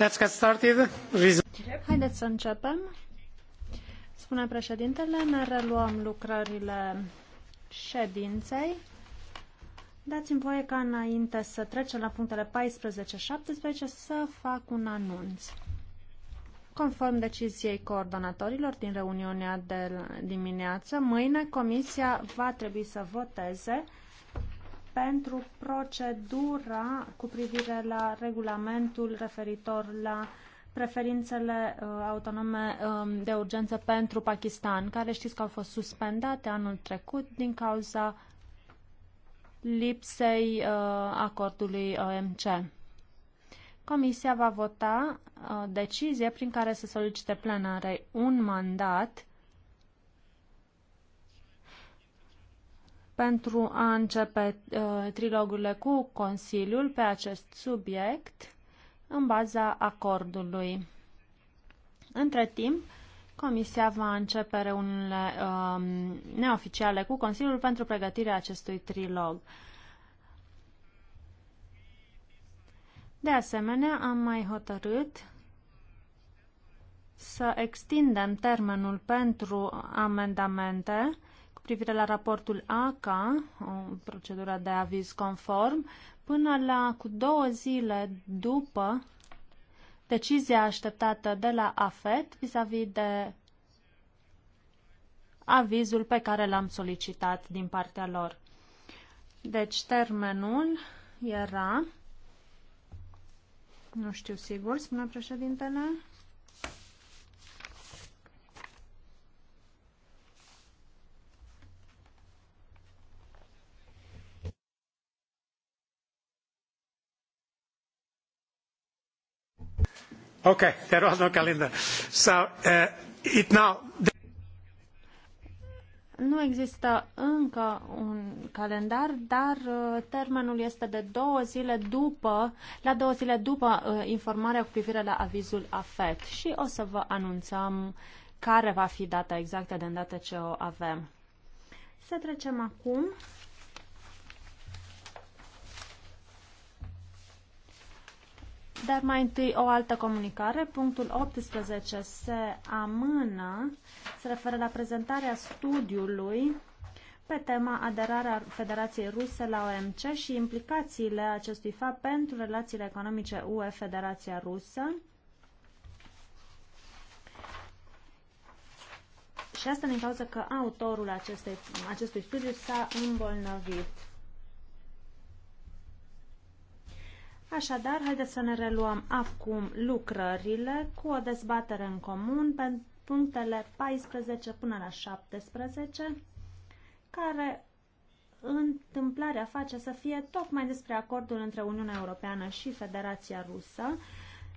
Let's get Haideți să începem. Spune președintele, ne reluăm lucrările ședinței. Dați-mi voie ca înainte să trecem la punctele 14-17 să fac un anunț. Conform deciziei coordonatorilor din reuniunea de dimineață, mâine Comisia va trebui să voteze uh, pentru procedura cu privire la regulamentul referitor la preferințele uh, autonome um, de urgență pentru Pakistan, care știți că au fost suspendate anul trecut din cauza lipsei uh, acordului OMC. Comisia va vota uh, decizie prin care să solicite plenarei un mandat pentru a începe uh, trilogurile cu Consiliul pe acest subiect în baza acordului. Între timp, Comisia va începe reuniunile uh, neoficiale cu Consiliul pentru pregătirea acestui trilog. De asemenea, am mai hotărât să extindem termenul pentru amendamente privire la raportul ACA, procedura de aviz conform, până la cu două zile după decizia așteptată de la AFET vis-a-vis -vis de avizul pe care l-am solicitat din partea lor. Deci termenul era, nu știu sigur, spune președintele, Ok, there was no calendar. So, uh, it now... Nu există încă un calendar, dar uh, termenul este de două zile după, la două zile după uh, informarea cu privire la avizul AFET și o să vă anunțăm care va fi data exactă de îndată ce o avem. Să trecem acum Dar mai întâi o altă comunicare. Punctul 18 se amână, se referă la prezentarea studiului pe tema aderarea Federației Ruse la OMC și implicațiile acestui fapt pentru relațiile economice UE-Federația Rusă. Și asta din cauza că autorul acestei, acestui studiu s-a îmbolnăvit. Așadar, haideți să ne reluăm acum lucrările cu o dezbatere în comun pentru punctele 14 până la 17, care întâmplarea face să fie tocmai despre acordul între Uniunea Europeană și Federația Rusă,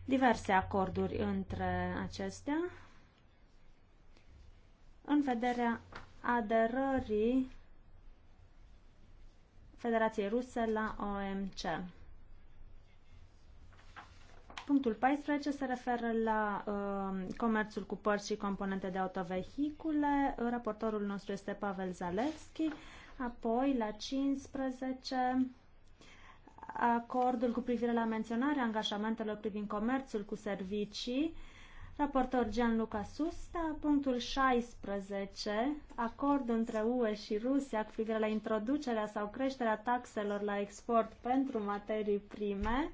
diverse acorduri între acestea, în vederea aderării Federației Ruse la OMC. Punctul 14 se referă la uh, comerțul cu părți și componente de autovehicule. Raportorul nostru este Pavel Zalewski. Apoi, la 15, acordul cu privire la menționarea angajamentelor privind comerțul cu servicii. Raportor Gianluca Susta, punctul 16, acord între UE și Rusia cu privire la introducerea sau creșterea taxelor la export pentru materii prime.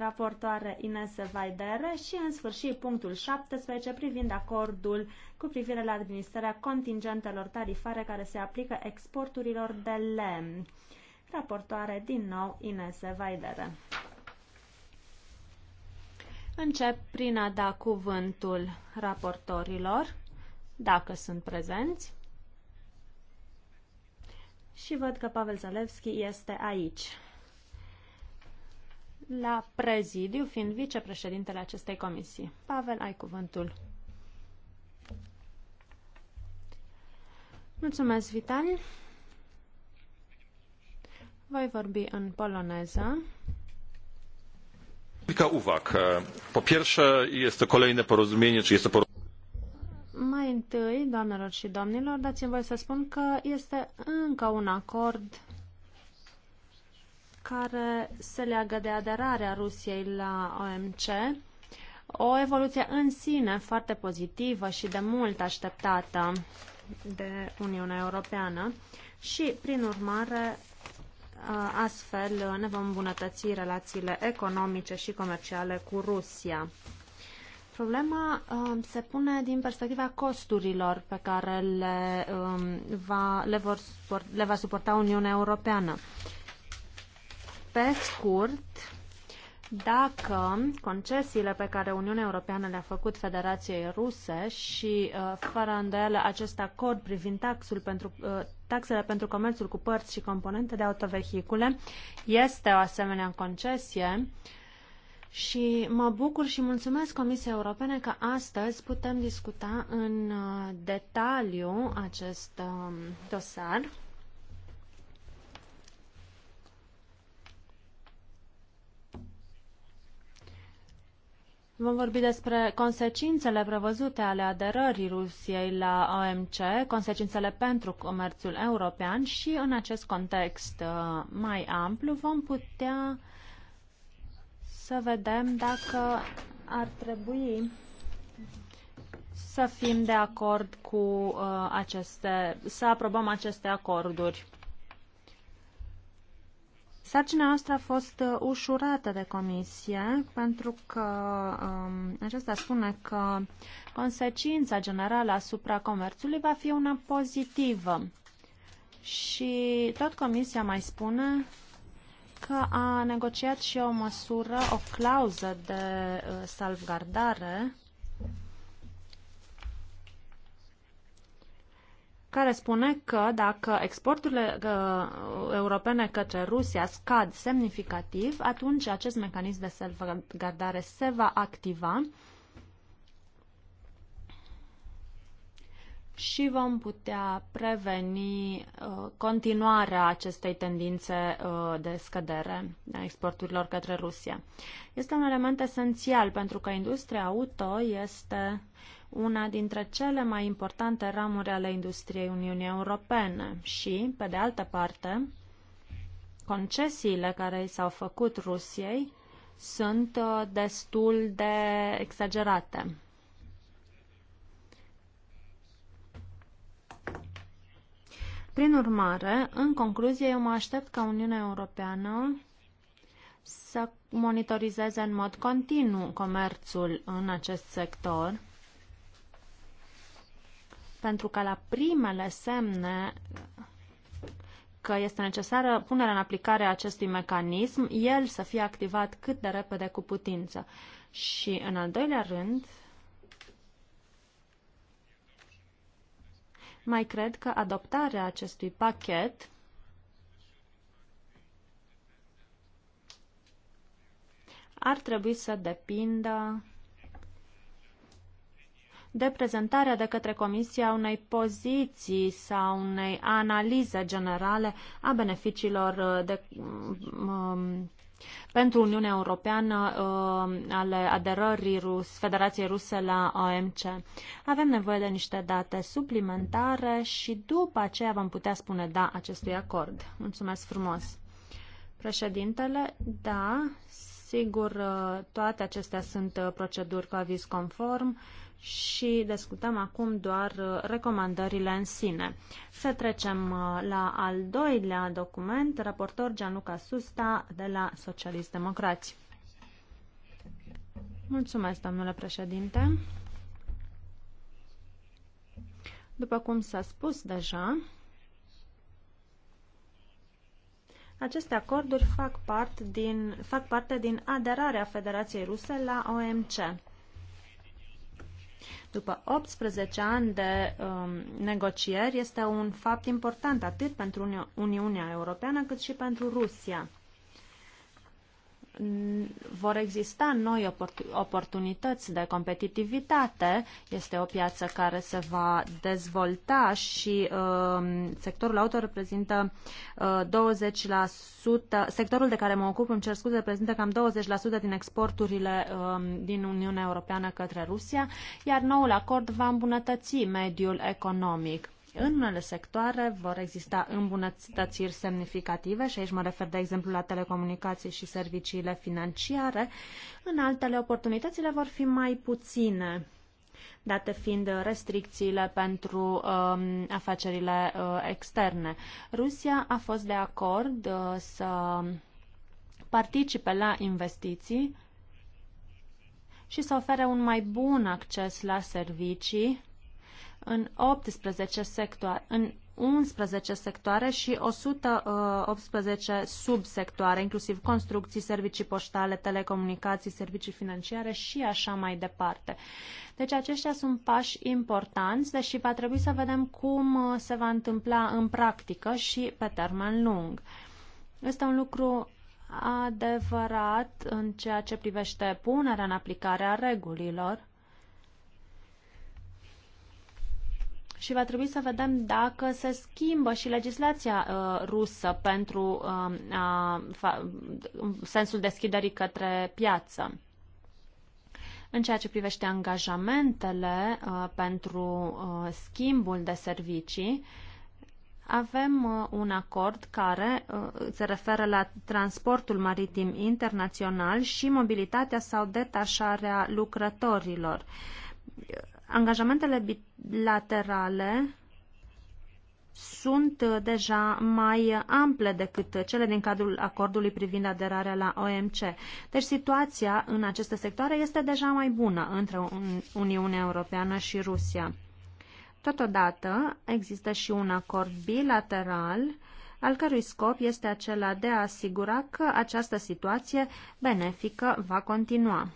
raportoare Ines Vaidere și, în sfârșit, punctul 17 privind acordul cu privire la administrarea contingentelor tarifare care se aplică exporturilor de lemn. Raportoare, din nou, Ines Vaidere. Încep prin a da cuvântul raportorilor, dacă sunt prezenți. Și văd că Pavel Zalewski este aici la prezidiu, fiind vicepreședintele acestei comisii. Pavel, ai cuvântul. Mulțumesc, Vital. Voi vorbi în poloneză. Kilka uwag. Po pierwsze, jest to kolejne porozumienie, czy jest to porozumienie? Mai întâi, doamnelor și domnilor, dați-mi voi să spun că este încă un acord care se leagă de aderarea Rusiei la OMC, o evoluție în sine foarte pozitivă și de mult așteptată de Uniunea Europeană și, prin urmare, astfel ne vom îmbunătăți relațiile economice și comerciale cu Rusia. Problema se pune din perspectiva costurilor pe care le, va, le, vor, le va suporta Uniunea Europeană. Pe scurt, dacă concesiile pe care Uniunea Europeană le-a făcut Federației Ruse și, uh, fără îndoială, acest acord privind taxul pentru, uh, taxele pentru comerțul cu părți și componente de autovehicule este o asemenea concesie, și mă bucur și mulțumesc Comisiei Europene că astăzi putem discuta în uh, detaliu acest um, dosar. Vom vorbi despre consecințele prevăzute ale aderării Rusiei la OMC, consecințele pentru comerțul european și în acest context uh, mai amplu vom putea să vedem dacă ar trebui să fim de acord cu uh, aceste, să aprobăm aceste acorduri. Sarcina noastră a fost uh, ușurată de comisie pentru că um, acesta spune că consecința generală asupra comerțului va fi una pozitivă. Și tot comisia mai spune că a negociat și o măsură, o clauză de uh, salvgardare care spune că dacă exporturile uh, europene către Rusia scad semnificativ, atunci acest mecanism de salvagardare se va activa și vom putea preveni uh, continuarea acestei tendințe uh, de scădere a exporturilor către Rusia. Este un element esențial pentru că industria auto este una dintre cele mai importante ramuri ale industriei Uniunii Europene și, pe de altă parte, concesiile care i s-au făcut Rusiei sunt uh, destul de exagerate. Prin urmare, în concluzie, eu mă aștept ca Uniunea Europeană să monitorizeze în mod continuu comerțul în acest sector pentru ca la primele semne că este necesară punerea în aplicare a acestui mecanism, el să fie activat cât de repede cu putință. Și, în al doilea rând, mai cred că adoptarea acestui pachet ar trebui să depindă de prezentarea de către Comisia unei poziții sau unei analize generale a beneficiilor uh, de, um, um, pentru Uniunea Europeană um, ale aderării Rus, Federației Ruse la OMC. Avem nevoie de niște date suplimentare și după aceea vom putea spune da acestui acord. Mulțumesc frumos! Președintele, da, sigur, uh, toate acestea sunt proceduri cu aviz conform și discutăm acum doar uh, recomandările în sine. Să trecem uh, la al doilea document, raportor Gianluca Susta de la Socialist Democrați. Mulțumesc, domnule președinte. După cum s-a spus deja, aceste acorduri fac, part din, fac parte din aderarea Federației Ruse la OMC. După 18 ani de um, negocieri, este un fapt important atât pentru Uni Uniunea Europeană cât și pentru Rusia vor exista noi oportunități de competitivitate. Este o piață care se va dezvolta și uh, sectorul auto reprezintă uh, 20%, sectorul de care mă ocup, îmi cer scuze, reprezintă cam 20% din exporturile uh, din Uniunea Europeană către Rusia, iar noul acord va îmbunătăți mediul economic. În unele sectoare vor exista îmbunătățiri semnificative și aici mă refer de exemplu la telecomunicații și serviciile financiare, în altele oportunitățile vor fi mai puține date fiind restricțiile pentru um, afacerile uh, externe. Rusia a fost de acord uh, să participe la investiții și să ofere un mai bun acces la servicii în 18 sectoare, în 11 sectoare și 118 uh, subsectoare, inclusiv construcții, servicii poștale, telecomunicații, servicii financiare și așa mai departe. Deci aceștia sunt pași importanți, deși va trebui să vedem cum uh, se va întâmpla în practică și pe termen lung. Este un lucru adevărat în ceea ce privește punerea în aplicare a regulilor, și va trebui să vedem dacă se schimbă și legislația uh, rusă pentru uh, uh, sensul deschiderii către piață. În ceea ce privește angajamentele uh, pentru uh, schimbul de servicii, avem uh, un acord care uh, se referă la transportul maritim internațional și mobilitatea sau detașarea lucrătorilor. Angajamentele bilaterale sunt deja mai ample decât cele din cadrul acordului privind aderarea la OMC. Deci situația în aceste sectoare este deja mai bună între Uniunea Europeană și Rusia. Totodată există și un acord bilateral al cărui scop este acela de a asigura că această situație benefică va continua.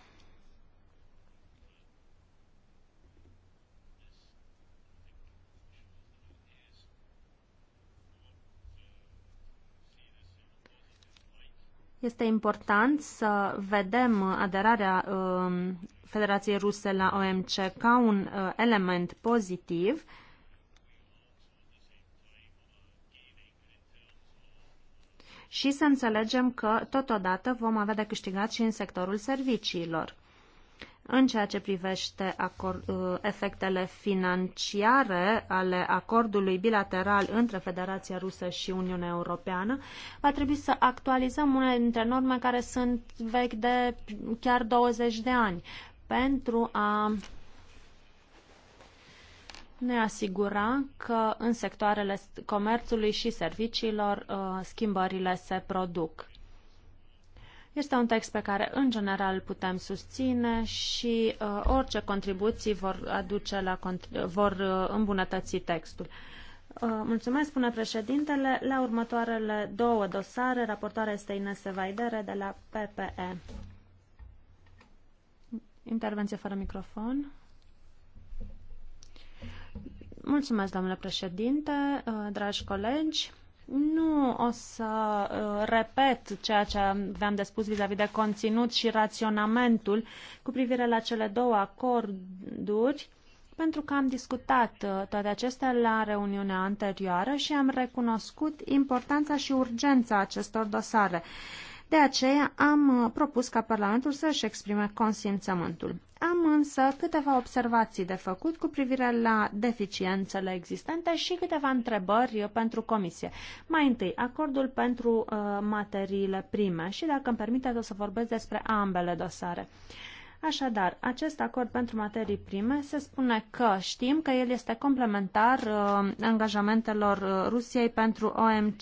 Este important să vedem aderarea um, Federației Ruse la OMC ca un uh, element pozitiv și să înțelegem că totodată vom avea de câștigat și în sectorul serviciilor. În ceea ce privește acord, uh, efectele financiare ale acordului bilateral între Federația Rusă și Uniunea Europeană, va trebui să actualizăm unele dintre norme care sunt vechi de chiar 20 de ani pentru a ne asigura că în sectoarele comerțului și serviciilor uh, schimbările se produc. Este un text pe care, în general, putem susține și uh, orice contribuții vor, aduce la, vor uh, îmbunătăți textul. Uh, mulțumesc, spune președintele. La următoarele două dosare, raportoarea este Ines Vaidere de la PPE. Intervenție fără microfon. Mulțumesc, domnule președinte, uh, dragi colegi. Nu o să uh, repet ceea ce aveam de spus vis-a-vis -vis de conținut și raționamentul cu privire la cele două acorduri, pentru că am discutat uh, toate acestea la reuniunea anterioară și am recunoscut importanța și urgența acestor dosare. De aceea am uh, propus ca Parlamentul să-și exprime consimțământul. Am însă câteva observații de făcut cu privire la deficiențele existente și câteva întrebări pentru comisie. Mai întâi, acordul pentru uh, materiile prime și, dacă îmi permiteți, o să vorbesc despre ambele dosare. Așadar, acest acord pentru materii prime se spune că știm că el este complementar uh, angajamentelor uh, Rusiei pentru OMC.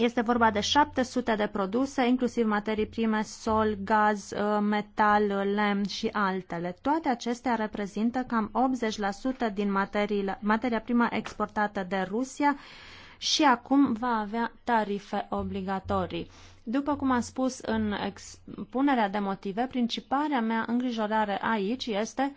Este vorba de 700 de produse, inclusiv materii prime, sol, gaz, uh, metal, uh, lemn și altele. Toate acestea reprezintă cam 80% din materia prima exportată de Rusia și acum va avea tarife obligatorii. După cum am spus în expunerea de motive, principarea mea îngrijorare aici este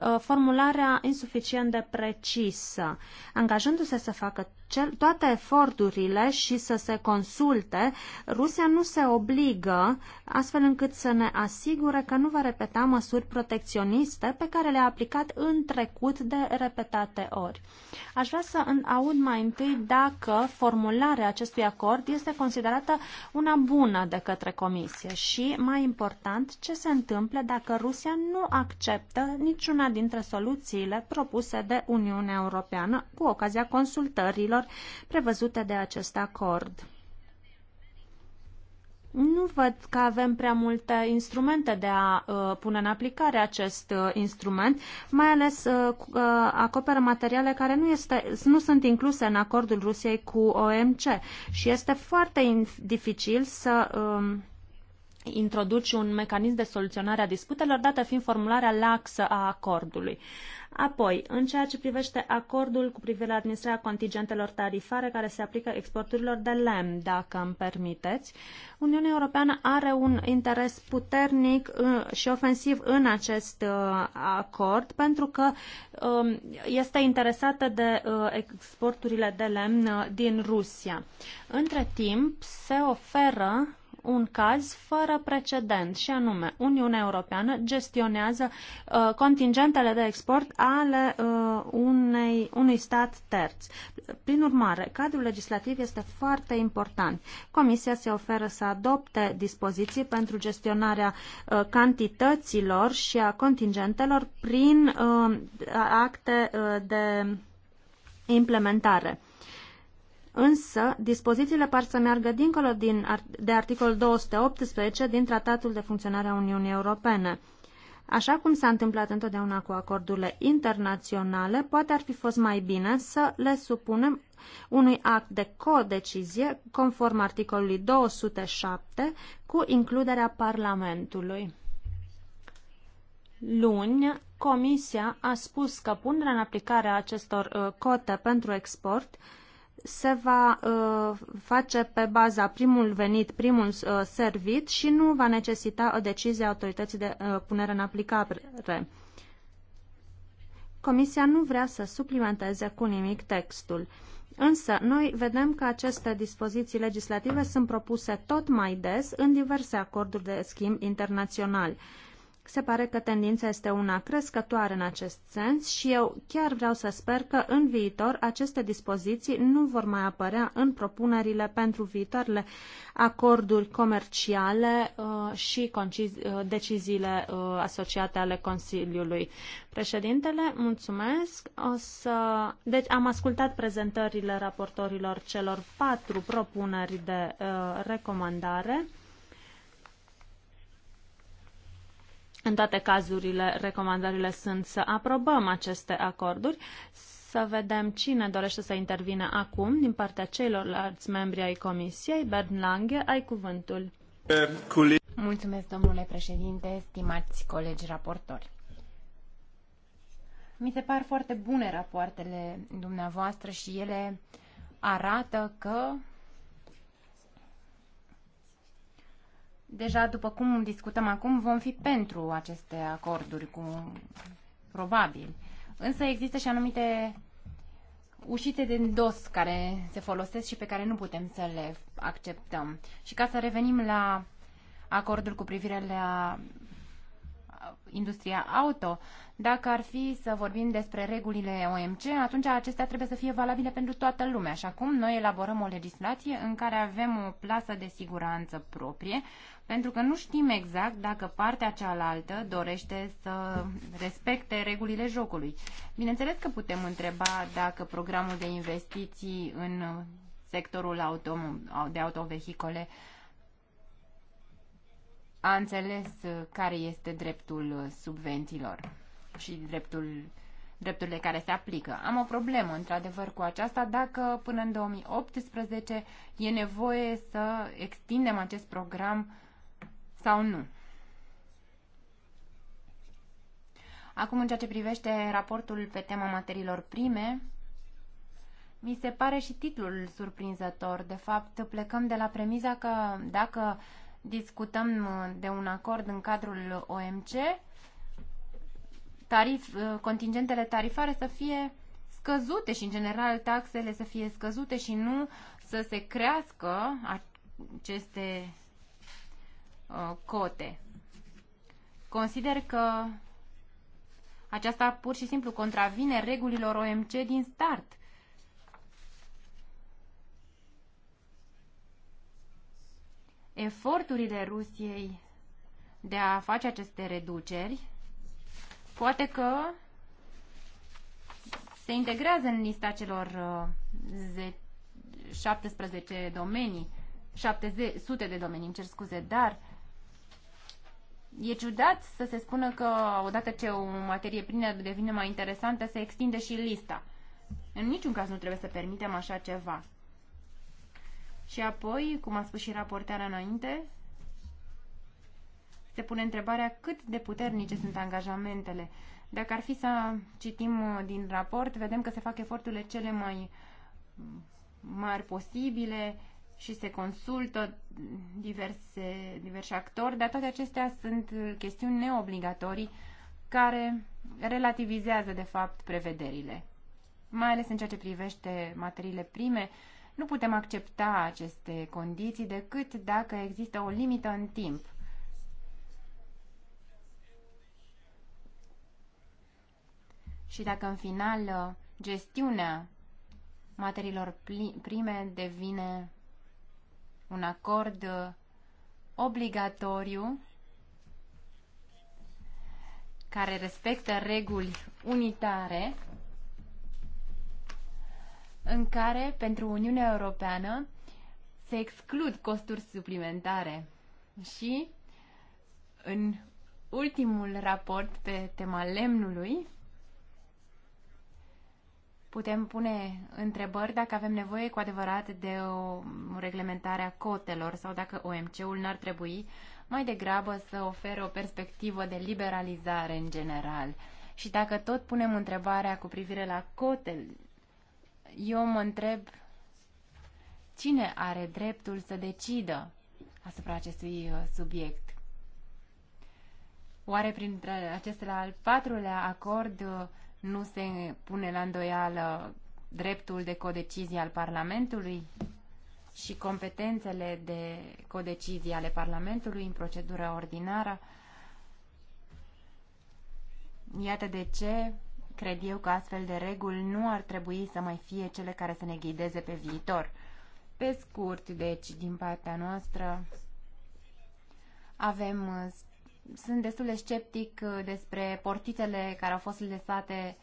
Uh, formularea insuficient de precisă, angajându-se să facă cel, toate eforturile și să se consulte, Rusia nu se obligă astfel încât să ne asigure că nu va repeta măsuri protecționiste pe care le-a aplicat în trecut de repetate ori. Aș vrea să aud mai întâi dacă formularea acestui acord este considerată una bună de către Comisie și, mai important, ce se întâmplă dacă Rusia nu acceptă niciuna una dintre soluțiile propuse de Uniunea Europeană cu ocazia consultărilor prevăzute de acest acord. Nu văd că avem prea multe instrumente de a uh, pune în aplicare acest uh, instrument, mai ales uh, uh, acoperă materiale care nu, este, nu sunt incluse în acordul Rusiei cu OMC și este foarte dificil să. Uh, introduci un mecanism de soluționare a disputelor, dată fiind formularea laxă a acordului. Apoi, în ceea ce privește acordul cu privire la administrarea contingentelor tarifare care se aplică exporturilor de lemn, dacă îmi permiteți, Uniunea Europeană are un interes puternic uh, și ofensiv în acest uh, acord pentru că um, este interesată de uh, exporturile de lemn din Rusia. Între timp, se oferă un caz fără precedent și anume Uniunea Europeană gestionează uh, contingentele de export ale uh, unei, unui stat terț. Prin urmare, cadrul legislativ este foarte important. Comisia se oferă să adopte dispoziții pentru gestionarea uh, cantităților și a contingentelor prin uh, acte uh, de implementare. Însă, dispozițiile par să meargă dincolo din, de articolul 218 din Tratatul de Funcționare a Uniunii Europene. Așa cum s-a întâmplat întotdeauna cu acordurile internaționale, poate ar fi fost mai bine să le supunem unui act de codecizie conform articolului 207 cu includerea Parlamentului. Luni, Comisia a spus că punerea în aplicare a acestor uh, cote pentru export uh, se va uh, face pe baza primul venit, primul uh, servit și nu va necesita o decizie a autorității de uh, punere în aplicare. Comisia nu vrea să suplimenteze cu nimic textul. Însă, noi vedem că aceste dispoziții legislative sunt propuse tot mai des în diverse acorduri de schimb internațional. Uh, se pare că tendința este una crescătoare în acest sens și eu chiar vreau să sper că în viitor aceste dispoziții nu vor mai apărea în propunerile pentru viitoarele acorduri comerciale uh, și uh, deciziile uh, asociate ale Consiliului. Președintele, mulțumesc. O să... Deci am ascultat prezentările raportorilor celor patru propuneri de uh, recomandare. În toate cazurile, recomandările sunt să aprobăm aceste acorduri, să vedem cine dorește să intervine acum din partea celorlalți membri ai Comisiei. Bern Lange, ai cuvântul. Mulțumesc, domnule președinte, stimați colegi raportori. Mi se par foarte bune rapoartele dumneavoastră și ele arată că deja, după cum discutăm acum, vom fi pentru aceste acorduri, cu probabil. Însă există și anumite ușițe de dos care se folosesc și pe care nu putem să le acceptăm. Și ca să revenim la acordul cu privire la industria auto. Dacă ar fi să vorbim despre regulile OMC, atunci acestea trebuie să fie valabile pentru toată lumea. Și acum noi elaborăm o legislație în care avem o plasă de siguranță proprie, pentru că nu știm exact dacă partea cealaltă dorește să respecte regulile jocului. Bineînțeles că putem întreba dacă programul de investiții în sectorul auto, de autovehicole uh, a înțeles uh, care este dreptul uh, subvențiilor și dreptul, drepturile care se aplică. Am o problemă, într-adevăr, cu aceasta dacă până în 2018 e nevoie să extindem acest program sau nu. Acum, în ceea ce privește raportul pe tema materiilor prime, mi se pare și titlul surprinzător. De fapt, plecăm de la premiza că dacă discutăm uh, de un acord în cadrul OMC, tarif, uh, contingentele tarifare să fie scăzute și, în general, taxele să fie scăzute și nu să se crească aceste uh, cote. Consider că aceasta pur și simplu contravine regulilor OMC din start eforturile Rusiei de a face aceste reduceri, poate că se integrează în lista celor 17 uh, domenii, 700 de domenii, îmi cer scuze, dar e ciudat să se spună că odată ce o materie plină devine mai interesantă, se extinde și lista. În niciun caz nu trebuie să permitem așa ceva. Și apoi, cum a spus și raportarea înainte, se pune întrebarea cât de puternice sunt angajamentele. Dacă ar fi să citim uh, din raport, vedem că se fac eforturile cele mai mm, mari posibile și se consultă diverse, diverse actori, dar toate acestea sunt uh, chestiuni neobligatorii care relativizează, de fapt, prevederile. Mai ales în ceea ce privește materiile prime, nu putem accepta aceste condiții decât dacă există o limită în timp. Și dacă în final gestiunea materiilor prime devine un acord obligatoriu care respectă reguli unitare în care pentru Uniunea Europeană se exclud costuri suplimentare și în ultimul raport pe tema lemnului putem pune întrebări dacă avem nevoie cu adevărat de o reglementare a cotelor sau dacă OMC-ul n-ar trebui mai degrabă să ofere o perspectivă de liberalizare în general. Și dacă tot punem întrebarea cu privire la cotele, eu mă întreb cine are dreptul să decidă asupra acestui uh, subiect. Oare printre acestea al patrulea acord uh, nu se pune la îndoială dreptul de codecizie al Parlamentului și competențele de codecizie ale Parlamentului în procedură ordinară? Iată de ce Cred eu că astfel de reguli nu ar trebui să mai fie cele care să ne ghideze pe viitor. Pe scurt, deci, din partea noastră, avem, sunt destul de sceptic uh, despre portițele care au fost lăsate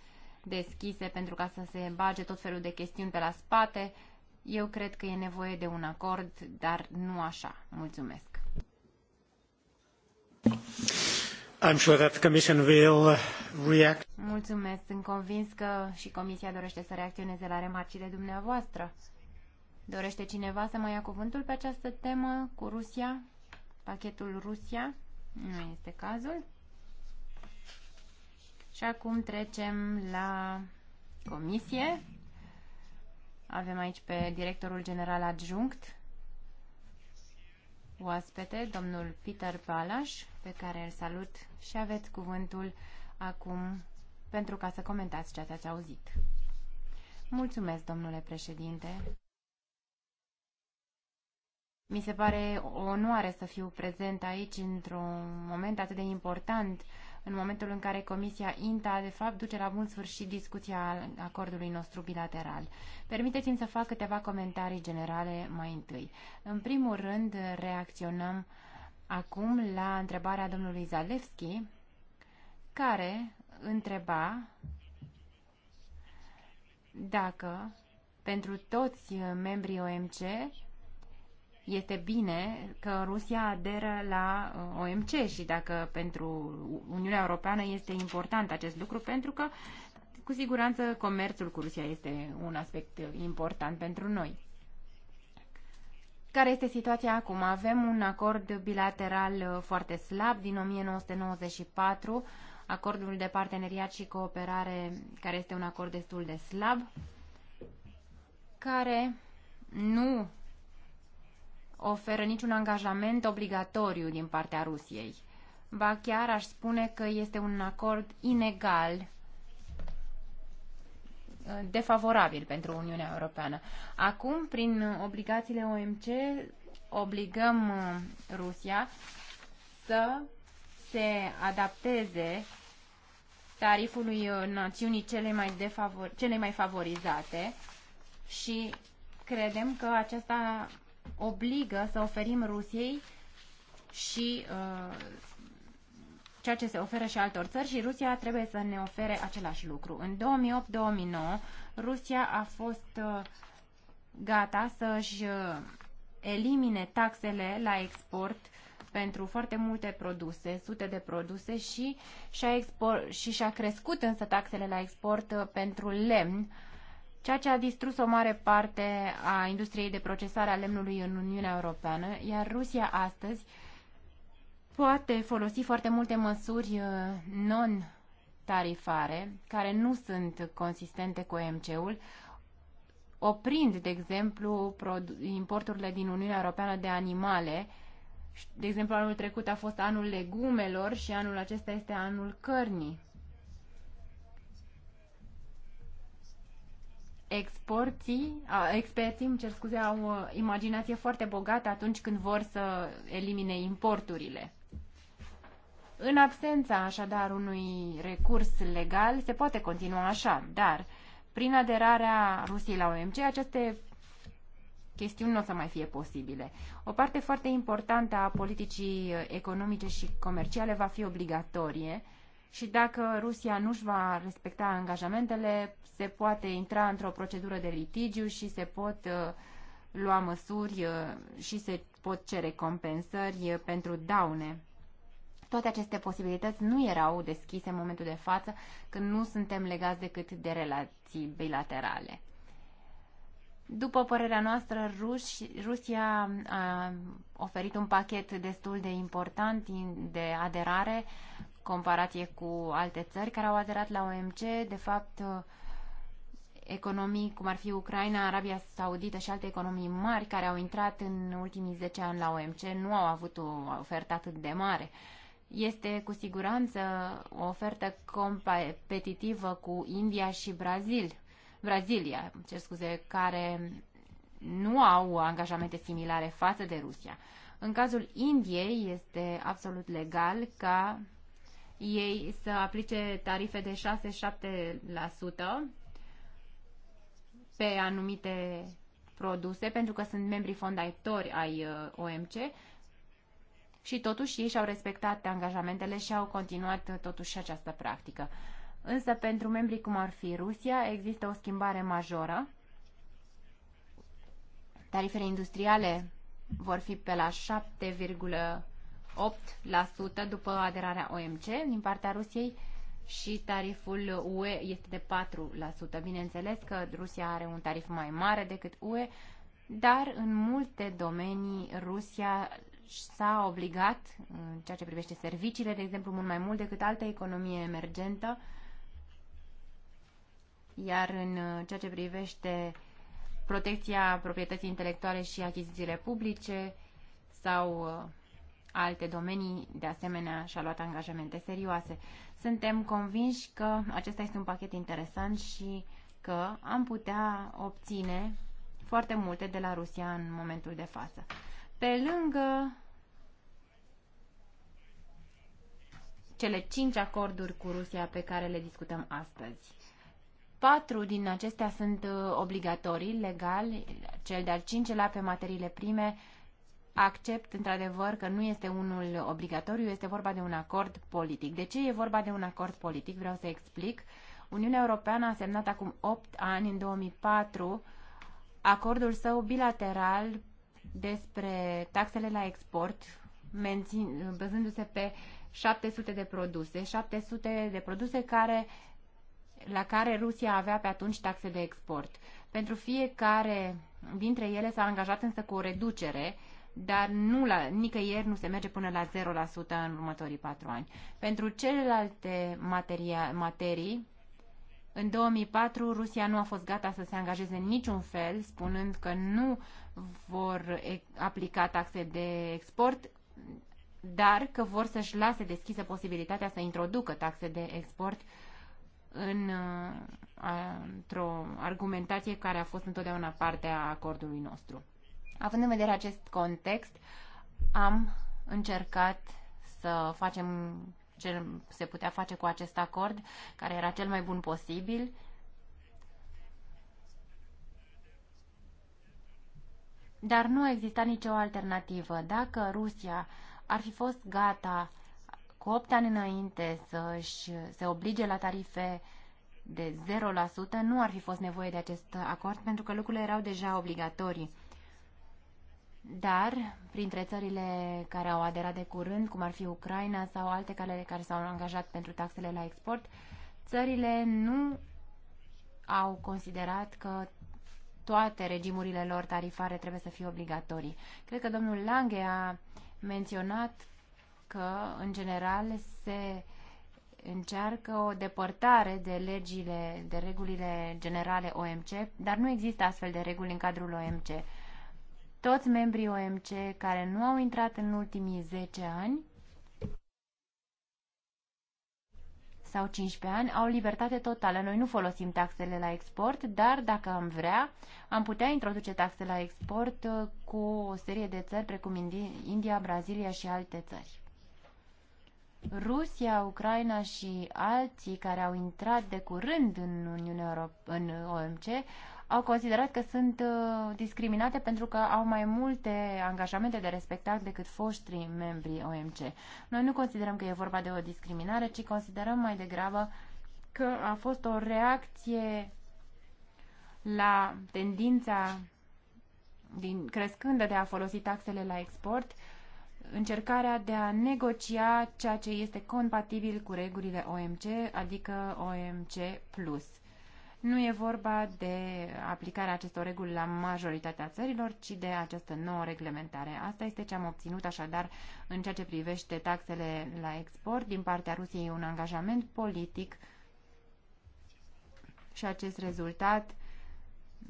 deschise pentru ca să se bage tot felul de chestiuni pe la spate. Eu cred că e nevoie de un acord, dar nu așa. Mulțumesc! Uh, Mulțumesc. Sunt convins că și Comisia dorește să reacționeze la remarcile dumneavoastră. Dorește cineva să mai ia cuvântul pe această temă cu Rusia? Pachetul Rusia? Nu este cazul. Și acum trecem la comisie. Avem aici pe directorul general adjunct, oaspete, domnul Peter Balas pe care îl salut și aveți cuvântul acum pentru ca să comentați ceea ce ați auzit. Mulțumesc, domnule președinte. Mi se pare o onoare să fiu prezent aici într-un moment atât de important, în momentul în care Comisia INTA, de fapt, duce la bun sfârșit discuția acordului nostru bilateral. Permiteți-mi să fac câteva comentarii generale mai întâi. În primul rând, reacționăm uh, Acum la întrebarea domnului Zalewski, care întreba dacă pentru toți membrii OMC este bine că Rusia aderă la uh, OMC și dacă pentru Uniunea Europeană este important acest lucru pentru că cu siguranță comerțul cu Rusia este un aspect important pentru noi. Care este situația acum? Avem un acord bilateral uh, foarte slab din 1994, acordul de parteneriat și cooperare, care este un acord destul de slab, care nu oferă niciun angajament obligatoriu din partea Rusiei. Ba chiar aș spune că este un acord inegal defavorabil pentru Uniunea Europeană. Acum, prin obligațiile OMC, obligăm uh, Rusia să se adapteze tarifului uh, națiunii cele mai, defavor- cele mai favorizate și credem că aceasta obligă să oferim Rusiei și uh, ceea ce se oferă și altor țări și Rusia trebuie să ne ofere același lucru. În 2008-2009, Rusia a fost uh, gata să-și uh, elimine taxele la export pentru foarte multe produse, sute de produse și și-a, și și-a crescut însă taxele la export uh, pentru lemn, ceea ce a distrus o mare parte a industriei de procesare a lemnului în Uniunea Europeană, iar Rusia astăzi uh, poate folosi foarte multe măsuri uh, non-tarifare, care nu sunt consistente cu OMC-ul, oprind, de exemplu, importurile din Uniunea Europeană de animale. De exemplu, anul trecut a fost anul legumelor și anul acesta este anul cărnii. exporții, a, experții, îmi cer scuze, au o imaginație foarte bogată atunci când vor să elimine importurile. În absența așadar unui recurs legal, se poate continua așa, dar prin aderarea Rusiei la OMC, aceste chestiuni nu o să mai fie posibile. O parte foarte importantă a politicii economice și comerciale va fi obligatorie și dacă Rusia nu își va respecta angajamentele, se poate intra într-o procedură de litigiu și se pot uh, lua măsuri uh, și se pot cere compensări uh, pentru daune toate aceste posibilități nu erau deschise în momentul de față, când nu suntem legați decât de relații bilaterale. După părerea noastră, Rus, Rusia a oferit un pachet destul de important de aderare, comparație cu alte țări care au aderat la OMC. De fapt, economii cum ar fi Ucraina, Arabia Saudită și alte economii mari care au intrat în ultimii 10 ani la OMC nu au avut o ofertă atât de mare. Uh, este cu siguranță o ofertă competitivă cu India și Brazil, Brazilia, ce scuze, care nu au angajamente similare față de Rusia. În cazul Indiei este absolut legal ca ei să aplice tarife de 6-7% pe anumite produse, pentru că sunt membri fondatori ai uh, OMC și totuși ei și-au respectat angajamentele și au continuat uh, totuși această practică. Însă pentru membrii cum ar fi Rusia există o schimbare majoră. Tarifele industriale vor fi pe la 7,8% după aderarea OMC din partea Rusiei și tariful UE este de 4%. Bineînțeles că Rusia are un tarif mai mare decât UE, dar în multe domenii Rusia s-a obligat, în ceea ce privește serviciile, de exemplu, mult mai mult decât altă economie emergentă, iar în uh, ceea ce privește protecția proprietății intelectuale și achizițiile publice sau uh, alte domenii, de asemenea, și-a luat angajamente serioase. Suntem convinși că acesta este un pachet interesant și că am putea obține foarte multe de la Rusia în momentul de față. Pe lângă cele cinci acorduri cu Rusia pe care le discutăm astăzi. Patru din acestea sunt uh, obligatorii, legali, cel de-al cincelea pe materiile prime, accept într-adevăr că nu este unul obligatoriu, este vorba de un acord politic. De ce e vorba de un acord politic? Vreau să explic. Uniunea Europeană a semnat acum 8 ani, în 2004, acordul său bilateral despre taxele la export, bazându-se pe 700 de produse, 700 de produse care, la care Rusia avea pe atunci taxe de export. Pentru fiecare dintre ele s-a angajat însă cu o reducere, dar nu la, nicăieri nu se merge până la 0% în următorii patru ani. Pentru celelalte materia, materii, în 2004, Rusia nu a fost gata să se angajeze în niciun fel, spunând că nu vor aplica taxe de export dar că vor să-și lase deschisă posibilitatea să introducă taxe de export în, uh, într-o argumentație care a fost întotdeauna parte a acordului nostru. Având în vedere acest context, am încercat să facem ce se putea face cu acest acord, care era cel mai bun posibil. Dar nu a existat nicio alternativă. Dacă Rusia uh, ar fi fost gata cu 8 ani înainte să-și se oblige la tarife de 0%, nu ar fi fost nevoie de acest acord pentru că lucrurile erau deja obligatorii. Dar, printre țările care au aderat de curând, cum ar fi Ucraina sau alte care, care s-au angajat pentru taxele la export, țările nu au considerat că toate regimurile lor tarifare trebuie să fie obligatorii. Cred că domnul Lange a menționat că, în general, se încearcă o depărtare de legile, de regulile generale OMC, dar nu există astfel de reguli în cadrul OMC. Toți membrii OMC care nu au intrat în ultimii 10 ani sau 15 ani au libertate totală. Noi nu folosim taxele la export, dar dacă am vrea, am putea introduce taxe la export uh, cu o serie de țări precum India, Brazilia și alte țări. Rusia, Ucraina și alții care au intrat de curând în Uniunea Europe- în OMC au considerat că sunt uh, discriminate pentru că au mai multe angajamente de respectat decât foștrii membrii OMC. Noi nu considerăm că e vorba de o discriminare, ci considerăm mai degrabă că a fost o reacție la tendința din crescândă de a folosi taxele la export, încercarea de a negocia ceea ce este compatibil cu regulile OMC, adică OMC+. Nu e vorba de aplicarea acestor reguli la majoritatea țărilor, ci de această nouă reglementare. Asta este ce am obținut așadar în ceea ce privește taxele la export. Din partea Rusiei un angajament politic și acest rezultat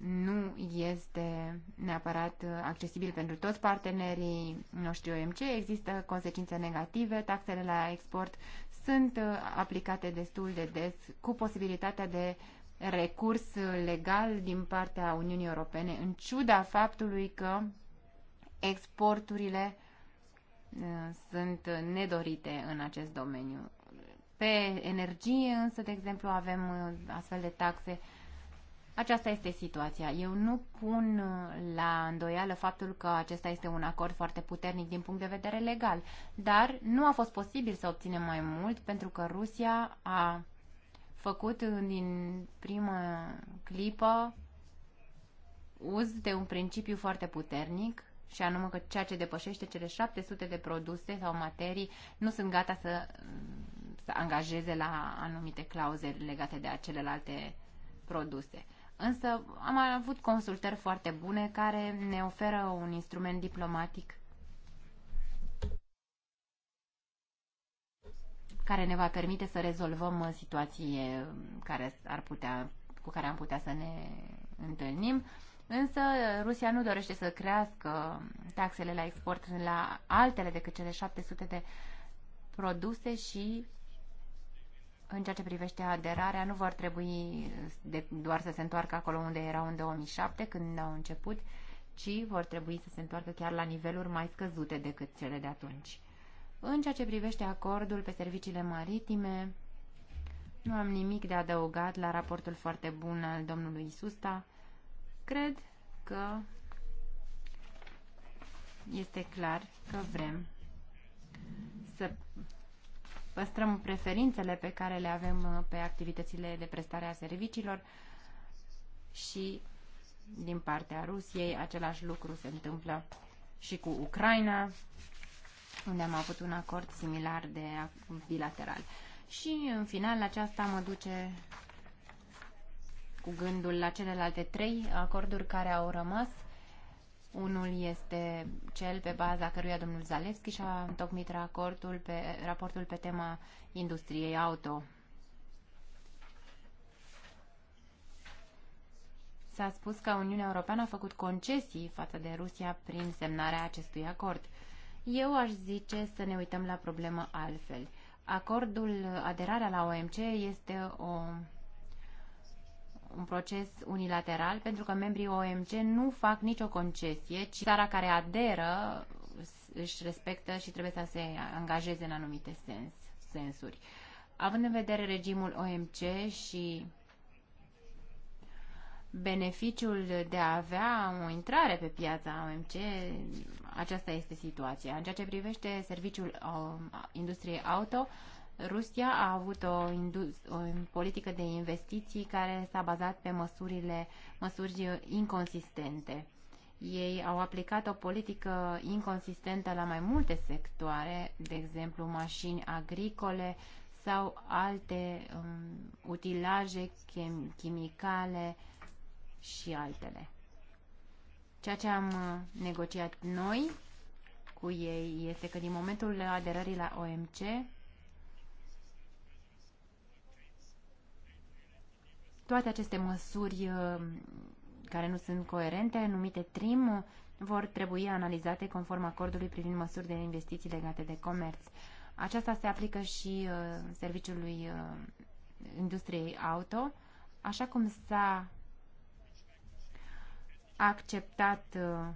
nu este neapărat accesibil pentru toți partenerii noștri OMC. Există consecințe negative, taxele la export sunt aplicate destul de des cu posibilitatea de recurs legal din partea Uniunii Europene, în ciuda faptului că exporturile uh, sunt nedorite în acest domeniu. Pe energie însă, de exemplu, avem uh, astfel de taxe. Aceasta este situația. Eu nu pun uh, la îndoială faptul că acesta este un acord foarte puternic din punct de vedere legal, dar nu a fost posibil să obținem mai mult pentru că Rusia a făcut din prima clipă uz de un principiu foarte puternic și anume că ceea ce depășește cele 700 de produse sau materii nu sunt gata să, să angajeze la anumite clauze legate de celelalte produse. Însă am avut consultări foarte bune care ne oferă un instrument diplomatic care ne va permite să rezolvăm uh, situații um, care ar putea, cu care am putea să ne întâlnim. Însă uh, Rusia nu dorește să crească um, taxele la export la altele decât cele 700 de produse și în ceea ce privește aderarea, nu vor trebui de, doar să se întoarcă acolo unde erau în 2007, când au început, ci vor trebui să se întoarcă chiar la niveluri mai scăzute decât cele de atunci. În ceea ce privește acordul pe serviciile maritime, nu am nimic de adăugat la raportul foarte bun al domnului Susta. Cred că este clar că vrem să păstrăm preferințele pe care le avem uh, pe activitățile de prestare a serviciilor și din partea Rusiei același lucru se întâmplă și cu Ucraina unde am avut un acord similar de bilateral. Și în final aceasta mă duce cu gândul la celelalte trei acorduri care au rămas. Unul este cel pe baza căruia domnul Zalewski și-a întocmit raportul pe, raportul pe tema industriei auto. S-a spus că Uniunea Europeană a făcut concesii față de Rusia prin semnarea acestui acord. Eu aș zice să ne uităm la problemă altfel. Acordul, aderarea la OMC este o, un proces unilateral pentru că membrii OMC nu fac nicio concesie, ci țara care aderă își respectă și trebuie să se angajeze în anumite sens, sensuri. Având în vedere regimul OMC și beneficiul de a avea o intrare pe piața OMC, aceasta este situația. În ceea ce privește serviciul um, industriei auto, Rusia a avut o, o politică de investiții care s-a bazat pe măsurile, măsuri inconsistente. Ei au aplicat o politică inconsistentă la mai multe sectoare, de exemplu mașini agricole sau alte um, utilaje chem, chimicale, uh, și altele. Ceea ce am uh, negociat noi cu ei este că din momentul aderării la OMC, toate aceste măsuri uh, care nu sunt coerente, numite TRIM, vor trebui analizate conform acordului privind măsuri de investiții legate de comerț. Aceasta se aplică și uh, serviciului industriei auto, așa cum s-a acceptat uh,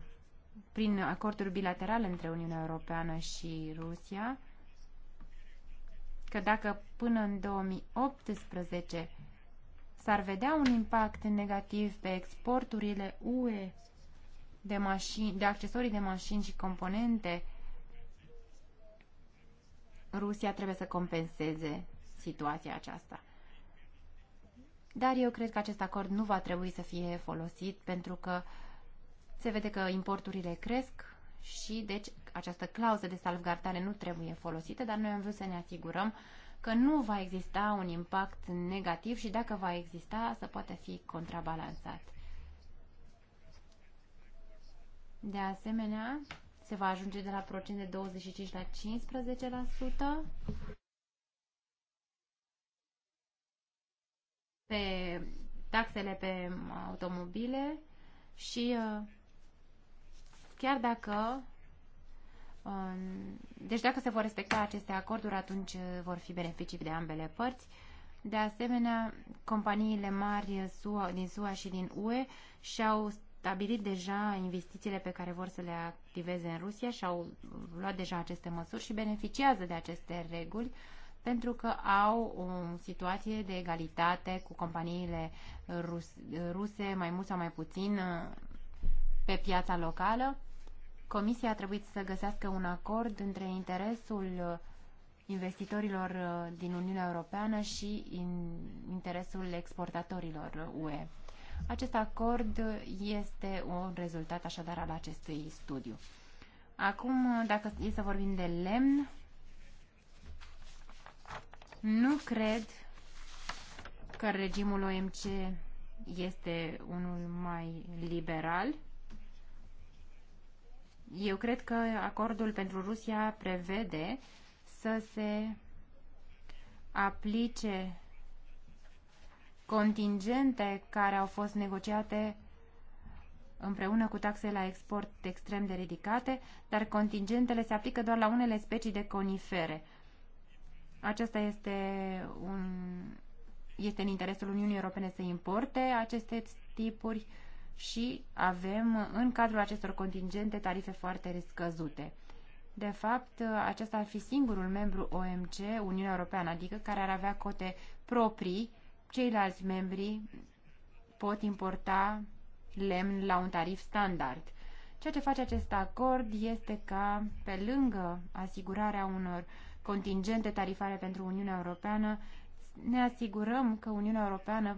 prin acorduri bilaterale între Uniunea Europeană și Rusia că dacă până în 2018 s-ar vedea un impact negativ pe exporturile UE de, mașini, de accesorii de mașini și componente, Rusia trebuie să compenseze situația aceasta. Dar eu cred că acest acord nu va trebui să fie folosit pentru că se vede că importurile cresc și deci această clauză de salvgardare nu trebuie folosită, dar noi am vrut să ne asigurăm că nu va exista un impact negativ și dacă va exista, să poate fi contrabalansat. De asemenea, se va ajunge de la procent de 25 la 15%. pe taxele pe uh, automobile și uh, chiar dacă uh, deci dacă se vor respecta aceste acorduri, atunci vor fi beneficii de ambele părți. De asemenea, companiile mari din SUA și din UE și-au stabilit deja investițiile pe care vor să le activeze în Rusia și-au luat deja aceste măsuri și beneficiază de aceste reguli pentru că au o situație de egalitate cu companiile rus, ruse, mai mult sau mai puțin, pe piața locală. Comisia a trebuit să găsească un acord între interesul investitorilor din Uniunea Europeană și interesul exportatorilor UE. Acest acord este un rezultat așadar al acestui studiu. Acum, dacă e să vorbim de lemn, nu cred că regimul OMC este unul mai liberal. Eu cred că acordul pentru Rusia prevede să se aplice contingente care au fost negociate împreună cu taxe la export extrem de ridicate, dar contingentele se aplică doar la unele specii de conifere. Aceasta este, un, este în interesul Uniunii Europene să importe aceste tipuri și avem în cadrul acestor contingente tarife foarte scăzute. De fapt, acesta ar fi singurul membru OMC, Uniunea Europeană, adică care ar avea cote proprii, ceilalți membri pot importa lemn la un tarif standard. Ceea ce face acest acord este ca, pe lângă asigurarea unor contingente tarifare pentru Uniunea Europeană, ne asigurăm că Uniunea Europeană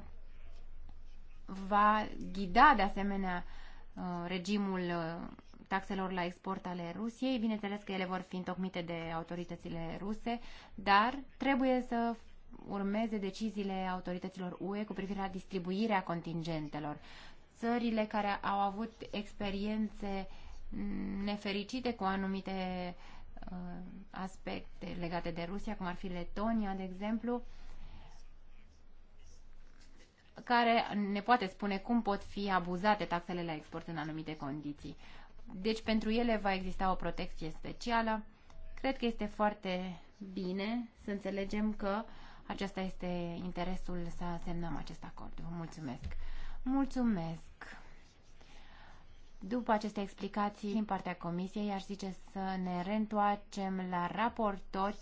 va ghida de asemenea uh, regimul uh, taxelor la export ale Rusiei. Bineînțeles că ele vor fi întocmite de autoritățile ruse, dar trebuie să urmeze deciziile autorităților UE cu privire la distribuirea contingentelor. Țările care au avut experiențe nefericite cu anumite uh, Uh, aspecte legate de Rusia, cum ar fi Letonia, de exemplu, care ne poate spune cum pot fi abuzate taxele la export în anumite condiții. Deci pentru ele va exista o protecție specială. Cred că este foarte bine să înțelegem că acesta este interesul să semnăm acest acord. Vă mulțumesc! Mulțumesc! După aceste explicații din partea Comisiei, aș zice să ne reîntoarcem la raportori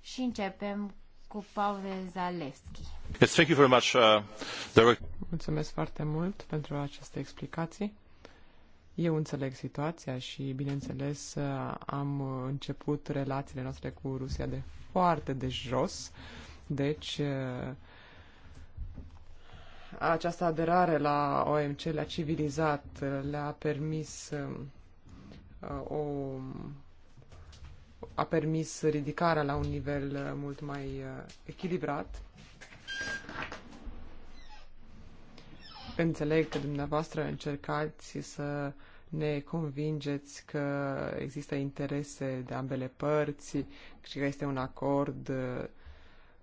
și începem cu Pavel Zalewski. Yes, thank you very much, uh, director. Mulțumesc foarte mult pentru aceste explicații. Eu înțeleg situația și, bineînțeles, uh, am început relațiile noastre cu Rusia de foarte de jos, deci uh, această aderare la OMC le-a civilizat, le-a permis uh, o a permis ridicarea la un nivel uh, mult mai uh, echilibrat. Înțeleg că dumneavoastră încercați să ne convingeți că există interese de ambele părți și că este un acord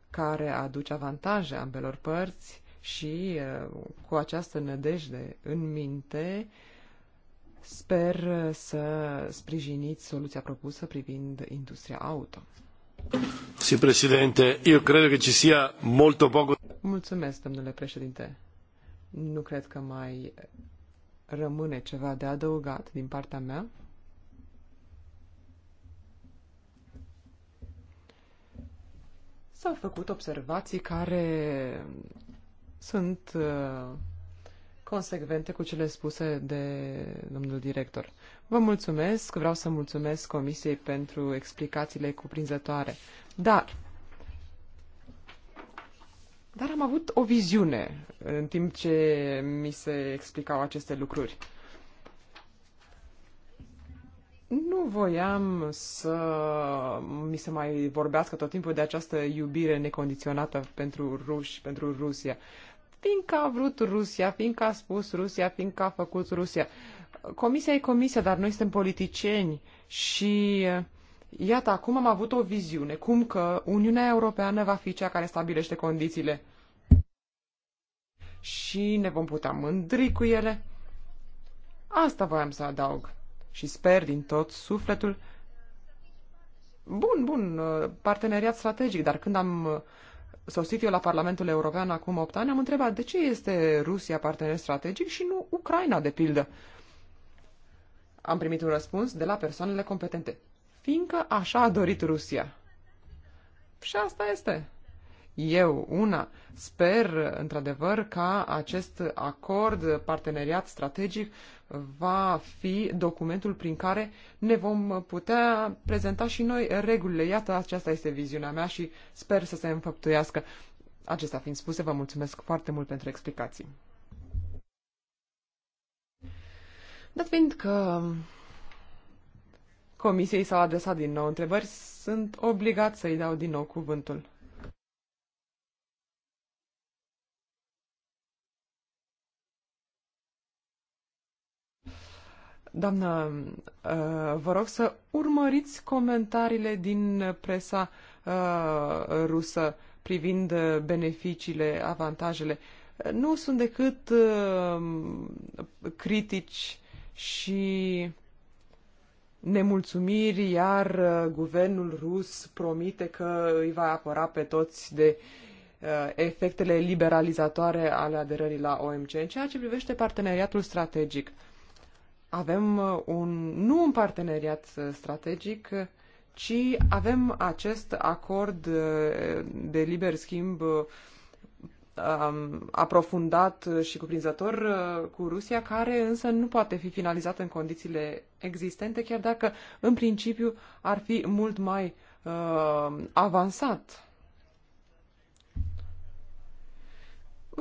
care aduce avantaje ambelor părți, și uh, cu această nădejde în minte, sper să sprijiniți soluția propusă privind industria auto. Sì, Presidente, io credo che ci sia molto poco... Mulțumesc, domnule președinte. Nu cred că mai rămâne ceva de adăugat din partea mea. S-au făcut observații care sunt uh, consecvente cu cele spuse de domnul director. Vă mulțumesc, vreau să mulțumesc Comisiei pentru explicațiile cuprinzătoare. Dar, dar am avut o viziune în timp ce mi se explicau aceste lucruri. Nu voiam să mi se mai vorbească tot timpul de această iubire necondiționată pentru ruși, pentru Rusia. Uh, fiindcă a vrut Rusia, fiindcă a spus Rusia, fiindcă a făcut Rusia. Comisia e comisia, dar noi suntem politicieni și uh, iată, acum am avut o viziune, cum că Uniunea Europeană va fi cea care stabilește condițiile și ne vom putea mândri cu ele. Asta voiam să adaug și sper din tot sufletul. Bun, bun, uh, parteneriat strategic, dar când am uh, sosit eu la Parlamentul European acum 8 ani, am întrebat de ce este Rusia partener strategic și nu Ucraina, de pildă. Am primit un răspuns de la persoanele competente. Fiindcă așa a dorit Rusia. Și asta este. Eu, una, sper într-adevăr ca acest acord, parteneriat strategic, va fi documentul prin care ne vom putea prezenta și noi regulile. Iată, aceasta este viziunea mea și sper să se înfăptuiască. Acestea fiind spuse, vă mulțumesc foarte mult pentru explicații. Dat fiind că comisiei s-au adresat din nou întrebări, sunt obligat să-i dau din nou cuvântul. Doamnă, uh, vă rog să urmăriți comentariile din presa uh, rusă privind uh, beneficiile, avantajele. Nu sunt decât critici și nemulțumiri, iar guvernul rus promite că îi va apăra pe toți de efectele liberalizatoare ale aderării la OMC. În ceea ce privește parteneriatul strategic, avem uh, un, nu un parteneriat uh, strategic, uh, ci avem acest acord de liber schimb aprofundat și cuprinzător cu Rusia, care însă nu poate fi finalizat în condițiile existente, chiar dacă în principiu ar fi mult mai avansat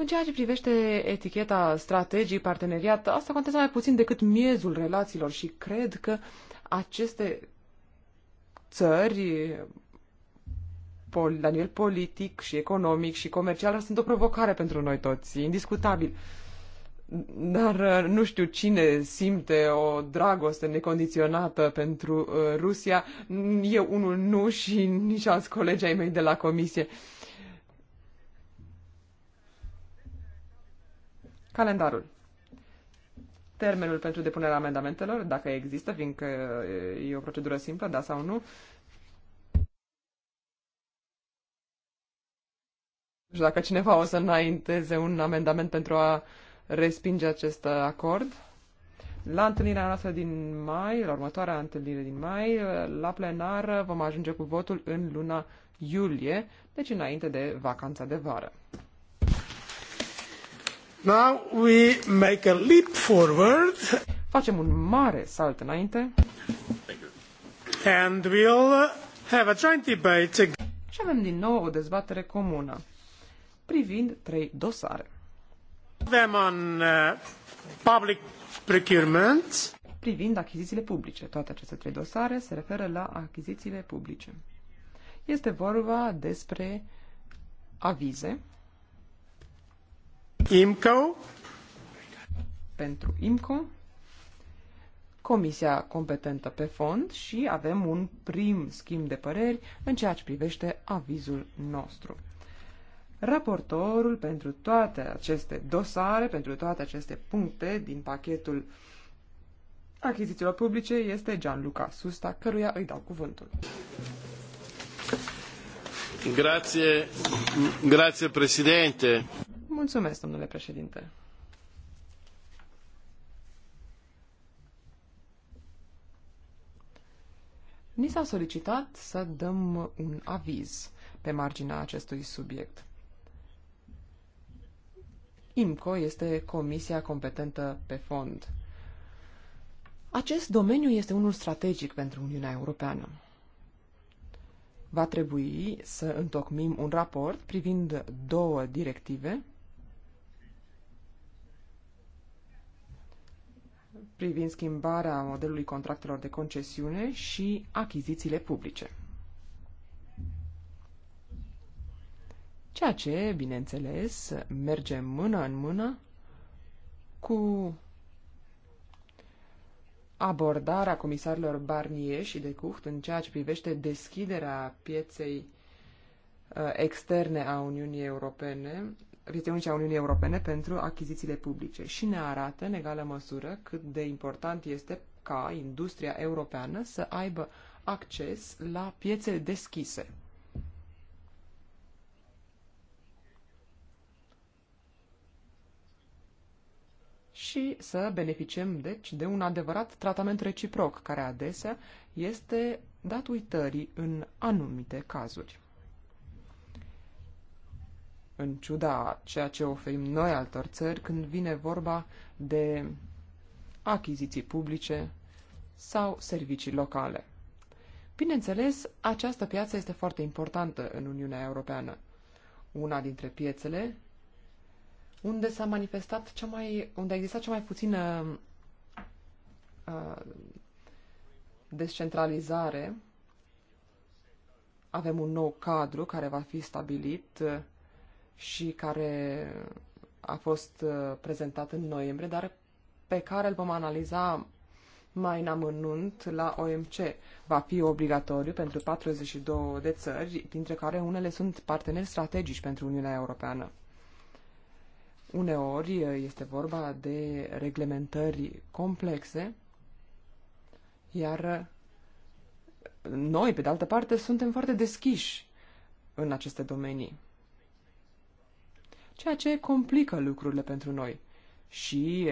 În ceea ce privește eticheta strategii, parteneriat, asta contează mai puțin decât miezul relațiilor și cred că aceste țări la nivel politic și economic și comercial sunt o provocare pentru noi toți, indiscutabil. Dar uh, nu știu cine simte o dragoste necondiționată pentru uh, Rusia. Eu unul nu și nici alți colegi ai mei de la comisie. Uh, Calendarul. Termenul pentru depunerea amendamentelor, dacă există, fiindcă e o procedură simplă, da sau nu. Și dacă cineva o să înainteze un amendament pentru a respinge acest acord, la întâlnirea noastră din mai, la următoarea întâlnire din mai, la plenar vom ajunge cu votul în luna iulie, deci înainte de vacanța de vară. Now we make a leap forward. Facem un mare salt înainte. And we'll have a joint debate. Și avem din nou o dezbatere comună privind trei dosare. Them on uh, public procurement. Privind achizițiile publice. Toate aceste trei dosare se referă la achizițiile publice. Este vorba despre avize IMCO. Pentru IMCO, comisia competentă pe fond și avem un prim schimb de păreri în ceea ce privește avizul nostru. Raportorul pentru toate aceste dosare, pentru toate aceste puncte din pachetul achizițiilor publice este Gianluca Susta, căruia îi dau cuvântul. Grazie, grazie președinte. Mulțumesc, domnule președinte. Ni s-a solicitat să dăm un aviz pe marginea acestui subiect. IMCO este comisia competentă pe fond. Acest domeniu este unul strategic pentru Uniunea Europeană. Va trebui să întocmim un raport privind două directive privind schimbarea modelului contractelor de concesiune și achizițiile publice. Ceea ce, bineînțeles, merge mână în mână cu abordarea comisarilor Barnier și de Cucht în ceea ce privește deschiderea pieței uh, externe a Uniunii Europene Regiunii Uniunii Europene pentru achizițiile publice și ne arată în egală măsură cât de important este ca industria europeană să aibă acces la piețe deschise. și să beneficiem, deci, de un adevărat tratament reciproc, care adesea este dat uitării în anumite cazuri în ciuda ceea ce oferim noi altor țări când vine vorba de achiziții publice sau servicii locale. Bineînțeles, această piață este foarte importantă în Uniunea Europeană, una dintre piețele unde s-a manifestat cea mai, unde a existat cea mai puțină uh, descentralizare. Avem un nou cadru care va fi stabilit uh, și care a fost uh, prezentat în noiembrie, dar pe care îl vom analiza mai în amănunt la OMC. Va fi obligatoriu pentru 42 de țări, dintre care unele sunt parteneri strategici pentru Uniunea Europeană. Uneori uh, este vorba de reglementări complexe, iar uh, noi, pe de altă parte, suntem foarte deschiși în aceste domenii ceea ce complică lucrurile pentru noi și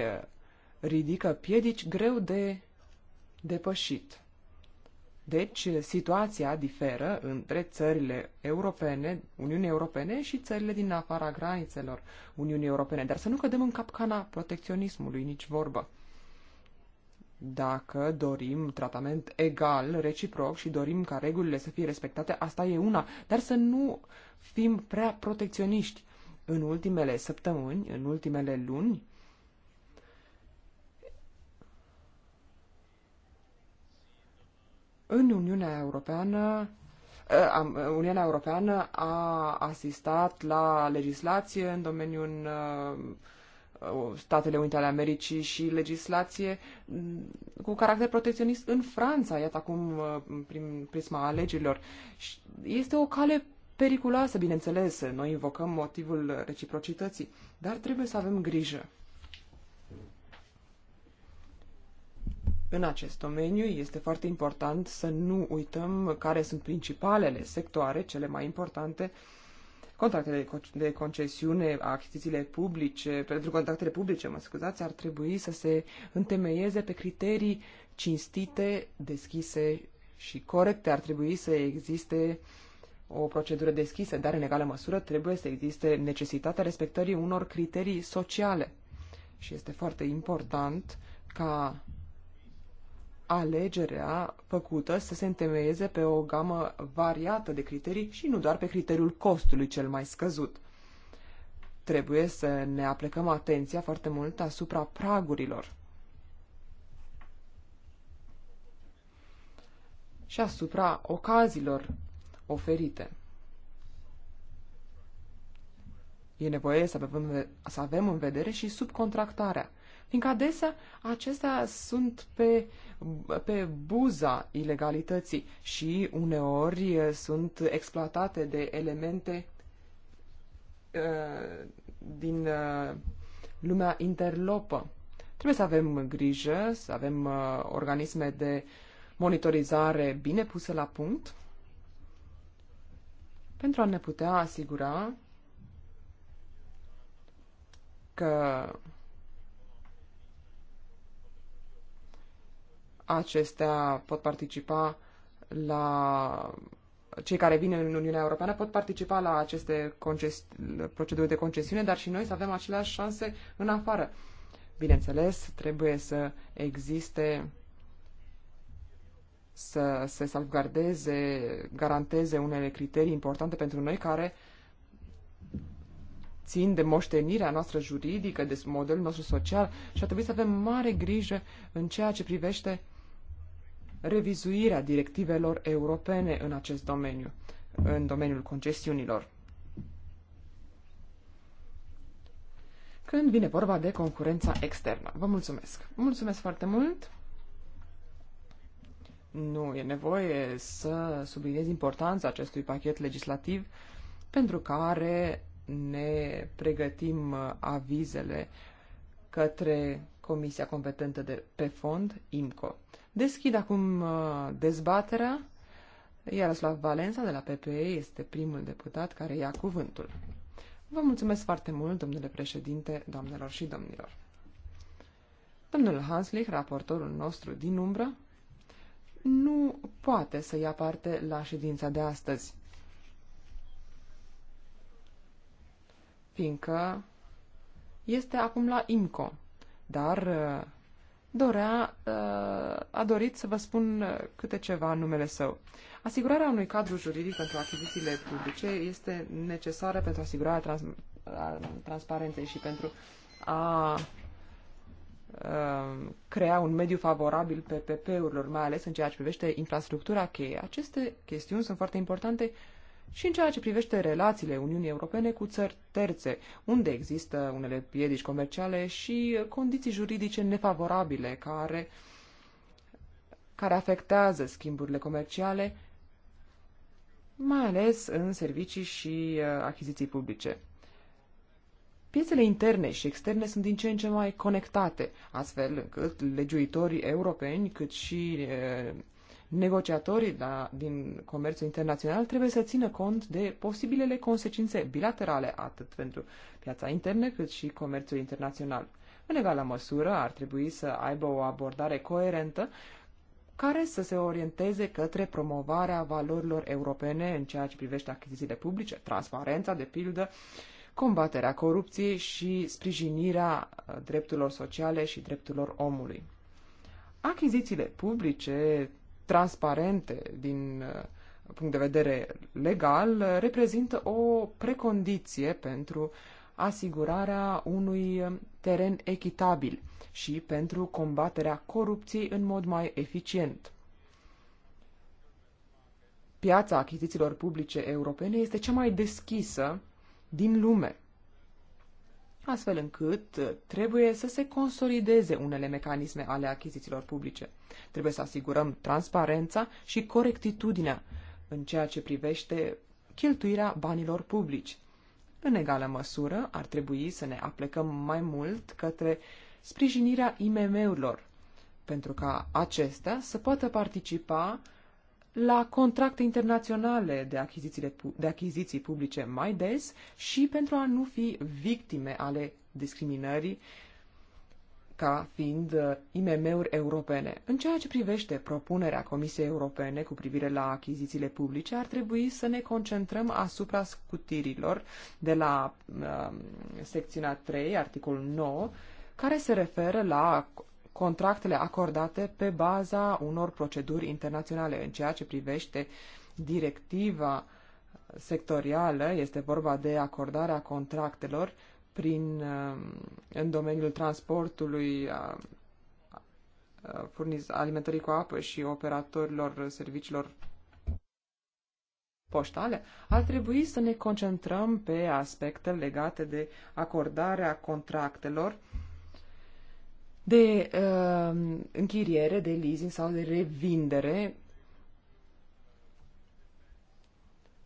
ridică piedici greu de depășit. Deci, situația diferă între țările europene, Uniunii Europene și țările din afara granițelor Uniunii Europene. Dar să nu cădem în capcana protecționismului, nici vorbă. Dacă dorim tratament egal, reciproc și dorim ca regulile să fie respectate, asta e una. Dar să nu fim prea protecționiști în ultimele săptămâni, în ultimele luni, în Uniunea Europeană ă, Uniunea Europeană a asistat la legislație în domeniul ă, Statele Unite ale Americii și legislație mm, cu caracter protecționist în Franța, iată acum ă, prin prisma alegerilor. Este o cale periculoasă, bineînțeles, noi invocăm motivul reciprocității, dar trebuie să avem grijă. În acest domeniu este foarte important să nu uităm care sunt principalele sectoare, cele mai importante, contractele de concesiune, achizițiile publice, pentru contractele publice, mă scuzați, ar trebui să se întemeieze pe criterii cinstite, deschise și corecte. Ar trebui să existe uh, o procedură deschisă, dar în egală măsură trebuie să existe necesitatea respectării unor criterii sociale. Și este foarte important ca alegerea făcută să se întemeieze pe o gamă variată de criterii și nu doar pe criteriul costului cel mai scăzut. Trebuie să ne aplecăm atenția foarte mult asupra pragurilor și asupra ocazilor oferite. E nevoie să avem, să avem în vedere și subcontractarea, fiindcă adesea acestea sunt pe, pe buza ilegalității și uneori sunt exploatate de elemente uh, din uh, lumea interlopă. Trebuie să avem grijă, să avem uh, organisme de monitorizare bine puse la punct pentru a ne putea asigura că acestea pot participa la cei care vin în Uniunea Europeană pot participa la aceste conces... proceduri de concesiune, dar și noi să avem aceleași șanse în afară. Bineînțeles, trebuie să existe să se salvgardeze, garanteze unele criterii importante pentru noi care țin de moștenirea noastră juridică, de modelul nostru social și a trebuit să avem mare grijă în ceea ce privește revizuirea directivelor europene în acest domeniu, în domeniul concesiunilor. Când vine vorba de concurența externă. Vă mulțumesc! Mulțumesc foarte mult! nu e nevoie să subliniez importanța acestui pachet legislativ pentru care ne pregătim uh, avizele către Comisia competentă de pe fond, IMCO. Deschid acum uh, dezbaterea. Iaroslav Valența de la PPE este primul deputat care ia cuvântul. Vă mulțumesc foarte mult, domnule președinte, doamnelor și domnilor. Domnul Hanslich, raportorul nostru din umbră, nu poate să ia parte la ședința de astăzi, fiindcă este acum la IMCO, dar uh, dorea, uh, a dorit să vă spun uh, câte ceva în numele său. Asigurarea unui cadru juridic pentru achizițiile publice este necesară pentru asigurarea trans- transparenței și pentru a Um, crea un mediu favorabil PPP-urilor, mai ales în ceea ce privește infrastructura cheie. Aceste chestiuni sunt foarte importante și în ceea ce privește relațiile Uniunii Europene cu țări terțe, unde există unele piedici comerciale și condiții juridice nefavorabile care, care afectează schimburile comerciale, mai ales în servicii și uh, achiziții publice. Piețele interne și externe sunt din ce în ce mai conectate, astfel încât legiuitorii europeni, cât și e, negociatorii da, din comerțul internațional trebuie să țină cont de posibilele consecințe bilaterale, atât pentru piața internă, cât și comerțul internațional. În egală măsură, ar trebui să aibă o abordare coerentă care să se orienteze către promovarea valorilor europene în ceea ce privește achizițiile publice, transparența, de pildă, uh, combaterea corupției și sprijinirea uh, drepturilor sociale și drepturilor omului. Achizițiile publice transparente din uh, punct de vedere legal uh, reprezintă o precondiție pentru asigurarea unui teren echitabil și pentru combaterea corupției în mod mai eficient. Piața achizițiilor publice europene este cea mai deschisă din lume. Astfel încât uh, trebuie să se consolideze unele mecanisme ale achizițiilor publice. Trebuie să asigurăm transparența și corectitudinea în ceea ce privește cheltuirea banilor publici. În egală măsură, ar trebui să ne aplecăm mai mult către sprijinirea IMM-urilor, pentru ca acestea să poată participa la contracte internaționale de, de achiziții publice mai des și pentru a nu fi victime ale discriminării ca fiind uh, IMM-uri europene. În ceea ce privește propunerea Comisiei Europene cu privire la achizițiile publice, ar trebui să ne concentrăm asupra scutirilor de la uh, secțiunea 3, articolul 9, care se referă la contractele acordate pe baza unor proceduri internaționale. În ceea ce privește directiva sectorială, este vorba de acordarea contractelor prin, uh, în domeniul transportului, uh, uh, furniz, alimentării cu apă și operatorilor serviciilor poștale, ar trebui să ne concentrăm pe aspecte legate de acordarea contractelor de uh, închiriere, de leasing sau de revindere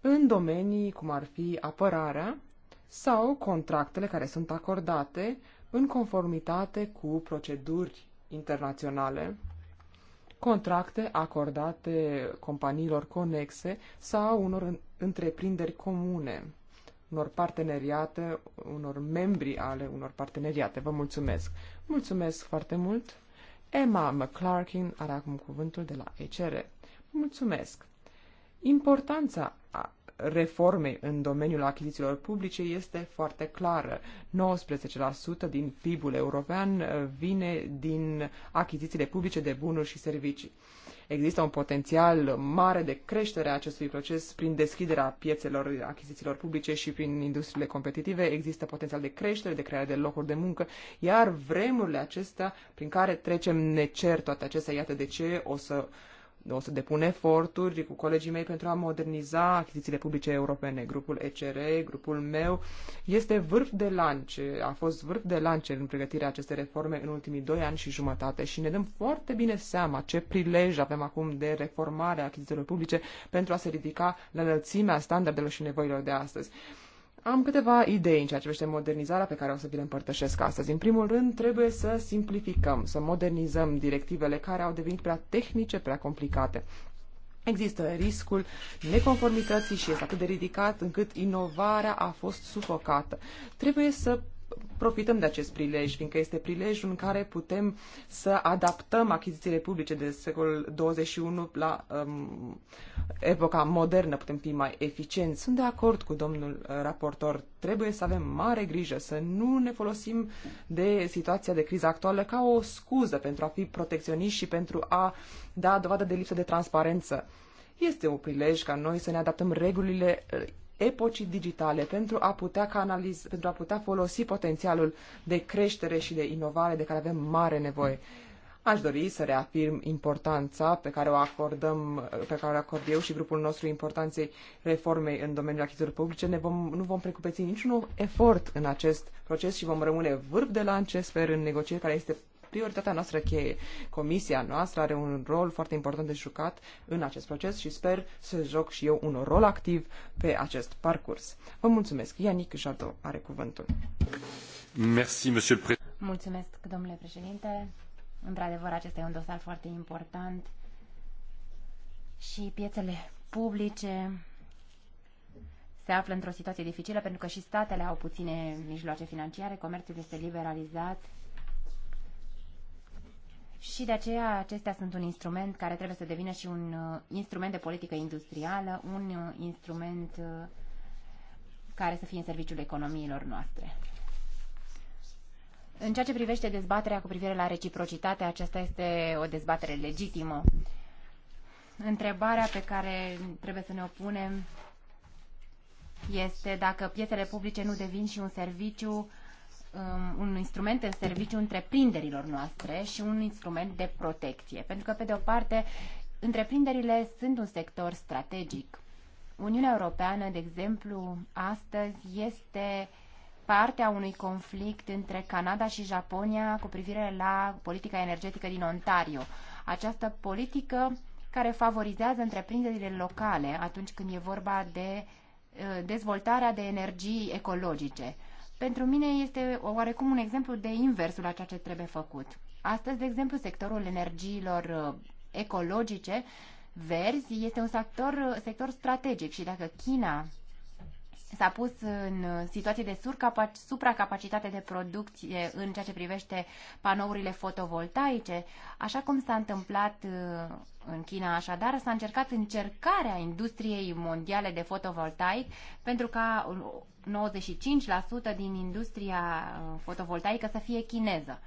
în domenii cum ar fi apărarea sau contractele care sunt acordate în conformitate cu proceduri internaționale, contracte acordate companiilor conexe sau unor întreprinderi comune, unor parteneriate, unor membri ale unor parteneriate. Vă mulțumesc! Mulțumesc foarte mult! Emma McClarkin are acum cuvântul de la ECR. Mulțumesc! Importanța reformei în domeniul achizițiilor publice este foarte clară. 19% din PIB-ul european eh, vine din achizițiile publice de bunuri și servicii există un potențial mare de creștere a acestui proces prin deschiderea piețelor achizițiilor publice și prin industriile competitive. Există potențial de creștere, de creare de locuri de muncă, iar vremurile acestea prin care trecem ne cer toate acestea. Iată de ce o să o să depun eforturi cu colegii mei pentru a moderniza achizițiile publice europene. Grupul ECR, grupul meu, este vârf de lance, a fost vârf de lance în pregătirea acestei reforme în ultimii doi ani și jumătate și ne dăm foarte bine seama ce prilej avem acum de reformare a achizițiilor publice pentru a se ridica la înălțimea standardelor și nevoilor de astăzi. Am câteva idei în ceea ce privește modernizarea pe care o să vi le împărtășesc astăzi. În primul rând, trebuie să simplificăm, să modernizăm directivele care au devenit prea tehnice, prea complicate. Există riscul neconformității și este atât de ridicat încât inovarea a fost sufocată. Trebuie să profităm de acest prilej, fiindcă este prilejul în care putem să adaptăm achizițiile publice de secolul 21 la um, epoca modernă, putem fi mai eficienți. Sunt de acord cu domnul uh, raportor. Trebuie să avem mare grijă să nu ne folosim de situația de criză actuală ca o scuză pentru a fi protecționiști și pentru a da dovadă de lipsă de transparență. Este un prilej ca noi să ne adaptăm regulile uh, epocii digitale pentru a putea canaliz, pentru a putea folosi potențialul de creștere și de inovare de care avem mare nevoie. Aș dori să reafirm importanța pe care o acordăm, pe care o acord eu și grupul nostru importanței reformei în domeniul achizițiilor publice. Ne vom, nu vom precupeți niciun efort în acest proces și vom rămâne vârf de la sper, în negocieri care este prioritatea noastră cheie. Comisia noastră are un rol foarte important de jucat în acest proces și sper să joc și eu un rol activ pe acest parcurs. Vă mulțumesc. Ianic Jadot are cuvântul. Merci, monsieur le Mulțumesc, domnule președinte. Într-adevăr, acesta e un dosar foarte important și piețele publice se află într-o situație dificilă pentru că și statele au puține mijloace financiare, comerțul este liberalizat și de aceea acestea sunt un instrument care trebuie să devină și un uh, instrument de politică industrială, un uh, instrument uh, care să fie în serviciul economiilor noastre. În ceea ce privește dezbaterea cu privire la reciprocitate, aceasta este o dezbatere legitimă. Întrebarea pe care trebuie să ne opunem este dacă piețele publice nu devin și un serviciu Um, un instrument în serviciu întreprinderilor noastre și un instrument de protecție. Pentru că, pe de o parte, întreprinderile sunt un sector strategic. Uniunea Europeană, de exemplu, astăzi este partea unui conflict între Canada și Japonia cu privire la politica energetică din Ontario. Această politică care favorizează întreprinderile locale atunci când e vorba de uh, dezvoltarea de energii ecologice pentru mine este oarecum un exemplu de inversul a ceea ce trebuie făcut. Astăzi, de exemplu, sectorul energiilor uh, ecologice verzi este un sector, uh, sector strategic și dacă China s-a pus în uh, situație de supracapacitate de producție în ceea ce privește panourile fotovoltaice, așa cum s-a întâmplat în China așadar, s-a încercat încercarea industriei mondiale de fotovoltaic pentru ca 95% din industria uh, fotovoltaică să fie chineză.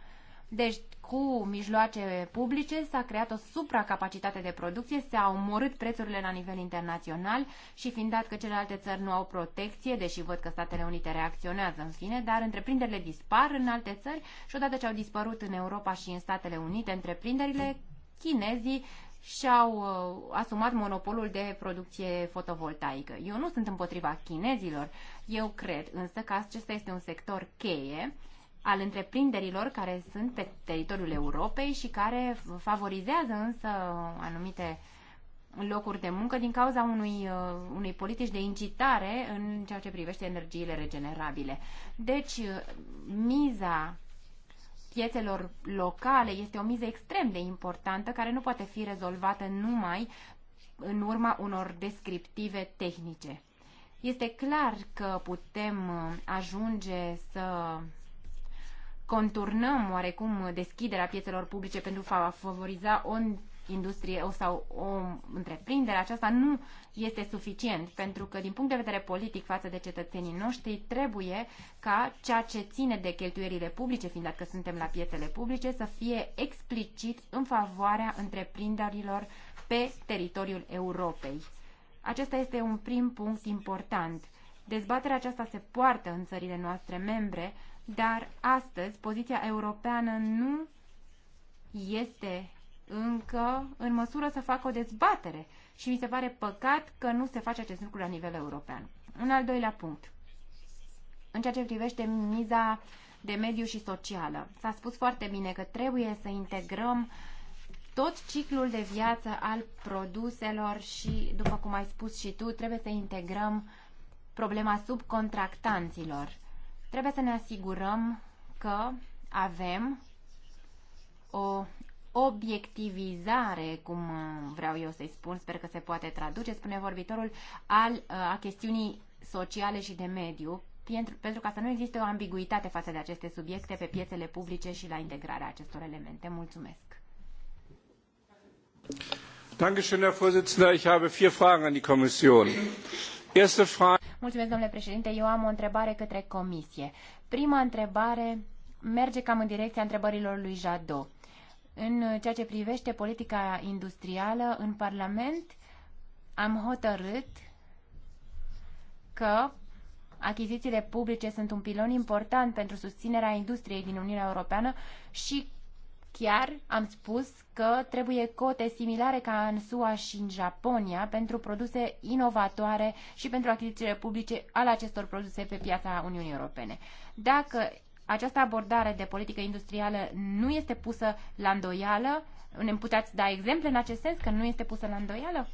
Deci, cu mijloace publice s-a creat o supracapacitate de producție, s-au omorât prețurile la nivel internațional și fiind dat că celelalte țări nu au protecție, deși văd că Statele Unite reacționează în fine, dar întreprinderile dispar în alte țări și odată ce au dispărut în Europa și în Statele Unite întreprinderile, chinezii și-au uh, asumat monopolul de producție fotovoltaică. Eu nu sunt împotriva chinezilor, eu cred însă că acesta este un sector cheie al întreprinderilor care sunt pe teritoriul Europei și care favorizează însă anumite locuri de muncă din cauza unui, uh, unei politici de incitare în ceea ce privește energiile regenerabile. Deci, uh, miza piețelor locale este o miză extrem de importantă care nu poate fi rezolvată numai în urma unor descriptive tehnice. Este clar că putem uh, ajunge să conturnăm oarecum deschiderea piețelor publice pentru a favoriza o industrie sau o întreprindere, aceasta nu este suficient, pentru că din punct de vedere politic față de cetățenii noștri trebuie ca ceea ce ține de cheltuierile publice, fiind dacă suntem la piețele publice, să fie explicit în favoarea întreprinderilor pe teritoriul Europei. Acesta este un prim punct important. Dezbaterea aceasta se poartă în țările noastre membre, dar astăzi poziția europeană nu este încă în măsură să facă o dezbatere și mi se pare păcat că nu se face acest lucru la nivel european. Un al doilea punct. În ceea ce privește miza de mediu și socială, s-a spus foarte bine că trebuie să integrăm tot ciclul de viață al produselor și, după cum ai spus și tu, trebuie să integrăm problema subcontractanților. Trebuie să ne asigurăm că avem o obiectivizare, cum uh, vreau eu să-i spun, sper că se poate traduce, spune vorbitorul, al, uh, a chestiunii sociale și de mediu, pentru, pentru ca să nu existe o ambiguitate față de aceste subiecte pe piețele publice și la integrarea acestor elemente. Mulțumesc! Dankeschön, Herr Vorsitzender. Ich habe vier Fragen an die Kommission. Erste Frage. Mulțumesc, domnule președinte. Eu am o întrebare către comisie. Prima întrebare merge cam în direcția întrebărilor lui Jadot. În ceea ce privește politica industrială în Parlament, am hotărât că achizițiile publice sunt un pilon important pentru susținerea industriei din Uniunea Europeană și chiar am spus că trebuie cote similare ca în SUA și în Japonia pentru produse inovatoare și pentru achizițiile publice ale acestor produse pe piața Uniunii Europene. Dacă această abordare de politică industrială nu este pusă la îndoială? Ne puteți da exemple în acest sens că nu este pusă la îndoială?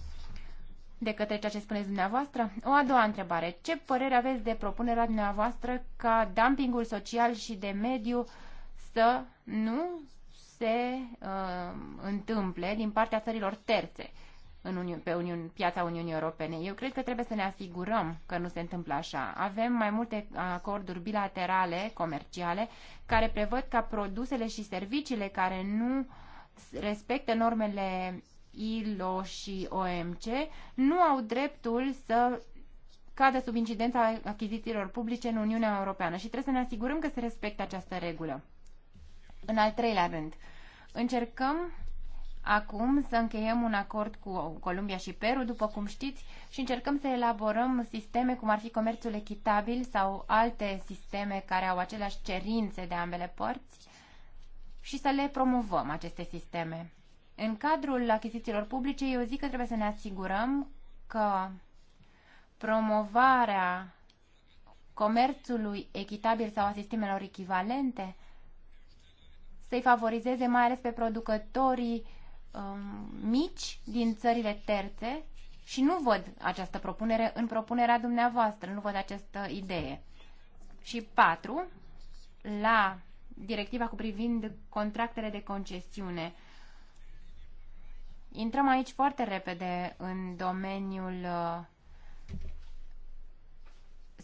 de către ceea ce spuneți dumneavoastră? O a doua întrebare. Ce părere aveți de propunerea dumneavoastră ca dumpingul social și de mediu să nu se uh, întâmple din partea țărilor terțe? Uh, în Uni- pe Uniun- piața Uniunii Europene. Eu cred că trebuie să ne asigurăm că nu se întâmplă așa. Avem mai multe acorduri bilaterale, comerciale, care prevăd ca produsele și serviciile care nu respectă normele ILO și OMC nu au dreptul să cadă sub incidența achizițiilor publice în Uniunea Europeană și trebuie să ne asigurăm că se respectă această regulă. În al treilea rând, încercăm acum să încheiem un acord cu Columbia și Peru, după cum știți, și încercăm să elaborăm sisteme cum ar fi comerțul echitabil sau alte sisteme care au aceleași cerințe de ambele părți și să le promovăm aceste sisteme. În cadrul achizițiilor publice, eu zic că trebuie să ne asigurăm că promovarea comerțului echitabil sau a sistemelor echivalente să-i favorizeze mai ales pe producătorii Um, mici din țările terțe și nu văd această propunere în propunerea dumneavoastră, nu văd această idee. Și patru, la directiva cu privind contractele de concesiune. Intrăm aici foarte repede în domeniul uh,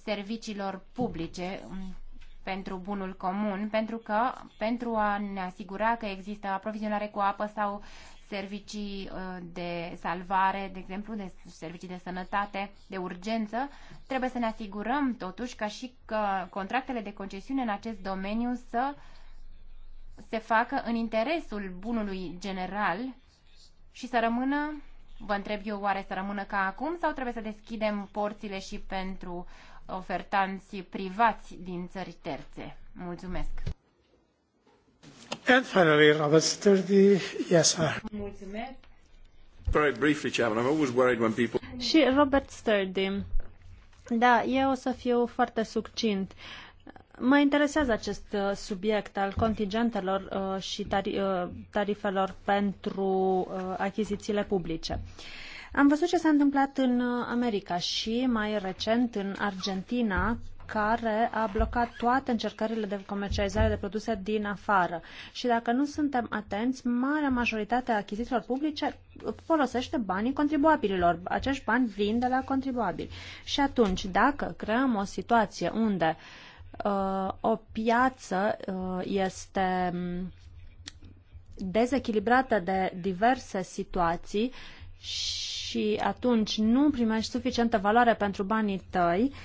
serviciilor publice um, pentru bunul comun, pentru că pentru a ne asigura că există aprovizionare cu apă sau servicii uh, de salvare, de exemplu, de servicii de sănătate, de urgență, trebuie să ne asigurăm totuși ca și că uh, contractele de concesiune în acest domeniu să se facă în interesul bunului general și să rămână, vă întreb eu, oare să rămână ca acum sau trebuie să deschidem porțile și pentru ofertanți privați din țări terțe? Mulțumesc! And finally, Robert Sturdy. Yes, sir. Very briefly, Chairman, I'm always worried when people... Și Robert Sturdy. Da, eu o să fiu foarte succint. Mă interesează acest uh, subiect al contingentelor uh, și uh, tarifelor pentru achizițiile publice. Am văzut ce s-a întâmplat în America și mai recent în Argentina, care a blocat toate încercările de comercializare de produse din afară. Și dacă nu suntem atenți, marea majoritate a achizițiilor publice folosește banii contribuabililor. Acești bani vin de la contribuabili. Și atunci, dacă creăm o situație unde uh, o piață uh, este um, dezechilibrată de diverse situații și atunci nu primești suficientă valoare pentru banii tăi, uh,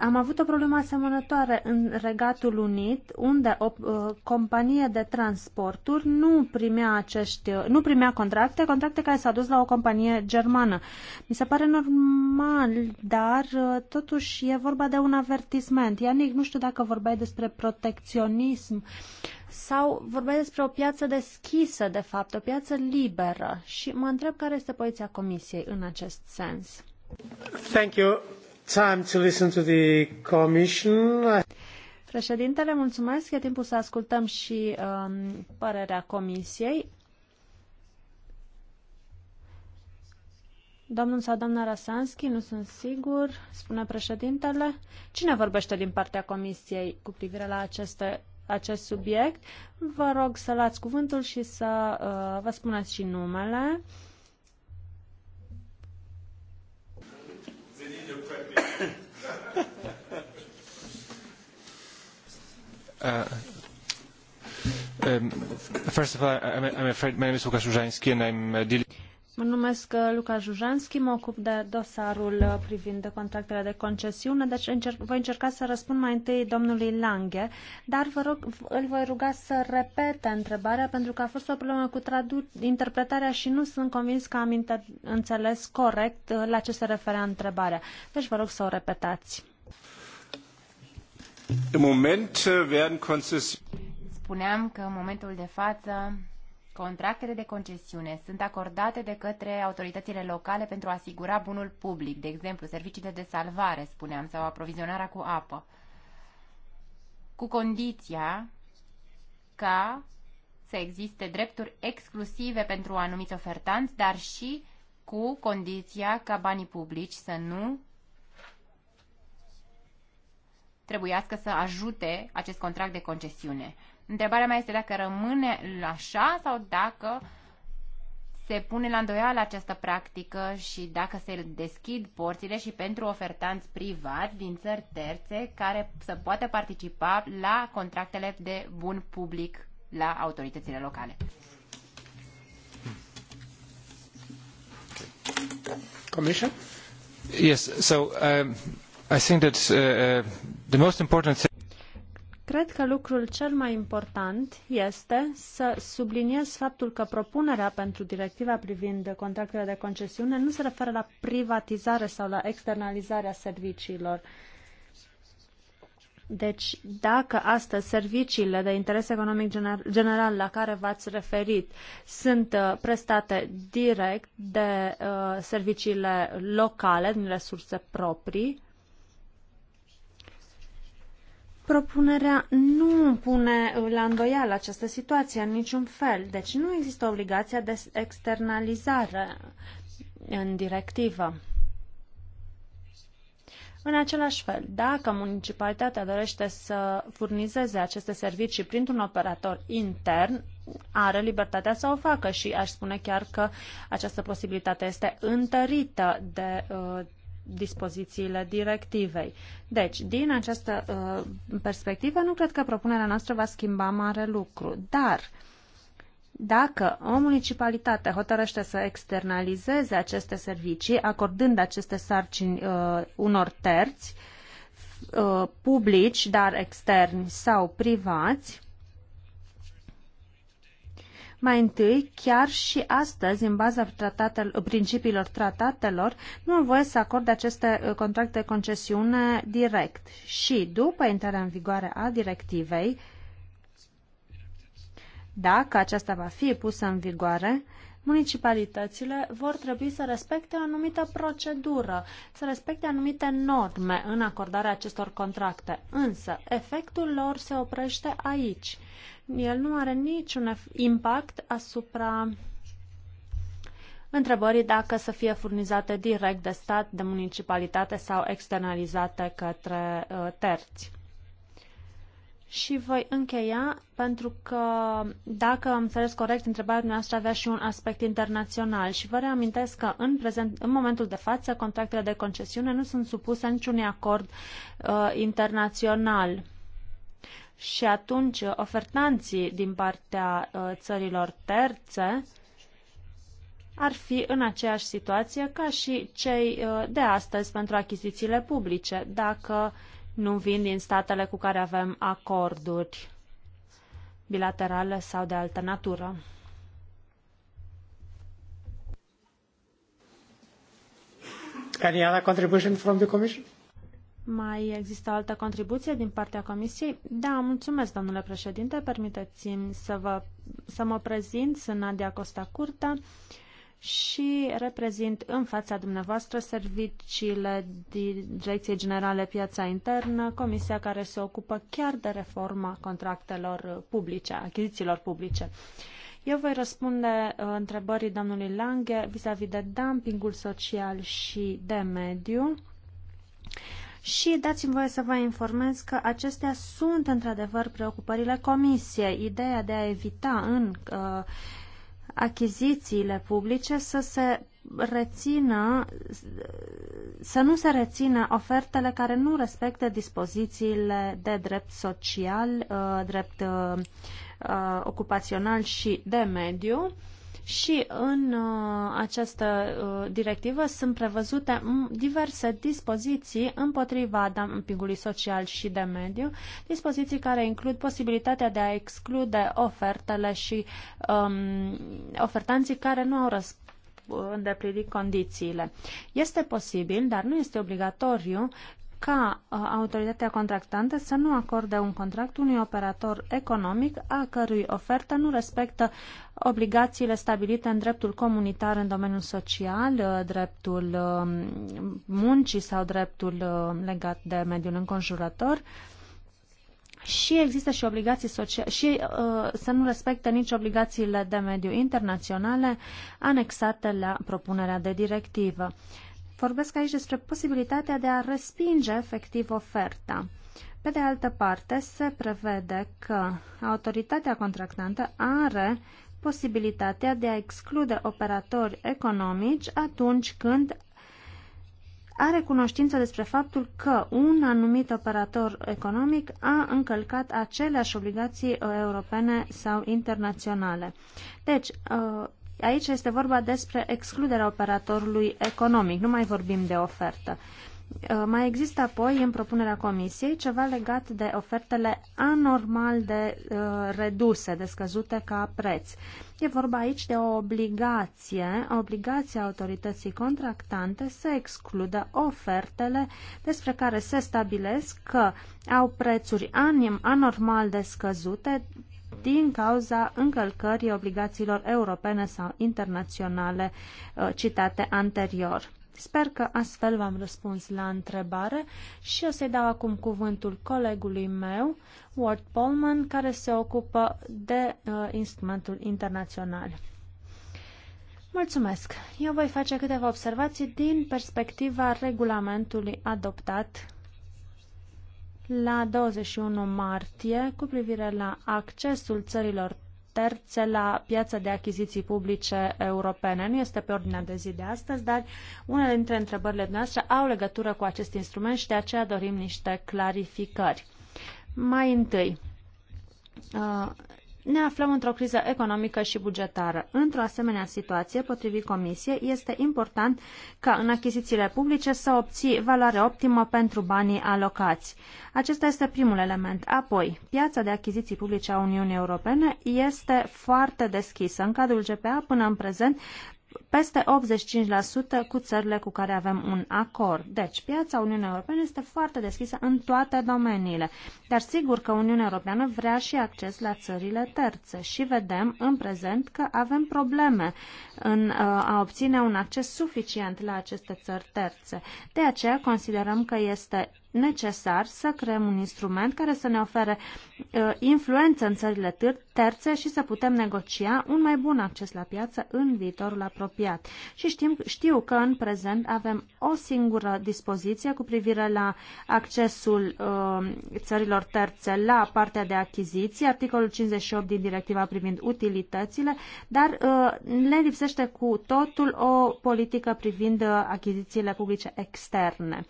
am avut o problemă asemănătoare în Regatul Unit, unde o uh, companie de transporturi nu primea, acești, uh, nu primea contracte, contracte care s-au dus la o companie germană. Mi se pare normal, dar uh, totuși e vorba de un avertisment. Ianic, nu știu dacă vorbeai despre protecționism sau vorbeai despre o piață deschisă, de fapt, o piață liberă. Și mă întreb care este poziția Comisiei în acest sens. Thank you time to listen to the commission. Președintele, mulțumesc. E timpul să ascultăm și um, părerea comisiei. Domnul sau doamna Rasanski, nu sunt sigur, spune președintele. Cine vorbește din partea comisiei cu privire la aceste, acest subiect? Vă rog să luați cuvântul și să uh, vă spuneți și numele. Uh, Uh, um, first of all, I'm, afraid my name is Łukasz Użański and I'm uh, dealing... Mă numesc Luca uh, Jujanski, mă ocup de dosarul privind de contractele de concesiune, deci încerc, voi încerca să răspund mai întâi domnului Lange, dar vă rog, îl voi ruga să repete întrebarea pentru că a fost o problemă cu tradu- interpretarea și nu sunt convins că am înțeles corect la ce se referea întrebarea. Deci vă rog să o repetați. Äh, spuneam că în momentul de față contractele de concesiune sunt acordate de către autoritățile locale pentru a asigura bunul public, de exemplu serviciile de salvare, spuneam, sau aprovizionarea cu apă, cu condiția ca să existe drepturi exclusive pentru anumiți ofertanți, dar și cu condiția ca banii publici să nu trebuiască să ajute acest contract de concesiune. Întrebarea mea este dacă rămâne așa sau dacă se pune la îndoială această practică și dacă se deschid porțile și pentru ofertanți privați din țări terțe care să poată participa la contractele de bun public la autoritățile locale. Commission? Yes, so um, I think that uh, uh, the most important thing Cred că lucrul cel mai important este să subliniez faptul că propunerea pentru directiva privind contractele de concesiune nu se referă la privatizare sau la externalizarea serviciilor. Deci, dacă astăzi serviciile de interes economic general la care v-ați referit sunt uh, prestate direct de uh, serviciile locale din resurse proprii, Propunerea nu pune la îndoială această situație în niciun fel, deci nu există obligația de externalizare în directivă. În același fel, dacă municipalitatea dorește să furnizeze aceste servicii printr-un operator intern, are libertatea să o facă și aș spune chiar că această posibilitate este întărită de uh, dispozițiile directivei. Deci, din această uh, perspectivă, nu cred că propunerea noastră va schimba mare lucru, dar dacă o municipalitate hotărăște să externalizeze aceste servicii, acordând aceste sarcini uh, unor terți, uh, publici, dar externi sau privați, mai întâi, chiar și astăzi, în baza tratatel, principiilor tratatelor, nu au voie să acorde aceste uh, contracte de concesiune direct. Și după intrarea în vigoare a directivei, dacă aceasta va fi pusă în vigoare, municipalitățile vor trebui să respecte o anumită procedură, să respecte anumite norme în acordarea acestor contracte. Însă, efectul lor se oprește aici el nu are niciun impact asupra întrebării dacă să fie furnizate direct de stat, de municipalitate sau externalizate către uh, terți. Și voi încheia pentru că, dacă am înțeles corect, întrebarea dumneavoastră avea și un aspect internațional și vă reamintesc că în, prezent, în momentul de față contractele de concesiune nu sunt supuse niciunui acord uh, internațional și atunci uh, ofertanții din partea uh, țărilor terțe ar fi în aceeași situație ca și cei uh, de astăzi pentru achizițiile publice, dacă nu vin din statele cu care avem acorduri bilaterale sau de altă natură. Any other contribution from the Commission? Mai există o altă contribuție din partea Comisiei? Da, mulțumesc, domnule președinte. Permiteți-mi să, vă, să mă prezint. Sunt Nadia Costa Curta și reprezint în fața dumneavoastră serviciile Direcției Generale Piața Internă, comisia care se ocupă chiar de reforma contractelor publice, achizițiilor publice. Eu voi răspunde uh, întrebării domnului Lange vis-a-vis -vis de dumpingul social și de mediu. Și dați-mi voie să vă informez că acestea sunt într-adevăr preocupările Comisiei. Ideea de a evita în uh, achizițiile publice să se rețină, să nu se rețină ofertele care nu respectă dispozițiile de drept social, uh, drept uh, uh, ocupațional și de mediu și în uh, această uh, directivă sunt prevăzute diverse dispoziții împotriva dumpingului social și de mediu, dispoziții care includ posibilitatea de a exclude ofertele și um, ofertanții care nu au răspuns uh, îndeplinit condițiile. Este posibil, dar nu este obligatoriu, ca uh, autoritatea contractantă să nu acorde un contract unui operator economic a cărui ofertă nu respectă obligațiile stabilite în dreptul comunitar în domeniul social, uh, dreptul um, muncii sau dreptul um, legat de mediul înconjurător și există și obligații sociale și uh, să nu respecte nici obligațiile de mediu internaționale anexate la propunerea de directivă. Uh, Vorbesc aici despre posibilitatea de a respinge efectiv oferta. Pe de altă parte, se prevede că autoritatea contractantă are posibilitatea de a exclude operatori economici atunci când are cunoștință despre faptul că un anumit operator economic a încălcat aceleași obligații europene sau internaționale. Deci, uh, Aici este vorba despre excluderea operatorului economic, nu mai vorbim de ofertă. Uh, mai există apoi în propunerea comisiei ceva legat de ofertele anormal de uh, reduse, de scăzute ca preț. E vorba aici de o obligație, obligația autorității contractante să excludă ofertele despre care se stabilesc că au prețuri anormal de scăzute din cauza încălcării obligațiilor europene sau internaționale uh, citate anterior. Sper că astfel v-am răspuns la întrebare și o să-i dau acum cuvântul colegului meu, Ward Polman, care se ocupă de uh, instrumentul internațional. Mulțumesc! Eu voi face câteva observații din perspectiva regulamentului adoptat la 21 martie cu privire la accesul țărilor terțe la piața de achiziții publice europene. Nu este pe ordinea de zi de astăzi, dar unele dintre întrebările noastre au legătură cu acest instrument și de aceea dorim niște clarificări. Mai întâi, uh, ne aflăm într-o criză economică și bugetară. Într-o asemenea situație, potrivit Comisiei, este important ca în achizițiile publice să obții valoare optimă pentru banii alocați. Acesta este primul element. Apoi, piața de achiziții publice a Uniunii Europene este foarte deschisă. În cadrul GPA, până în prezent, peste 85% cu țările cu care avem un acord. Deci, piața Uniunii Europene este foarte deschisă în toate domeniile, dar sigur că Uniunea Europeană vrea și acces la țările terțe și vedem în prezent că avem probleme în uh, a obține un acces suficient la aceste țări terțe. De aceea considerăm că este necesar să creăm un instrument care să ne ofere uh, influență în țările terțe și să putem negocia un mai bun acces la piață în viitorul apropiat. Și știm, știu că în prezent avem o singură dispoziție cu privire la accesul uh, țărilor terțe la partea de achiziții, articolul 58 din directiva privind utilitățile, dar uh, le lipsește cu totul o politică privind uh, achizițiile publice externe.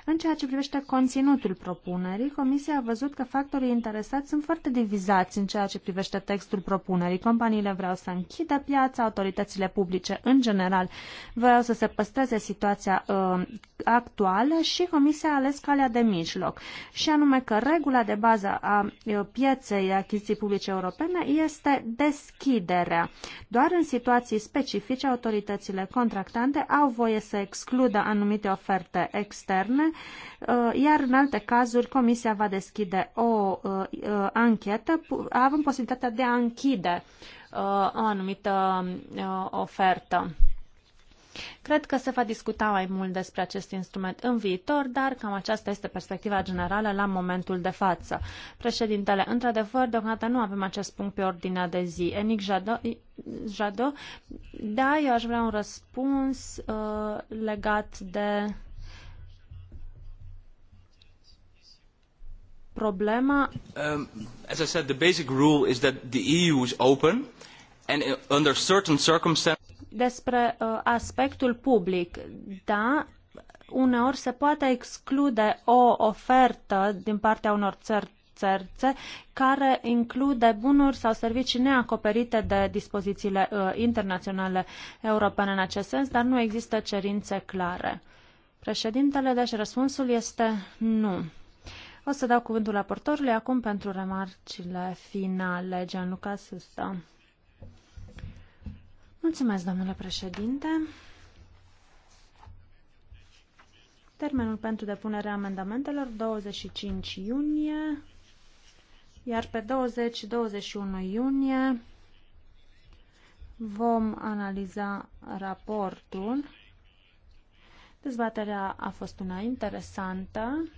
Uh, în ceea ce privește conținutul propunerii, Comisia a văzut că factorii interesați sunt foarte divizați în ceea ce privește textul propunerii. Companiile vreau să închidă piața, autoritățile publice în general vreau să se păstreze situația uh, actuală și Comisia a ales calea de mijloc, și anume că regula de bază a pieței achiziții publice europene este deschiderea. Doar în situații specifice, autoritățile contractante au voie să excludă anumite oferte externe, iar în alte cazuri Comisia va deschide o anchetă, având posibilitatea de a închide o anumită ofertă. Cred că se va discuta mai mult despre acest instrument în viitor, dar cam aceasta este perspectiva generală la momentul de față. Președintele, într-adevăr, deocamdată nu avem acest punct pe ordinea de zi. Enic Jadot, Jado, da, eu aș vrea un răspuns uh, legat de problema. Um, as I said, the basic rule is that the EU is open and under certain circumstances despre uh, aspectul public. Da, uneori se poate exclude o ofertă din partea unor țări țărțe care include bunuri sau servicii neacoperite de dispozițiile uh, internaționale europene în acest sens, dar nu există cerințe clare. Președintele, deci răspunsul este nu. O să dau cuvântul raportorului acum pentru remarcile finale. Gianluca Susta. Mulțumesc, domnule președinte. Termenul pentru depunerea amendamentelor 25 iunie, iar pe 20-21 iunie vom analiza raportul. Dezbaterea a fost una interesantă,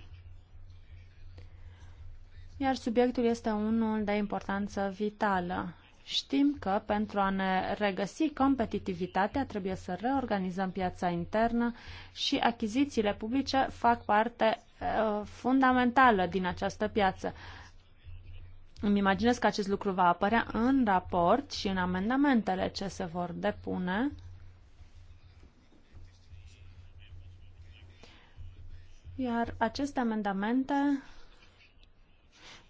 iar subiectul este unul de importanță vitală. Știm că pentru a ne regăsi competitivitatea trebuie să reorganizăm piața internă și achizițiile publice fac parte uh, fundamentală din această piață. Îmi imaginez că acest lucru va apărea în raport și în amendamentele ce se vor depune. Iar aceste amendamente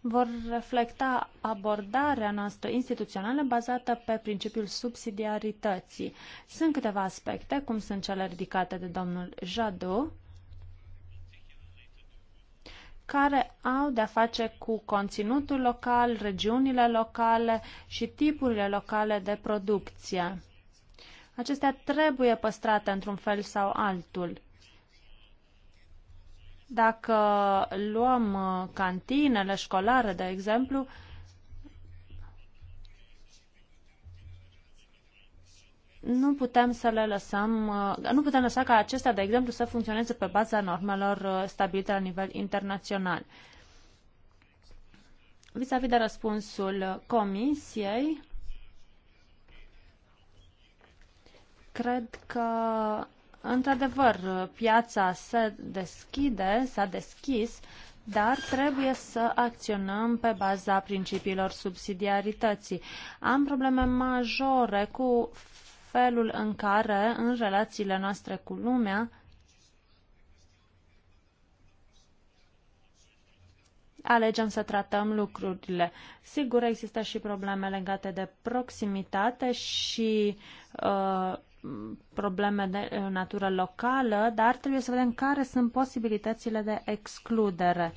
vor reflecta abordarea noastră instituțională bazată pe principiul subsidiarității. Sunt câteva aspecte, cum sunt cele ridicate de domnul Jadu, care au de-a face cu conținutul local, regiunile locale și tipurile locale de producție. Acestea trebuie păstrate într-un fel sau altul. Dacă luăm uh, cantinele școlare, de exemplu, nu putem să le lăsăm, uh, nu putem lăsa ca acestea, de exemplu, să funcționeze pe baza normelor uh, stabilite la nivel internațional. Vis-a-vis de răspunsul comisiei, cred că Într-adevăr, piața se deschide, s-a deschis, dar trebuie să acționăm pe baza principiilor subsidiarității. Am probleme majore cu felul în care, în relațiile noastre cu lumea, alegem să tratăm lucrurile. Sigur, există și probleme legate de proximitate și uh, probleme de natură locală, dar trebuie să vedem care sunt posibilitățile de excludere.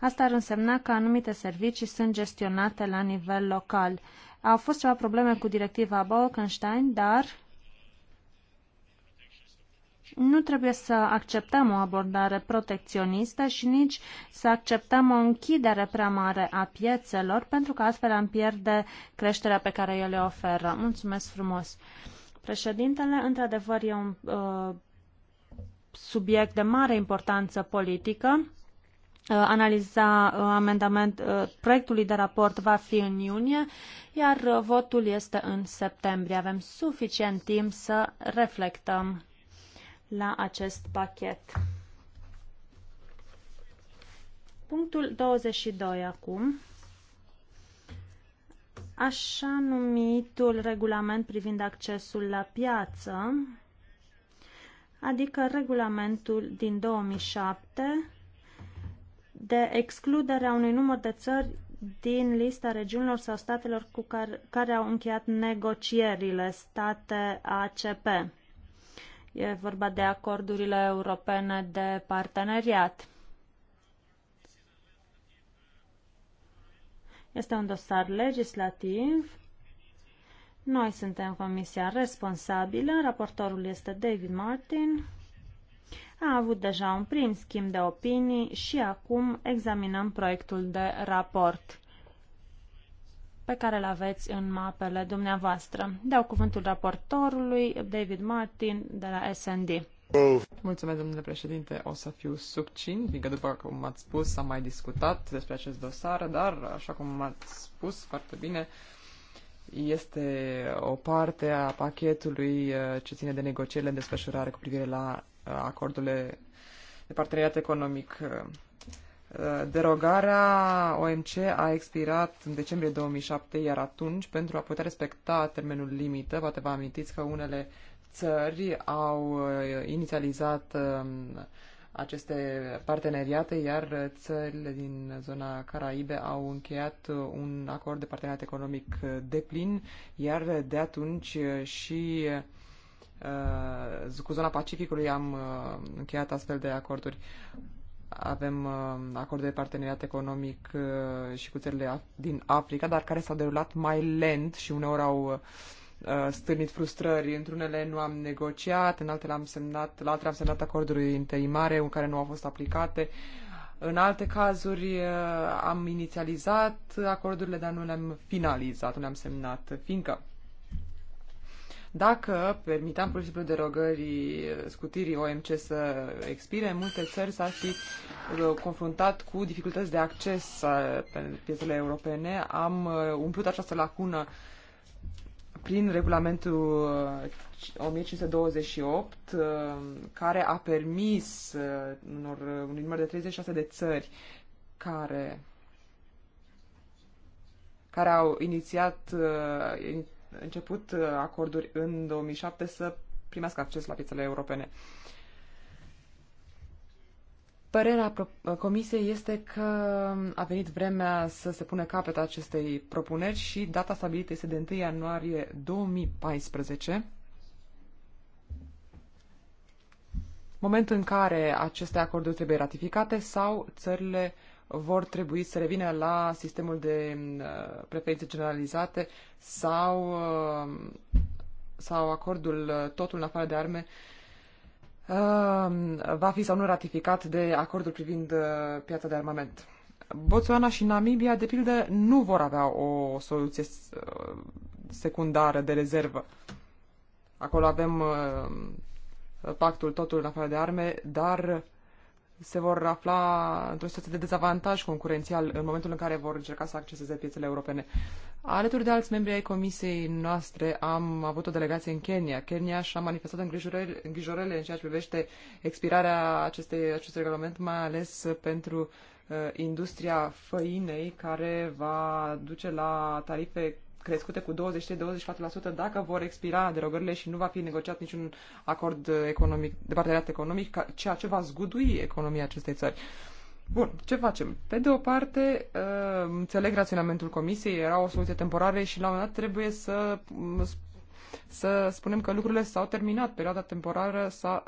Asta ar însemna că anumite servicii sunt gestionate la nivel local. Au fost ceva probleme cu directiva Bolkenstein, dar nu trebuie să acceptăm o abordare protecționistă și nici să acceptăm o închidere prea mare a piețelor, pentru că astfel am pierde creșterea pe care ele oferă. Mulțumesc frumos! Președintele, într-adevăr, e un uh, subiect de mare importanță politică. Uh, analiza uh, amendament, uh, proiectului de raport va fi în iunie, iar votul este în septembrie. Avem suficient timp să reflectăm la acest pachet. Punctul 22 acum așa numitul regulament privind accesul la piață, adică regulamentul din 2007 de excluderea unui număr de țări din lista regiunilor sau statelor cu care, care au încheiat negocierile, state ACP. E vorba de acordurile europene de parteneriat. Este un dosar legislativ. Noi suntem comisia responsabilă, raportorul este David Martin. A avut deja un prim schimb de opinii și acum examinăm proiectul de raport pe care îl aveți în mapele dumneavoastră. Dau cuvântul raportorului David Martin de la SND. Mulțumesc, domnule președinte. O să fiu subțin, fiindcă după cum ați spus, am mai discutat despre acest dosar, dar, așa cum ați spus foarte bine, este o parte a pachetului uh, ce ține de negocierile în desfășurare cu privire la uh, acordurile de parteneriat economic. Uh, derogarea OMC a expirat în decembrie 2007, iar atunci, pentru a putea respecta termenul limită, poate vă amintiți că unele țări au uh, inițializat um, aceste parteneriate, iar țările din zona Caraibe au încheiat un acord de parteneriat economic uh, deplin, iar de atunci uh, și cu zona Pacificului am încheiat astfel de acorduri. Avem acord de parteneriat economic și cu țările din Africa, dar care s-au derulat mai lent și uneori au Uh, stârnit frustrări. Într-unele nu am negociat, în altele am semnat, la altele am semnat acorduri interimare în care nu au fost aplicate. În alte cazuri uh, am inițializat acordurile, dar nu le-am finalizat, nu le-am semnat, fiindcă dacă permiteam pur și simplu derogării scutirii OMC să expire, multe țări s-ar fi uh, confruntat cu dificultăți de acces pe piețele europene. Am umplut această lacună prin regulamentul 1528, uh, uh, care a permis uh, unor, un număr de 36 de țări care, care au inițiat, început acorduri în 2007 să primească acces la piețele europene. Uh, Părerea comisiei este că a venit vremea să se pună capăt acestei propuneri și data stabilită este de 1 ianuarie 2014. Moment în care aceste acorduri trebuie ratificate sau țările vor trebui să revină la sistemul de uh, preferințe generalizate sau, uh, sau acordul uh, totul în afară de arme va fi sau nu ratificat de acordul privind uh, piața de armament. Botswana și Namibia, de pildă, nu vor avea o soluție uh, secundară de rezervă. Acolo avem uh, pactul totul în afară de arme, dar se vor afla într-o situație de dezavantaj concurențial în momentul în care vor încerca să acceseze piețele europene. Alături de alți membri ai comisiei noastre am avut o delegație în Kenya. Kenya și-a manifestat îngrijorările, în ceea ce privește expirarea acestei, acestui regulament, mai ales pentru uh, industria făinei, care va duce la tarife crescute cu 23-24% dacă vor expira derogările și nu va fi negociat niciun acord economic, de parteneriat economic, ceea ce va zgudui economia acestei țări. Bun, ce facem? Pe de o parte, uh, înțeleg raționamentul comisiei, era o soluție temporară și la un moment dat trebuie să, mm, să spunem că lucrurile s-au terminat, perioada temporară s-a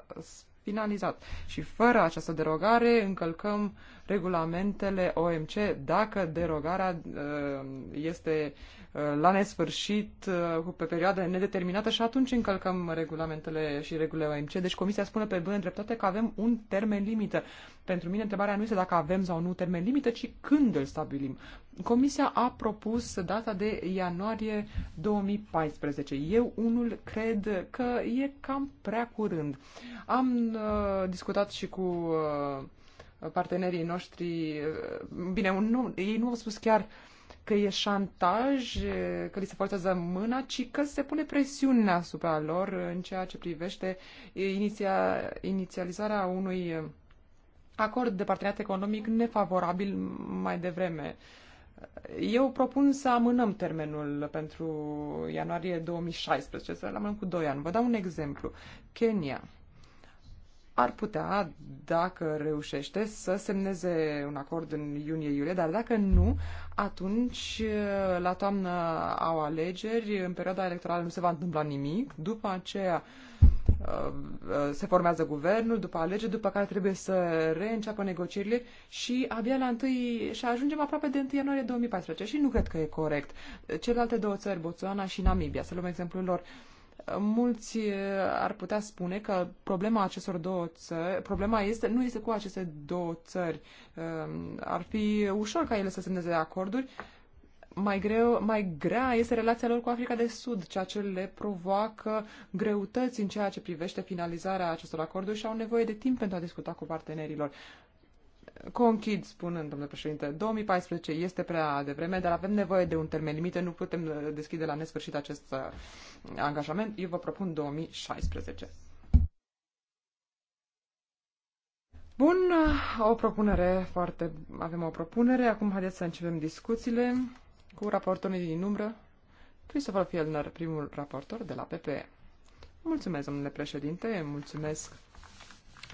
finalizat. Și fără această derogare încălcăm uh, regulamentele OMC dacă derogarea uh, este uh, la nesfârșit, uh, pe perioadă nedeterminată și atunci încălcăm regulamentele și regulile OMC. Deci Comisia spune pe bună dreptate că avem un termen limită. Pentru mine întrebarea nu este dacă avem sau nu termen limită, ci când îl stabilim. Comisia a propus data de ianuarie 2014. Eu unul cred că e cam prea curând. Am uh, discutat și cu uh, partenerii noștri, eh, bine, un, nu, ei nu au spus chiar că e șantaj, eh, că li se forțează mâna, ci că se pune presiune asupra lor în ceea ce privește iniția, inițializarea unui acord de parteneriat economic nefavorabil mai devreme. Eu propun să amânăm termenul pentru ianuarie 2016, să-l amânăm cu 2 ani. Vă dau un exemplu. Kenya ar putea, dacă reușește, să semneze un acord în iunie-iulie, dar dacă nu, atunci la toamnă au alegeri, în perioada electorală nu se va întâmpla nimic, după aceea uh, uh, se formează guvernul, după alegeri, după care trebuie să reînceapă negocierile și abia la întâi și ajungem aproape de 1 ianuarie 2014 și nu cred că e corect. Celelalte două țări, Botswana și Namibia, să luăm exemplul lor, mulți eh, ar putea spune că problema acestor două țări, problema este, nu este cu aceste două țări. Ehm, ar fi ușor ca ele să semneze acorduri. Mai, greu, mai grea este relația lor cu Africa de Sud, ceea ce le provoacă greutăți în ceea ce privește finalizarea acestor acorduri și au nevoie de timp pentru a discuta cu partenerilor. Conchid, spunând, domnule președinte, 2014 este prea devreme, dar avem nevoie de un termen limite, nu putem uh, deschide la nesfârșit acest uh, angajament. Eu vă propun 2016. Bun, uh, o propunere foarte... avem o propunere. Acum haideți să începem discuțiile cu raportorii din umbră. Christopher Fielner, primul raportor de la PPE. Mulțumesc, domnule președinte, mulțumesc,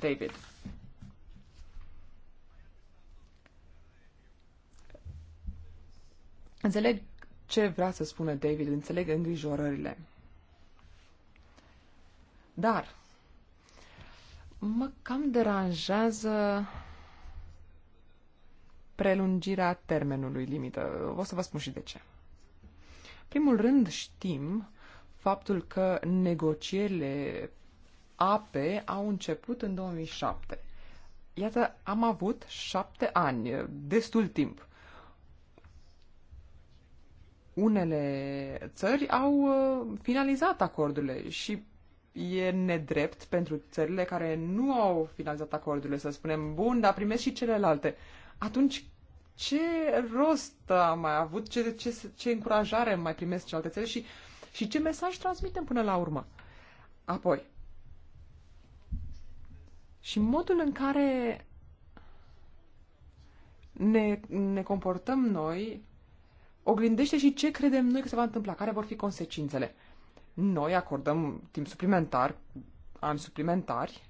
David. Înțeleg ce vrea să spună David, înțeleg îngrijorările. Dar mă cam deranjează prelungirea termenului limită. O să vă spun și de ce. Primul rând știm faptul că negocierile APE au început în 2007. Iată, am avut șapte ani, destul timp unele țări au uh, finalizat acordurile și e nedrept pentru țările care nu au finalizat acordurile să spunem, bun, dar primesc și celelalte. Atunci, ce rost a mai avut, ce, ce, ce încurajare mai primesc celelalte țări și, și ce mesaj transmitem până la urmă? Apoi, și modul în care ne, ne comportăm noi oglindește și ce credem noi că se va întâmpla, care vor fi consecințele. Noi acordăm timp suplimentar, ani suplimentari.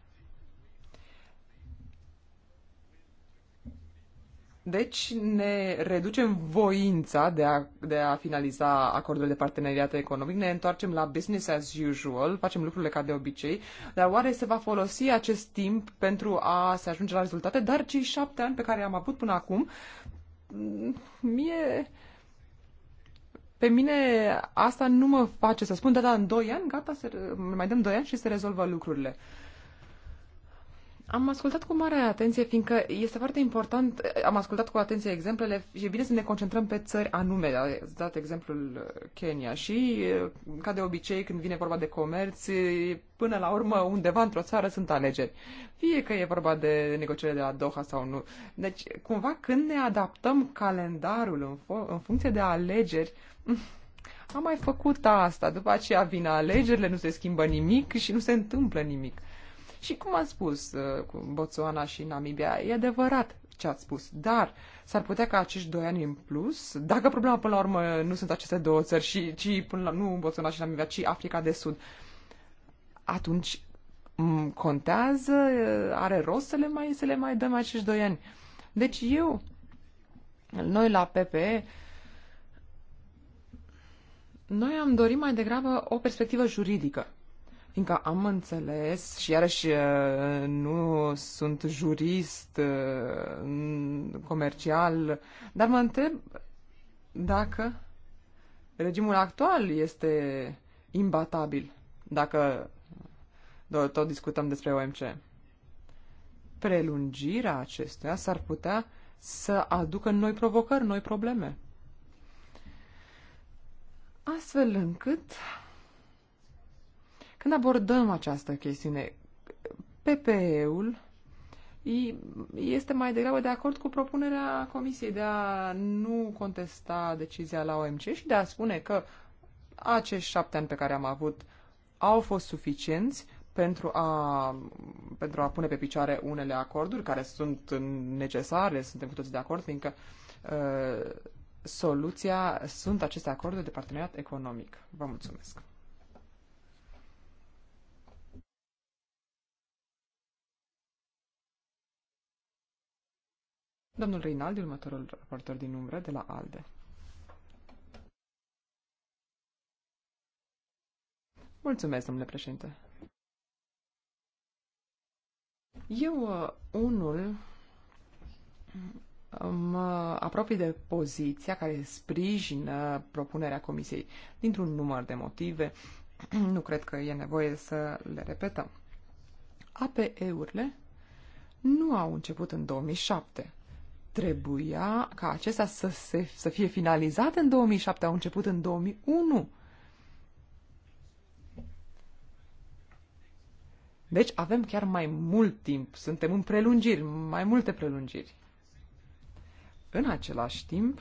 Deci ne reducem voința de a, de a finaliza acordul de parteneriat economic, ne întoarcem la business as usual, facem lucrurile ca de obicei, dar oare se va folosi acest timp pentru a se ajunge la rezultate? Dar cei șapte ani pe care am avut până acum, mm, mie pe mine asta nu mă face să spun, da, da, în 2 ani, gata, se, mai dăm 2 ani și se rezolvă lucrurile. Am ascultat cu mare atenție, fiindcă este foarte important, am ascultat cu atenție exemplele și e bine să ne concentrăm pe țări anume, da, ați dat exemplul uh, Kenya și, uh, ca de obicei, când vine vorba de comerț, uh, până la urmă, undeva într-o țară sunt alegeri. Fie că e vorba de negociere de la Doha sau nu. Deci, cumva, când ne adaptăm calendarul în, fo- în funcție de alegeri, uh, am mai făcut asta, după aceea vin alegerile, nu se schimbă nimic și nu se întâmplă nimic. Și cum am spus uh, cu Botswana și Namibia, e adevărat ce ați spus, dar s-ar putea ca acești doi ani în plus, dacă problema până la urmă nu sunt aceste două țări, și, ci până la, nu Botswana și Namibia, ci Africa de Sud, atunci mm, contează, uh, are rost să le mai, să le mai dăm acești doi ani. Deci eu, noi la PPE, noi am dorit mai degrabă o perspectivă juridică, fiindcă am înțeles și iarăși uh, nu sunt jurist uh, comercial, dar mă întreb dacă regimul actual este imbatabil, dacă tot discutăm despre OMC. Prelungirea acestuia s-ar putea să aducă noi provocări, noi probleme. Astfel încât, când abordăm această chestiune, PPE-ul este mai degrabă de acord cu propunerea Comisiei de a nu contesta decizia la OMC și de a spune că acești șapte ani pe care am avut au fost suficienți pentru a, pentru a pune pe picioare unele acorduri care sunt necesare, suntem cu toți de acord, fiindcă uh, soluția sunt aceste acorduri de parteneriat economic. Vă mulțumesc! Domnul Reinaldi, următorul raportor din umbră de la ALDE. Mulțumesc, domnule președinte. Eu, uh, unul, mă apropii de poziția care sprijină propunerea Comisiei dintr-un număr de motive. Nu cred că e nevoie să le repetăm. APE-urile nu au început în 2007. Trebuia ca acestea să, se, să fie finalizate în 2007, au început în 2001. Deci avem chiar mai mult timp, suntem în prelungiri, mai multe prelungiri. În același timp,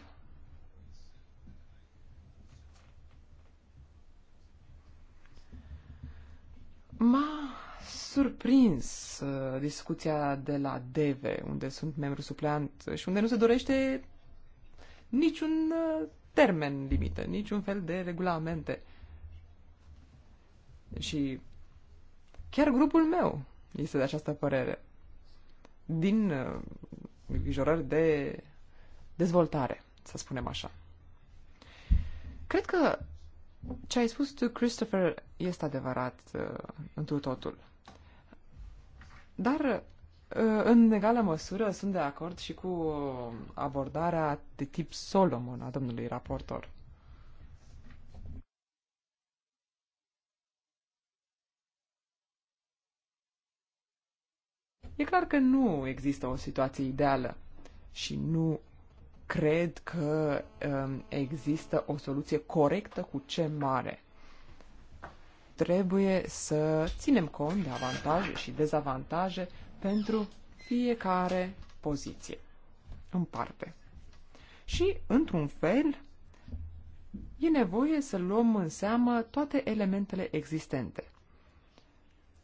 m-a surprins uh, discuția de la DEVE, unde sunt membru supleant și unde nu se dorește niciun uh, termen limită, niciun fel de regulamente. Și chiar grupul meu este de această părere. Din uh, îngrijorări de dezvoltare, să spunem așa. Cred că ce ai spus tu, Christopher, este adevărat uh, întru totul. Dar, uh, în egală măsură, sunt de acord și cu uh, abordarea de tip Solomon a domnului raportor. E clar că nu există o situație ideală și nu cred că um, există o soluție corectă cu ce mare. Trebuie să ținem cont de avantaje și dezavantaje pentru fiecare poziție în parte. Și, într-un fel, e nevoie să luăm în seamă toate elementele existente.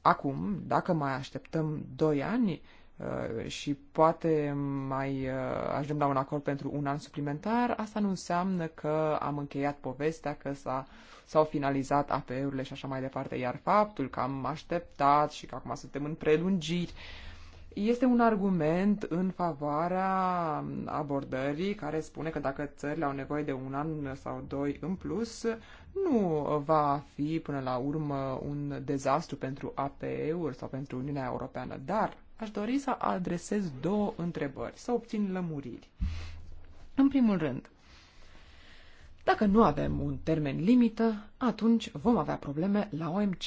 Acum, dacă mai așteptăm 2 ani, Uh, și poate mai uh, ajungem la un acord pentru un an suplimentar, asta nu înseamnă că am încheiat povestea, că s-a, s-au finalizat APE-urile și așa mai departe, iar faptul că am așteptat și că acum suntem în prelungiri este un argument în favoarea abordării care spune că dacă țările au nevoie de un an sau doi în plus, nu va fi până la urmă un dezastru pentru APE-uri sau pentru Uniunea Europeană, dar aș dori să adresez două întrebări, să obțin lămuriri. În primul rând, dacă nu avem un termen limită, atunci vom avea probleme la OMC.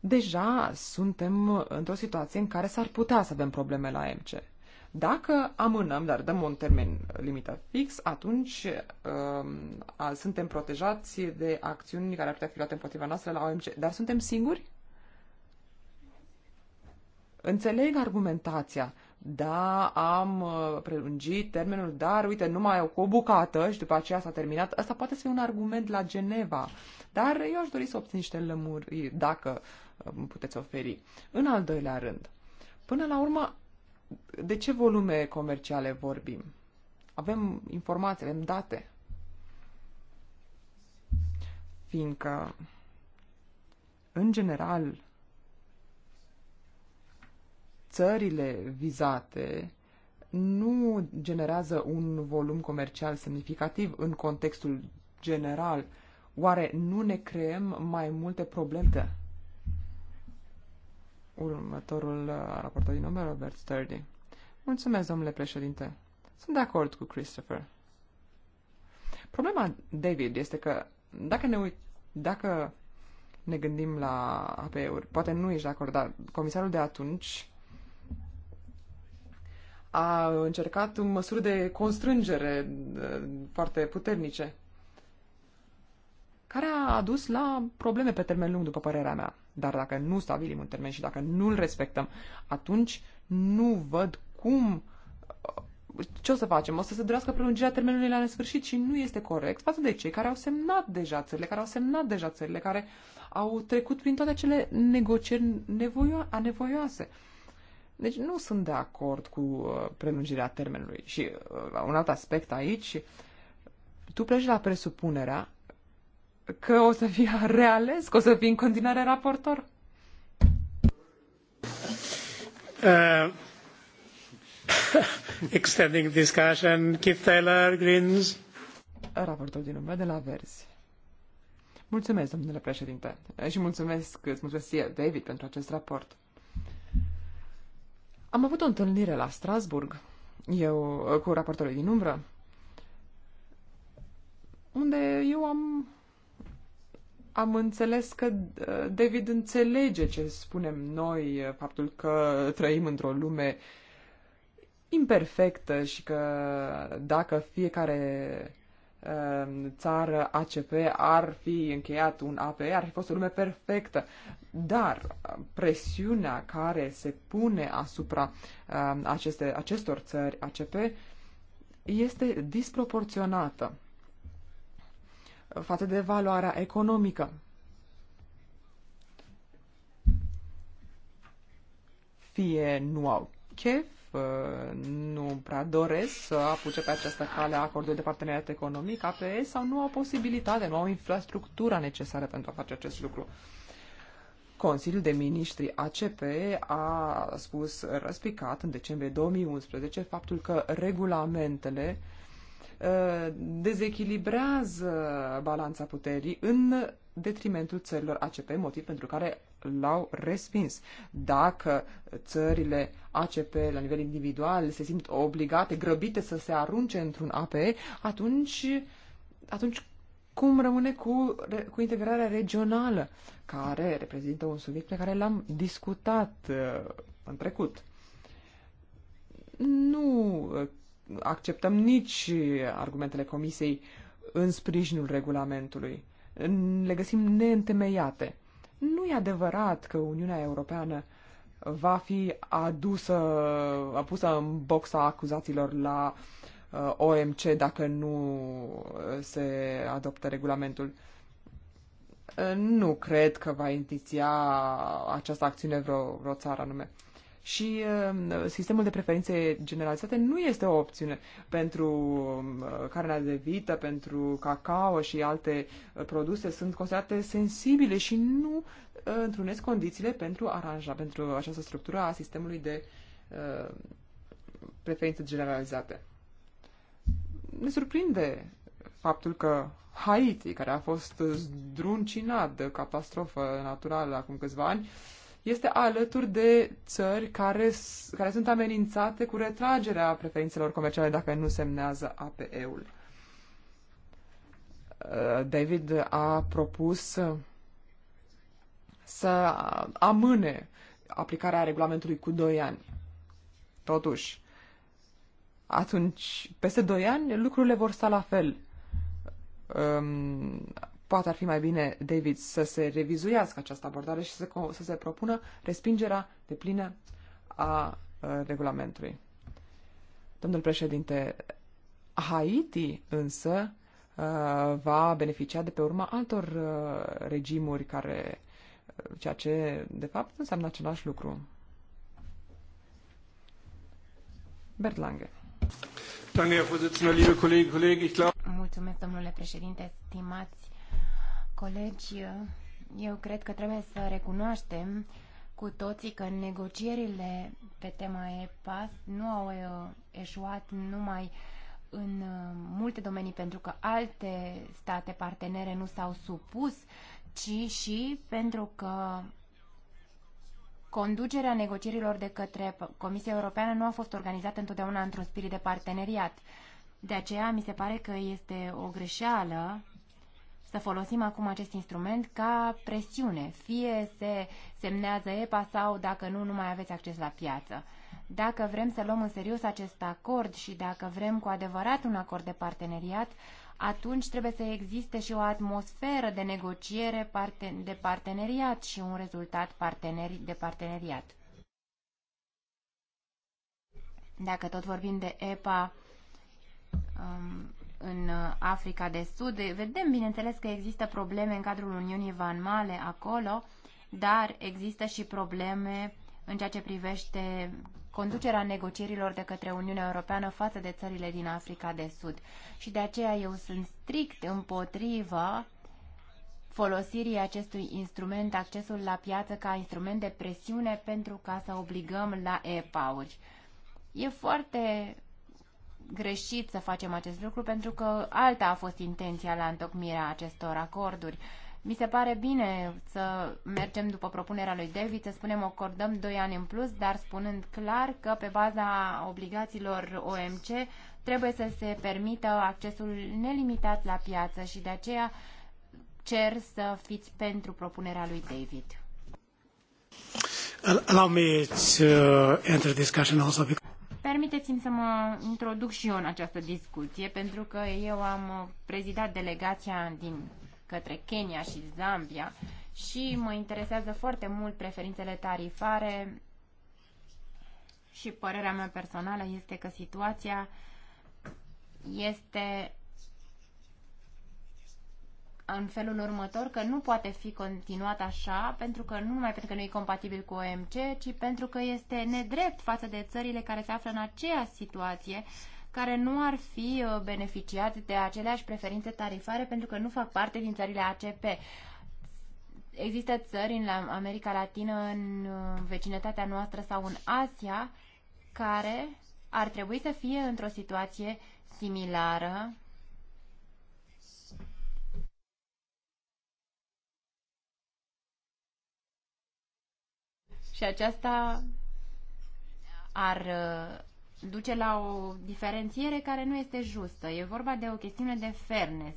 Deja suntem într-o situație în care s-ar putea să avem probleme la OMC. Dacă amânăm, dar dăm un termen limită fix, atunci um, suntem protejați de acțiuni care ar putea fi luate împotriva noastră la OMC. Dar suntem singuri? Înțeleg argumentația, da, am uh, prelungit termenul, dar uite, numai cu o bucată și după aceea s-a terminat. Asta poate să fie un argument la Geneva, dar eu aș dori să obțin niște lămuri dacă uh, puteți oferi. În al doilea rând, până la urmă, de ce volume comerciale vorbim? Avem informații, avem date. Fiindcă, în general, țările vizate nu generează un volum comercial semnificativ în contextul general, oare nu ne creăm mai multe probleme? Următorul uh, raportor din număr, Robert Sturdy. Mulțumesc, domnule președinte. Sunt de acord cu Christopher. Problema, David, este că dacă ne, uit, dacă ne gândim la APE-uri, poate nu ești de acord, dar comisarul de atunci a încercat măsuri de constrângere foarte puternice, care a adus la probleme pe termen lung, după părerea mea. Dar dacă nu stabilim un termen și dacă nu-l respectăm, atunci nu văd cum uh, ce o să facem? O să se durească prelungirea termenului la nesfârșit și nu este corect față de cei care au semnat deja țările, care au semnat deja țările, care au trecut prin toate acele negocieri nevoio- anevoioase. Deci nu sunt de acord cu uh, prelungirea termenului. Și uh, un alt aspect aici, tu pleci la presupunerea că o să fii reales, că o să fii în continuare raportor. Uh, extending discussion, Keith Taylor, Greens. Raportor din urmă de la Verzi. Mulțumesc, domnule președinte, și mulțumesc, îți mulțumesc David, pentru acest raport. Am avut o întâlnire la Strasburg, eu cu raportorul din umbră, unde eu am, am înțeles că uh, David înțelege ce spunem noi, uh, faptul că trăim într-o lume imperfectă și că dacă fiecare Um, țară ACP ar fi încheiat un APE, ar fi fost o lume perfectă. Dar presiunea care se pune asupra um, aceste, acestor țări ACP este disproporționată față de valoarea economică. Fie nu au chef, Uh, nu prea doresc să apuce pe această cale acordul de parteneriat economic, APE, sau nu au posibilitate, nu au infrastructura necesară pentru a face acest lucru. Consiliul de Ministri ACP a spus răspicat în decembrie 2011 faptul că regulamentele uh, dezechilibrează balanța puterii în detrimentul țărilor ACP, motiv pentru care l-au respins. Dacă țările ACP la nivel individual se simt obligate, grăbite să se arunce într-un APE, atunci, atunci cum rămâne cu, cu integrarea regională, care reprezintă un subiect pe care l-am discutat uh, în trecut. Nu uh, acceptăm nici argumentele comisiei în sprijinul regulamentului. Le găsim neîntemeiate. Nu e adevărat că Uniunea Europeană va fi adusă, pusă în boxa acuzațiilor la uh, OMC dacă nu uh, se adoptă regulamentul. Uh, nu cred că va iniția această acțiune vreo, vreo țară anume și uh, sistemul de preferințe generalizate nu este o opțiune pentru uh, carnea de vită, pentru cacao și alte uh, produse sunt considerate sensibile și nu întrunesc condițiile pentru aranja, pentru această structură a sistemului de preferințe generalizate. Ne surprinde faptul că Haiti, care a fost zdruncinat de catastrofă naturală acum câțiva ani, este alături de țări care, care sunt amenințate cu retragerea preferințelor comerciale dacă nu semnează APE-ul. Uh, David a propus să amâne aplicarea regulamentului cu 2 ani. Totuși, atunci, peste 2 ani, lucrurile vor sta la fel. Um, Poate ar fi mai bine, David, să se revizuiască această abordare și să, să se propună respingerea de plină a regulamentului. Domnul președinte, Haiti însă va beneficia de pe urma altor regimuri care, ceea ce de fapt înseamnă același lucru. Bert Lange. Mulțumesc, domnule președinte, stimați Colegi, eu cred că trebuie să recunoaștem cu toții că negocierile pe tema EPAS nu au uh, eșuat numai în uh, multe domenii pentru că alte state partenere nu s-au supus, ci și pentru că conducerea negocierilor de către Comisia Europeană nu a fost organizată întotdeauna într-un spirit de parteneriat. De aceea mi se pare că este o greșeală să folosim acum acest instrument ca presiune. Fie se semnează EPA sau, dacă nu, nu mai aveți acces la piață. Dacă vrem să luăm în serios acest acord și dacă vrem cu adevărat un acord de parteneriat, atunci trebuie să existe și o atmosferă de negociere de parteneriat și un rezultat de parteneriat. Dacă tot vorbim de EPA, um, în uh, Africa de Sud. Vedem, bineînțeles, că există probleme în cadrul Uniunii Van Male acolo, dar există și probleme în ceea ce privește conducerea negocierilor de către Uniunea Europeană față de țările din Africa de Sud. Și de aceea eu sunt strict împotriva folosirii acestui instrument, accesul la piață ca instrument de presiune pentru ca să obligăm la e-pauri. E foarte greșit să facem acest lucru pentru că alta a fost intenția la întocmirea acestor acorduri. Mi se pare bine să mergem după propunerea lui David, să spunem acordăm 2 ani în plus, dar spunând clar că pe baza obligațiilor OMC trebuie să se permită accesul nelimitat la piață și de aceea cer să fiți pentru propunerea lui David. Allow me to uh, enter discussion also because Permiteți-mi să mă introduc și eu în această discuție, pentru că eu am prezidat delegația din către Kenya și Zambia și mă interesează foarte mult preferințele tarifare și părerea mea personală este că situația este în felul următor că nu poate fi continuat așa, pentru că nu numai pentru că nu e compatibil cu OMC, ci pentru că este nedrept față de țările care se află în aceeași situație, care nu ar fi uh, beneficiat de aceleași preferințe tarifare pentru că nu fac parte din țările ACP. Există țări în America Latină, în uh, vecinătatea noastră sau în Asia, care ar trebui să fie într-o situație similară Și aceasta ar uh, duce la o diferențiere care nu este justă. E vorba de o chestiune de fairness.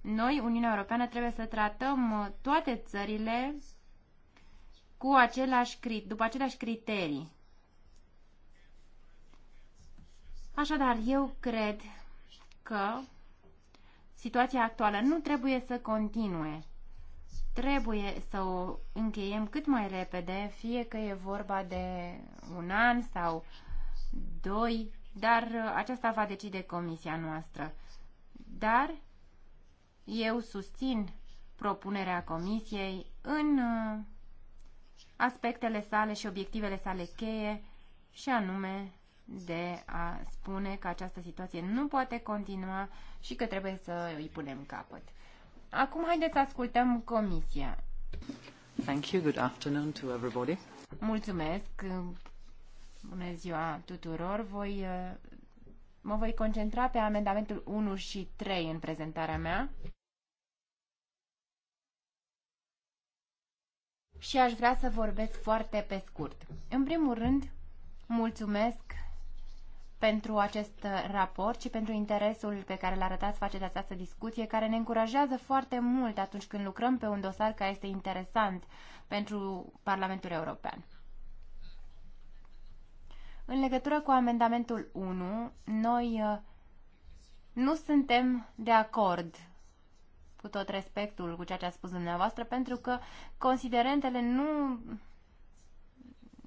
Noi, Uniunea Europeană, trebuie să tratăm uh, toate țările cu același, după aceleași criterii. Așadar, eu cred că situația actuală nu trebuie să continue trebuie să o încheiem cât mai repede, fie că e vorba de un an sau doi, dar aceasta va decide comisia noastră. Dar eu susțin propunerea comisiei în uh, aspectele sale și obiectivele sale cheie și anume de a spune că această situație nu poate continua și că trebuie să îi punem capăt. Acum haideți să ascultăm comisia. Thank you. Good afternoon to everybody. Mulțumesc. Bună ziua tuturor. Voi, uh, mă voi concentra pe amendamentul 1 și 3 în prezentarea mea. Și aș vrea să vorbesc foarte pe scurt. În primul rând, mulțumesc pentru acest raport și pentru interesul pe care l arătați face de această discuție, care ne încurajează foarte mult atunci când lucrăm pe un dosar care este interesant pentru Parlamentul European. În legătură cu amendamentul 1, noi uh, nu suntem de acord cu tot respectul cu ceea ce a spus dumneavoastră, pentru că considerentele nu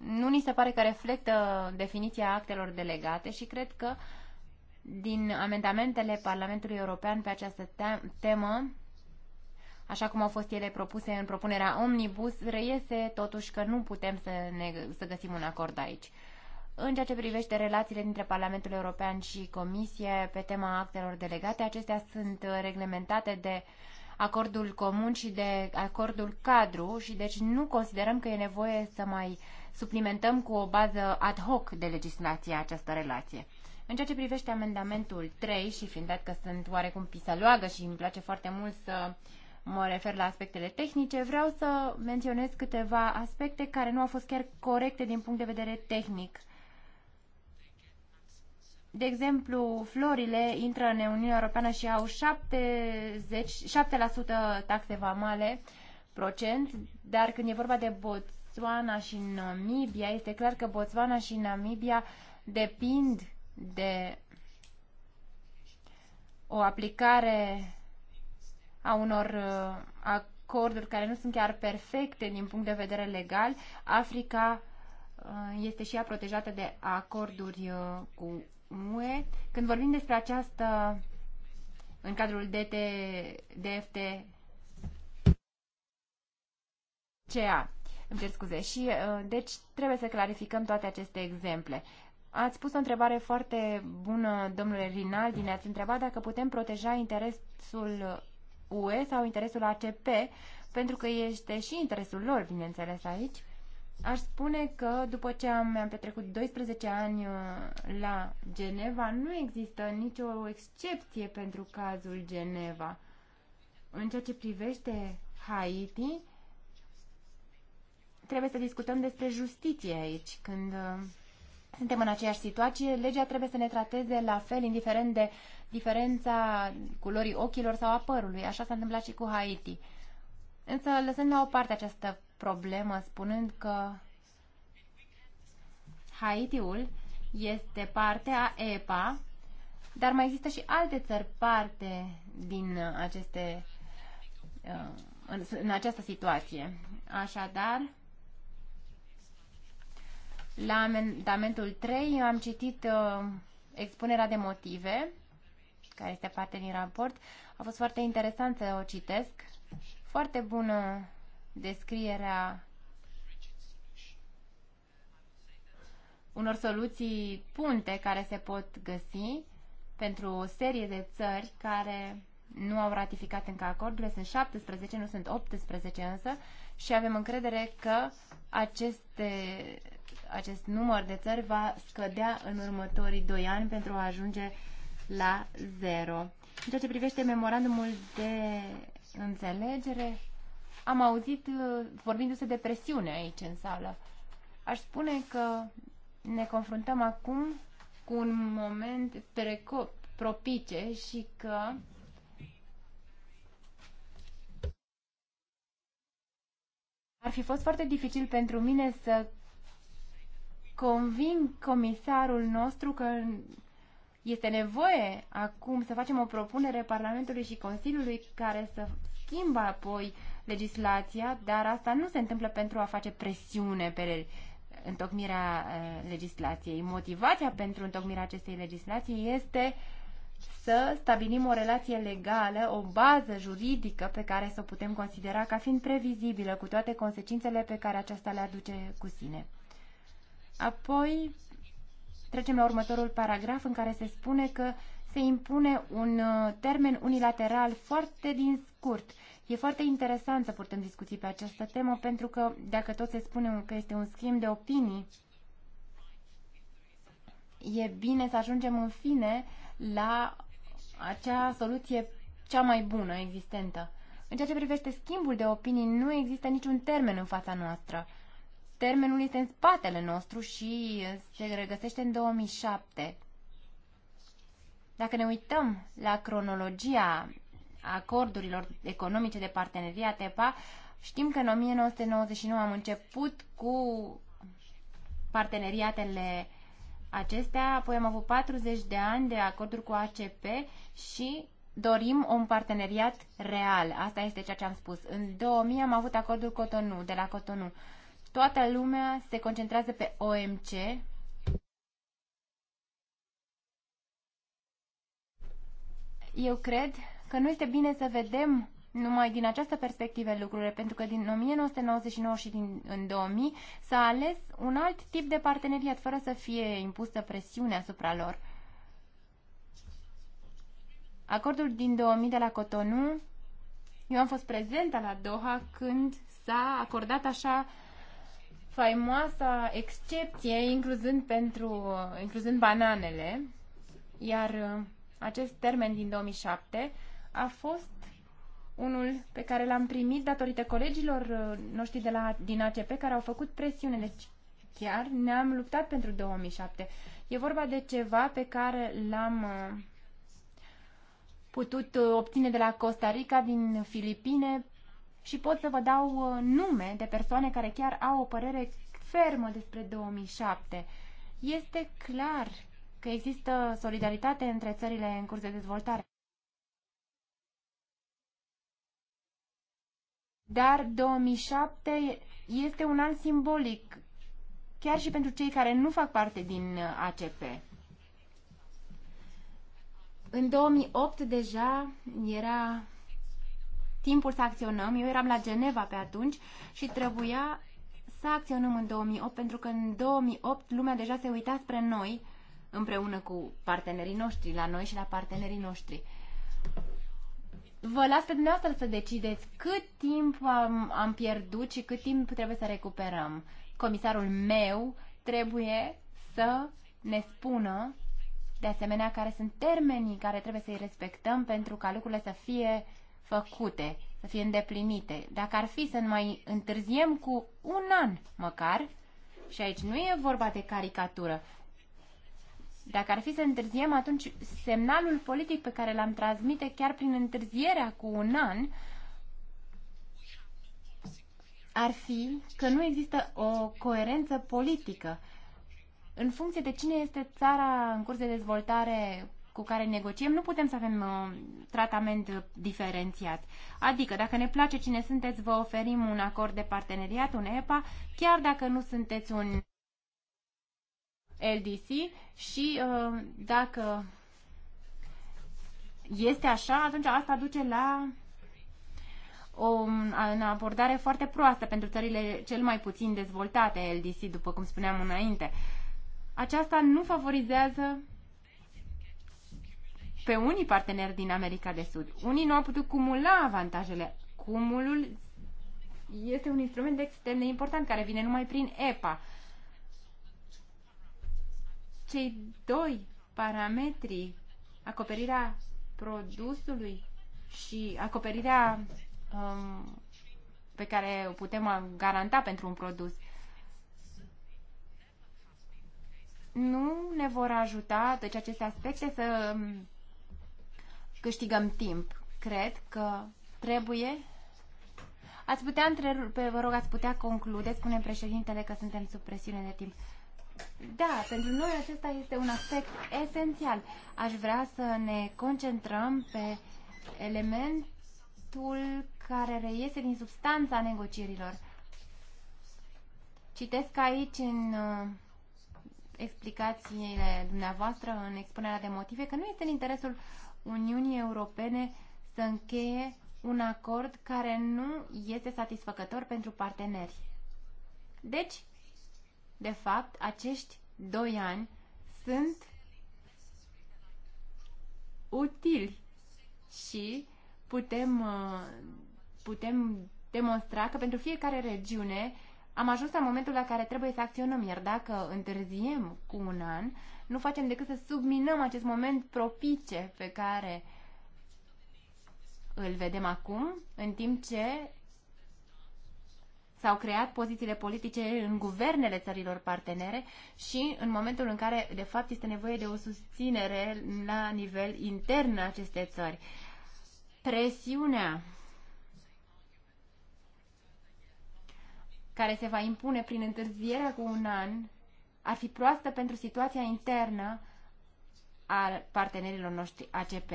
nu ni se pare că reflectă definiția actelor delegate și cred că din amendamentele Parlamentului European pe această temă, așa cum au fost ele propuse în propunerea Omnibus, reiese totuși că nu putem să, ne, să găsim un acord aici. În ceea ce privește relațiile dintre Parlamentul European și Comisie pe tema actelor delegate, acestea sunt reglementate de acordul comun și de acordul cadru și deci nu considerăm că e nevoie să mai uh, suplimentăm cu o bază ad hoc de legislație această relație. În ceea ce privește amendamentul 3 și fiind dat că sunt oarecum pisaloagă și îmi place foarte mult să mă refer la aspectele tehnice, vreau să menționez câteva aspecte care nu au fost chiar corecte din punct de vedere tehnic. De exemplu, florile intră în Uniunea Europeană și au 70, 7% taxe vamale, procent, dar când e vorba de boți, Botswana și Namibia, este clar că Botswana și Namibia depind de o aplicare a unor uh, acorduri care nu sunt chiar perfecte din punct de vedere legal. Africa uh, este și ea protejată de acorduri uh, cu UE. Când vorbim despre această în cadrul DT, DFT CA. Îmi cer scuze. Și, uh, deci, trebuie să clarificăm toate aceste exemple. Ați pus o întrebare foarte bună, domnule Rinaldi. Ne-ați întrebat dacă putem proteja interesul UE sau interesul ACP, pentru că este și interesul lor, bineînțeles, aici. Aș spune că după ce am, am petrecut 12 ani uh, la Geneva, nu există nicio excepție pentru cazul Geneva. În ceea ce privește Haiti, trebuie să discutăm despre justiție aici. Când uh, suntem în aceeași situație, legea trebuie să ne trateze la fel, indiferent de diferența culorii ochilor sau a părului. Așa s-a întâmplat și cu Haiti. Însă, lăsând la o parte această problemă, spunând că Haitiul este parte a EPA, dar mai există și alte țări parte din aceste, uh, în această situație. Așadar, la amendamentul 3 am citit uh, expunerea de motive, care este parte din raport. A fost foarte interesant să o citesc. Foarte bună descrierea unor soluții punte care se pot găsi pentru o serie de țări care nu au ratificat încă acordurile, sunt 17, nu sunt 18 însă și avem încredere că aceste, acest număr de țări va scădea în următorii 2 ani pentru a ajunge la zero. În ceea ce privește memorandumul de înțelegere, am auzit uh, vorbindu-se de presiune aici în sală. Aș spune că ne confruntăm acum cu un moment preco- propice și că Ar fi fost foarte dificil pentru mine să conving comisarul nostru că este nevoie acum să facem o propunere Parlamentului și Consiliului care să schimbă apoi legislația, dar asta nu se întâmplă pentru a face presiune pe întocmirea eh, legislației. Motivația pentru întocmirea acestei legislații este uh, să stabilim o relație legală, o bază juridică pe care să o putem considera ca fiind previzibilă, cu toate consecințele pe care aceasta le aduce cu sine. Apoi trecem la următorul paragraf în care se spune că se impune un uh, termen unilateral foarte din scurt. E foarte interesant să purtăm discuții pe această temă pentru că dacă tot se spune că este un schimb de opinii e bine să ajungem în fine la acea soluție cea mai bună existentă. În ceea ce privește schimbul de opinii, nu există niciun termen în fața noastră. Termenul este în spatele nostru și se regăsește în 2007. Dacă ne uităm la cronologia acordurilor economice de parteneria TEPA, știm că în 1999 am început cu parteneriatele acestea, apoi am avut 40 de ani de acorduri cu ACP și dorim un parteneriat real. Asta este ceea ce am spus. În 2000 am avut acordul Cotonou, de la Cotonou. Toată lumea se concentrează pe OMC. Eu cred că nu este bine să vedem numai din această perspectivă lucrurile, pentru că din 1999 și din, în 2000 s-a ales un alt tip de parteneriat fără să fie impusă presiune asupra lor. Acordul din 2000 de la Cotonou, eu am fost prezentă la Doha când s-a acordat așa faimoasa excepție, incluzând, pentru, incluzând bananele, iar uh, acest termen din 2007 a fost unul pe care l-am primit datorită colegilor uh, noștri de la, din ACP care au făcut presiune. Deci chiar ne-am luptat pentru 2007. E vorba de ceva pe care l-am uh, putut uh, obține de la Costa Rica, din Filipine și pot să vă dau nume de persoane care chiar au o părere fermă despre 2007. Este clar că există solidaritate între țările în curs de dezvoltare. Dar 2007 este un an simbolic, chiar și pentru cei care nu fac parte din uh, ACP. În 2008 deja era timpul să acționăm. Eu eram la Geneva pe atunci și trebuia să acționăm în 2008, pentru că în 2008 lumea deja se uita spre noi, împreună cu partenerii noștri, la noi și la partenerii noștri vă las pe dumneavoastră să decideți cât timp am, am pierdut și cât timp trebuie să recuperăm. Comisarul meu trebuie să ne spună de asemenea care sunt termenii care trebuie să-i respectăm pentru ca lucrurile să fie făcute, să fie îndeplinite. Dacă ar fi să mai întârziem cu un an măcar, și aici nu e vorba de caricatură, dacă ar fi să întârziem, atunci semnalul politic pe care l-am transmite chiar prin întârzierea cu un an ar fi că nu există o coerență politică în funcție de cine este țara în curs de dezvoltare cu care negociem, nu putem să avem uh, tratament diferențiat. Adică, dacă ne place cine sunteți, vă oferim un acord de parteneriat, un EPA, chiar dacă nu sunteți un LDC și uh, dacă este așa, atunci asta duce la o, în abordare foarte proastă pentru țările cel mai puțin dezvoltate LDC, după cum spuneam înainte. Aceasta nu favorizează pe unii parteneri din America de Sud. Unii nu au putut cumula avantajele. Cumulul este un instrument extrem de important care vine numai prin EPA cei doi parametri, acoperirea produsului și acoperirea um, pe care o putem garanta pentru un produs, nu ne vor ajuta deci aceste aspecte să um, câștigăm timp. Cred că trebuie. Ați putea întrerupe, vă rog, ați putea conclude, spune președintele că suntem sub presiune de timp. Da, pentru noi acesta este un aspect esențial. Aș vrea să ne concentrăm pe elementul care reiese din substanța negocierilor. Citesc aici în uh, explicațiile dumneavoastră, în expunerea de motive, că nu este în interesul Uniunii Europene să încheie un acord care nu este satisfăcător pentru parteneri. Deci, de fapt, acești doi ani sunt utili și putem, uh, putem demonstra că pentru fiecare regiune am ajuns la momentul la care trebuie să acționăm, iar dacă întârziem cu un an, nu facem decât să subminăm acest moment propice pe care îl vedem acum, în timp ce s-au creat pozițiile politice în guvernele țărilor partenere și în momentul în care, de fapt, este nevoie de o susținere la nivel intern a aceste țări. Presiunea care se va impune prin întârzierea cu un an ar fi proastă pentru situația internă a partenerilor noștri ACP.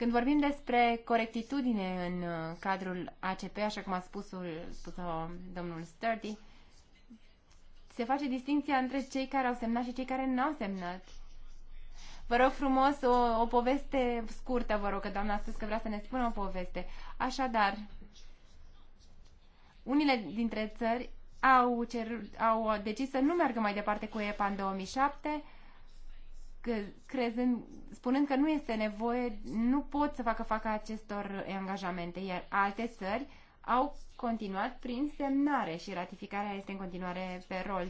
Când vorbim despre corectitudine în uh, cadrul ACP, așa cum a spus-o spus domnul Sturdy, se face distinția între cei care au semnat și cei care nu au semnat. Vă rog frumos o, o poveste scurtă, vă rog, că doamna a spus că vrea să ne spună o poveste. Așadar, unile dintre țări au, cer, au decis să nu meargă mai departe cu EPA în 2007, că, crezând, spunând că nu este nevoie, nu pot să facă facă acestor angajamente, iar alte țări au continuat prin semnare și ratificarea este în continuare pe rol.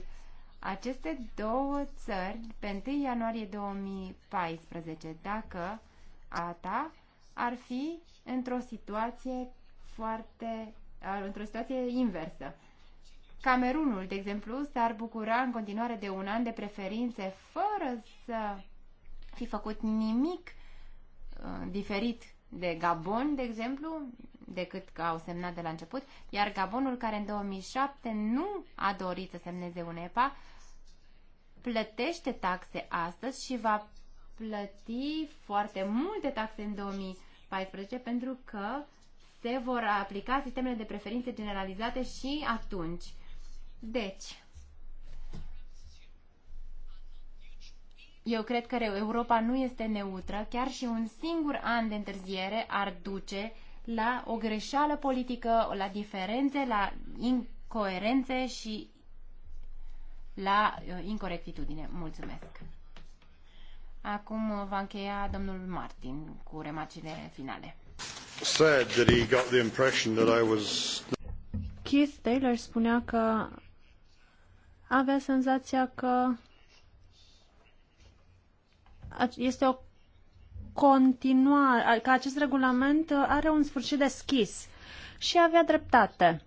Aceste două țări, pe 1 ianuarie 2014, dacă ATA ar fi într-o situație foarte, într-o situație inversă. Camerunul, de exemplu, s-ar bucura în continuare de un an de preferințe fără să fi făcut nimic uh, diferit de Gabon, de exemplu, decât că au semnat de la început, iar Gabonul, care în 2007 nu a dorit să semneze un EPA, plătește taxe astăzi și va plăti foarte multe taxe în 2014 pentru că se vor aplica sistemele de preferințe generalizate și atunci. Deci, Eu cred că Europa nu este neutră, chiar și un singur an de întârziere ar duce la o greșeală politică, la diferențe, la incoerențe și la uh, incorectitudine. Mulțumesc! Acum uh, va încheia domnul Martin cu remarcile finale. Said that he got the impression that I was... Keith Taylor spunea că avea senzația că este o continuare, că acest regulament uh, are un sfârșit deschis și avea dreptate.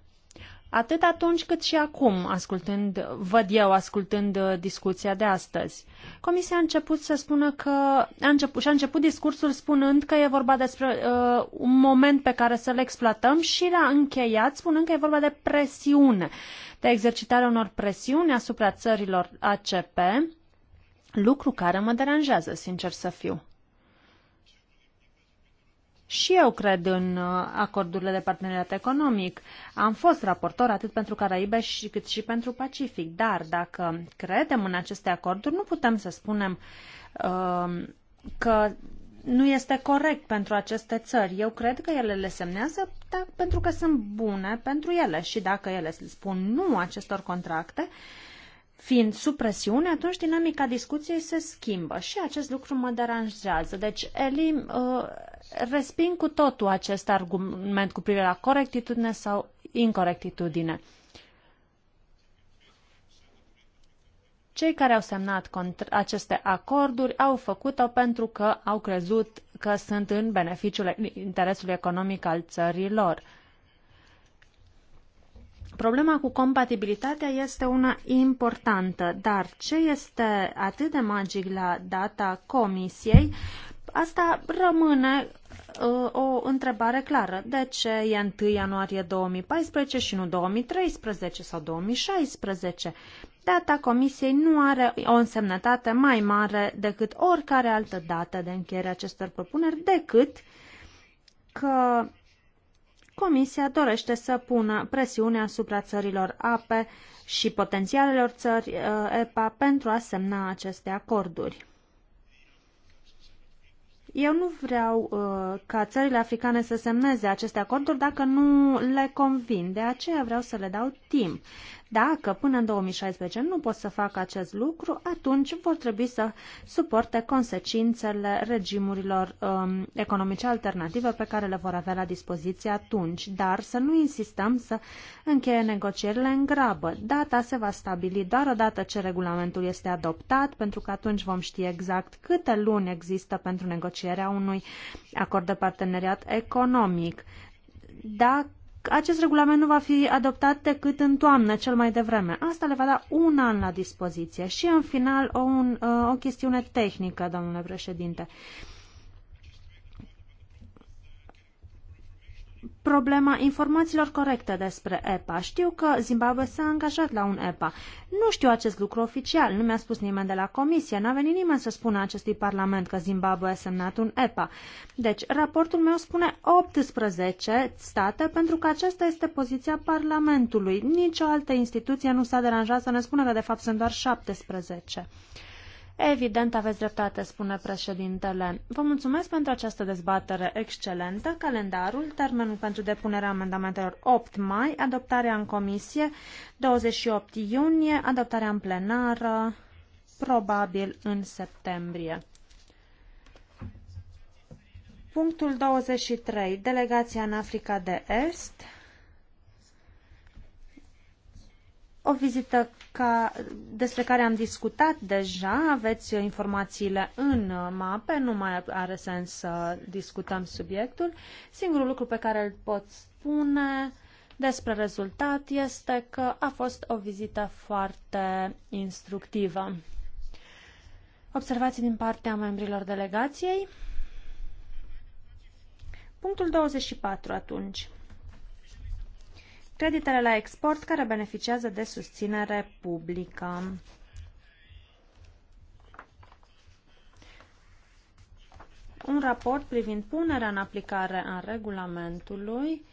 Atât atunci cât și acum, ascultând, văd eu, ascultând uh, discuția de astăzi. Comisia a început să spună că, a început, și-a început discursul spunând că e vorba despre uh, un moment pe care să-l exploatăm și l-a încheiat spunând că e vorba de presiune, de exercitarea unor presiuni asupra țărilor ACP, Lucru care mă deranjează, sincer să fiu. Și eu cred în uh, acordurile de parteneriat economic. Am fost raportor atât pentru Caraibe și, cât și pentru Pacific, dar dacă credem în aceste acorduri, nu putem să spunem uh, că nu este corect pentru aceste țări. Eu cred că ele le semnează da, pentru că sunt bune pentru ele și dacă ele spun nu acestor contracte, uh, fiind sub presiune, atunci dinamica discuției se schimbă și acest lucru mă deranjează. Deci, Eli, uh, resping cu totul acest argument cu privire la corectitudine sau incorectitudine. Cei care au semnat aceste acorduri au făcut-o pentru că au crezut că sunt în beneficiul interesului economic al țărilor. lor Problema cu compatibilitatea este una importantă, dar ce este atât de magic la data comisiei, asta rămâne uh, o întrebare clară. De ce e 1 ianuarie 2014 și nu 2013 sau 2016? Data comisiei nu are o însemnătate mai mare decât oricare altă dată de încheiere acestor propuneri, decât că Comisia dorește să pună presiune asupra țărilor APE și potențialelor țări uh, EPA pentru a semna aceste acorduri. Eu nu vreau uh, ca țările africane să semneze aceste acorduri dacă nu le convin, de aceea vreau să le dau timp. Dacă până în 2016 nu pot să facă acest lucru, atunci vor trebui să suporte consecințele regimurilor um, economice alternative pe care le vor avea la dispoziție atunci. Dar să nu insistăm să încheie negocierile în grabă. Data se va stabili doar odată ce regulamentul este adoptat, pentru că atunci vom ști exact câte luni există pentru negocierea unui acord de parteneriat economic. Dacă acest regulament nu va fi adoptat decât în toamnă, cel mai devreme. Asta le va da un an la dispoziție. Și, în final, o, un, uh, o chestiune tehnică, domnule președinte. Uh, problema informațiilor corecte despre EPA. Știu că Zimbabwe s-a angajat la un EPA. Nu știu acest lucru oficial, nu mi-a spus nimeni de la comisie, n-a venit nimeni să spună acestui parlament că Zimbabwe a semnat un EPA. Deci, raportul meu spune 18 state, pentru că aceasta este poziția parlamentului. Nici o altă instituție nu s-a deranjat să ne spună că de fapt sunt doar 17. Evident, aveți dreptate, spune președintele. Vă mulțumesc pentru această dezbatere excelentă. Calendarul, termenul pentru depunerea amendamentelor 8 mai, adoptarea în comisie 28 iunie, adoptarea în plenară probabil în septembrie. Punctul 23. Delegația în Africa de Est. O vizită ca, despre care am discutat deja, aveți informațiile în mape, nu mai are sens să discutăm subiectul. Singurul lucru pe care îl pot spune despre rezultat este că a fost o vizită foarte instructivă. Observații din partea membrilor delegației. Punctul 24 atunci creditele la export care beneficiază de susținere publică. Un raport privind punerea în aplicare a regulamentului,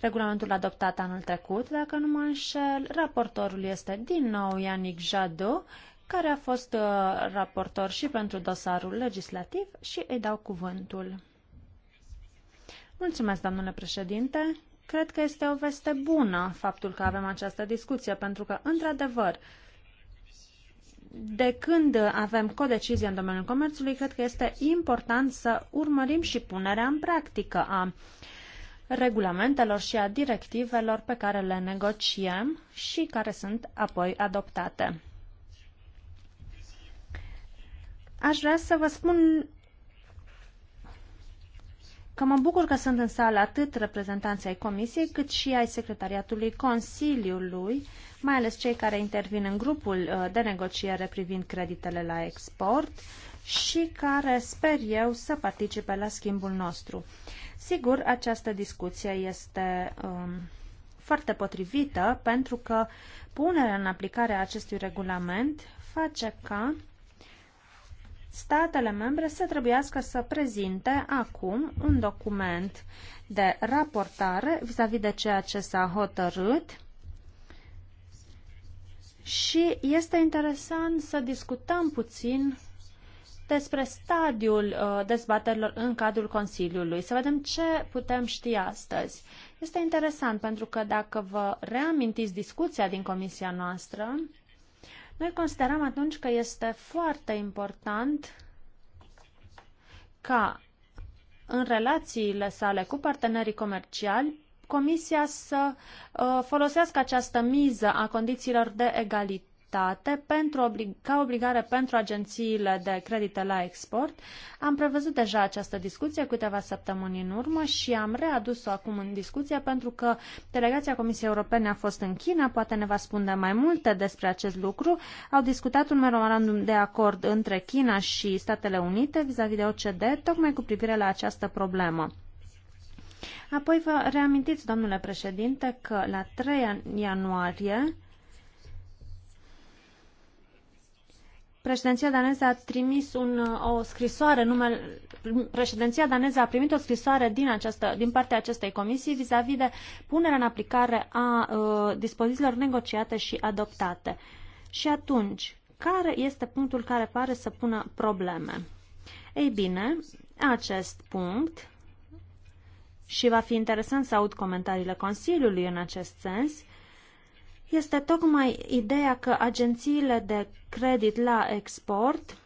regulamentul adoptat anul trecut, dacă nu mă înșel, raportorul este din nou Ianic Jadot, care a fost uh, raportor și pentru dosarul legislativ și îi dau cuvântul. Mulțumesc, domnule președinte. Cred că este o veste bună faptul că avem această discuție, pentru că, într-adevăr, de când avem codecizie în domeniul comerțului, cred că este important să urmărim și punerea în practică a regulamentelor și a directivelor pe care le negociem și care sunt apoi adoptate. Aș vrea să vă spun că mă bucur că sunt în sală atât reprezentanții ai Comisiei, cât și ai Secretariatului Consiliului, mai ales cei care intervin în grupul uh, de negociere privind creditele la export și care, sper eu, să participe la schimbul nostru. Sigur, această discuție este um, foarte potrivită pentru că punerea în aplicare a acestui regulament face ca statele membre să trebuiască să prezinte acum un document de raportare vis-a-vis -vis de ceea ce s-a hotărât și este interesant să discutăm puțin despre stadiul uh, dezbaterilor în cadrul Consiliului, să vedem ce putem ști astăzi. Este interesant pentru că dacă vă reamintiți discuția din comisia noastră, noi considerăm atunci că este foarte important ca în relațiile sale cu partenerii comerciali, Comisia să uh, folosească această miză a condițiilor de egalitate state pentru oblig- ca obligare pentru agențiile de credite la export. Am prevăzut deja această discuție câteva săptămâni în urmă și am readus-o acum în discuție pentru că delegația Comisiei Europene a fost în China, poate ne va spune mai multe despre acest lucru. Au discutat un memorandum de acord între China și Statele Unite vis-a-vis -vis de OCD, tocmai cu privire la această problemă. Apoi vă reamintiți, domnule președinte, că la 3 ianuarie Președinția daneză a trimis un, o scrisoare, numel, președinția daneză a primit o scrisoare din, această, din partea acestei comisii vis-a-vis -vis de punerea în aplicare a uh, dispozițiilor negociate și adoptate. Și atunci, care este punctul care pare să pună probleme? Ei bine, acest punct, și va fi interesant să aud comentariile Consiliului în acest sens, uh, este tocmai ideea că agențiile de credit la export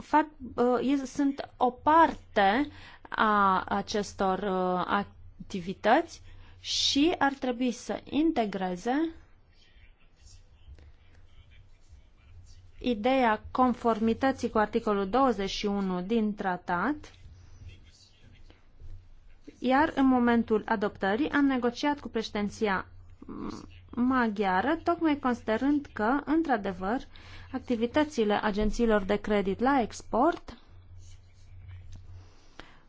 fac, uh, sunt o parte a acestor uh, activități și ar trebui să integreze ideea conformității cu articolul 21 din tratat, iar în momentul adoptării am negociat cu președinția maghiară, tocmai considerând că, într-adevăr, activitățile agențiilor de credit la export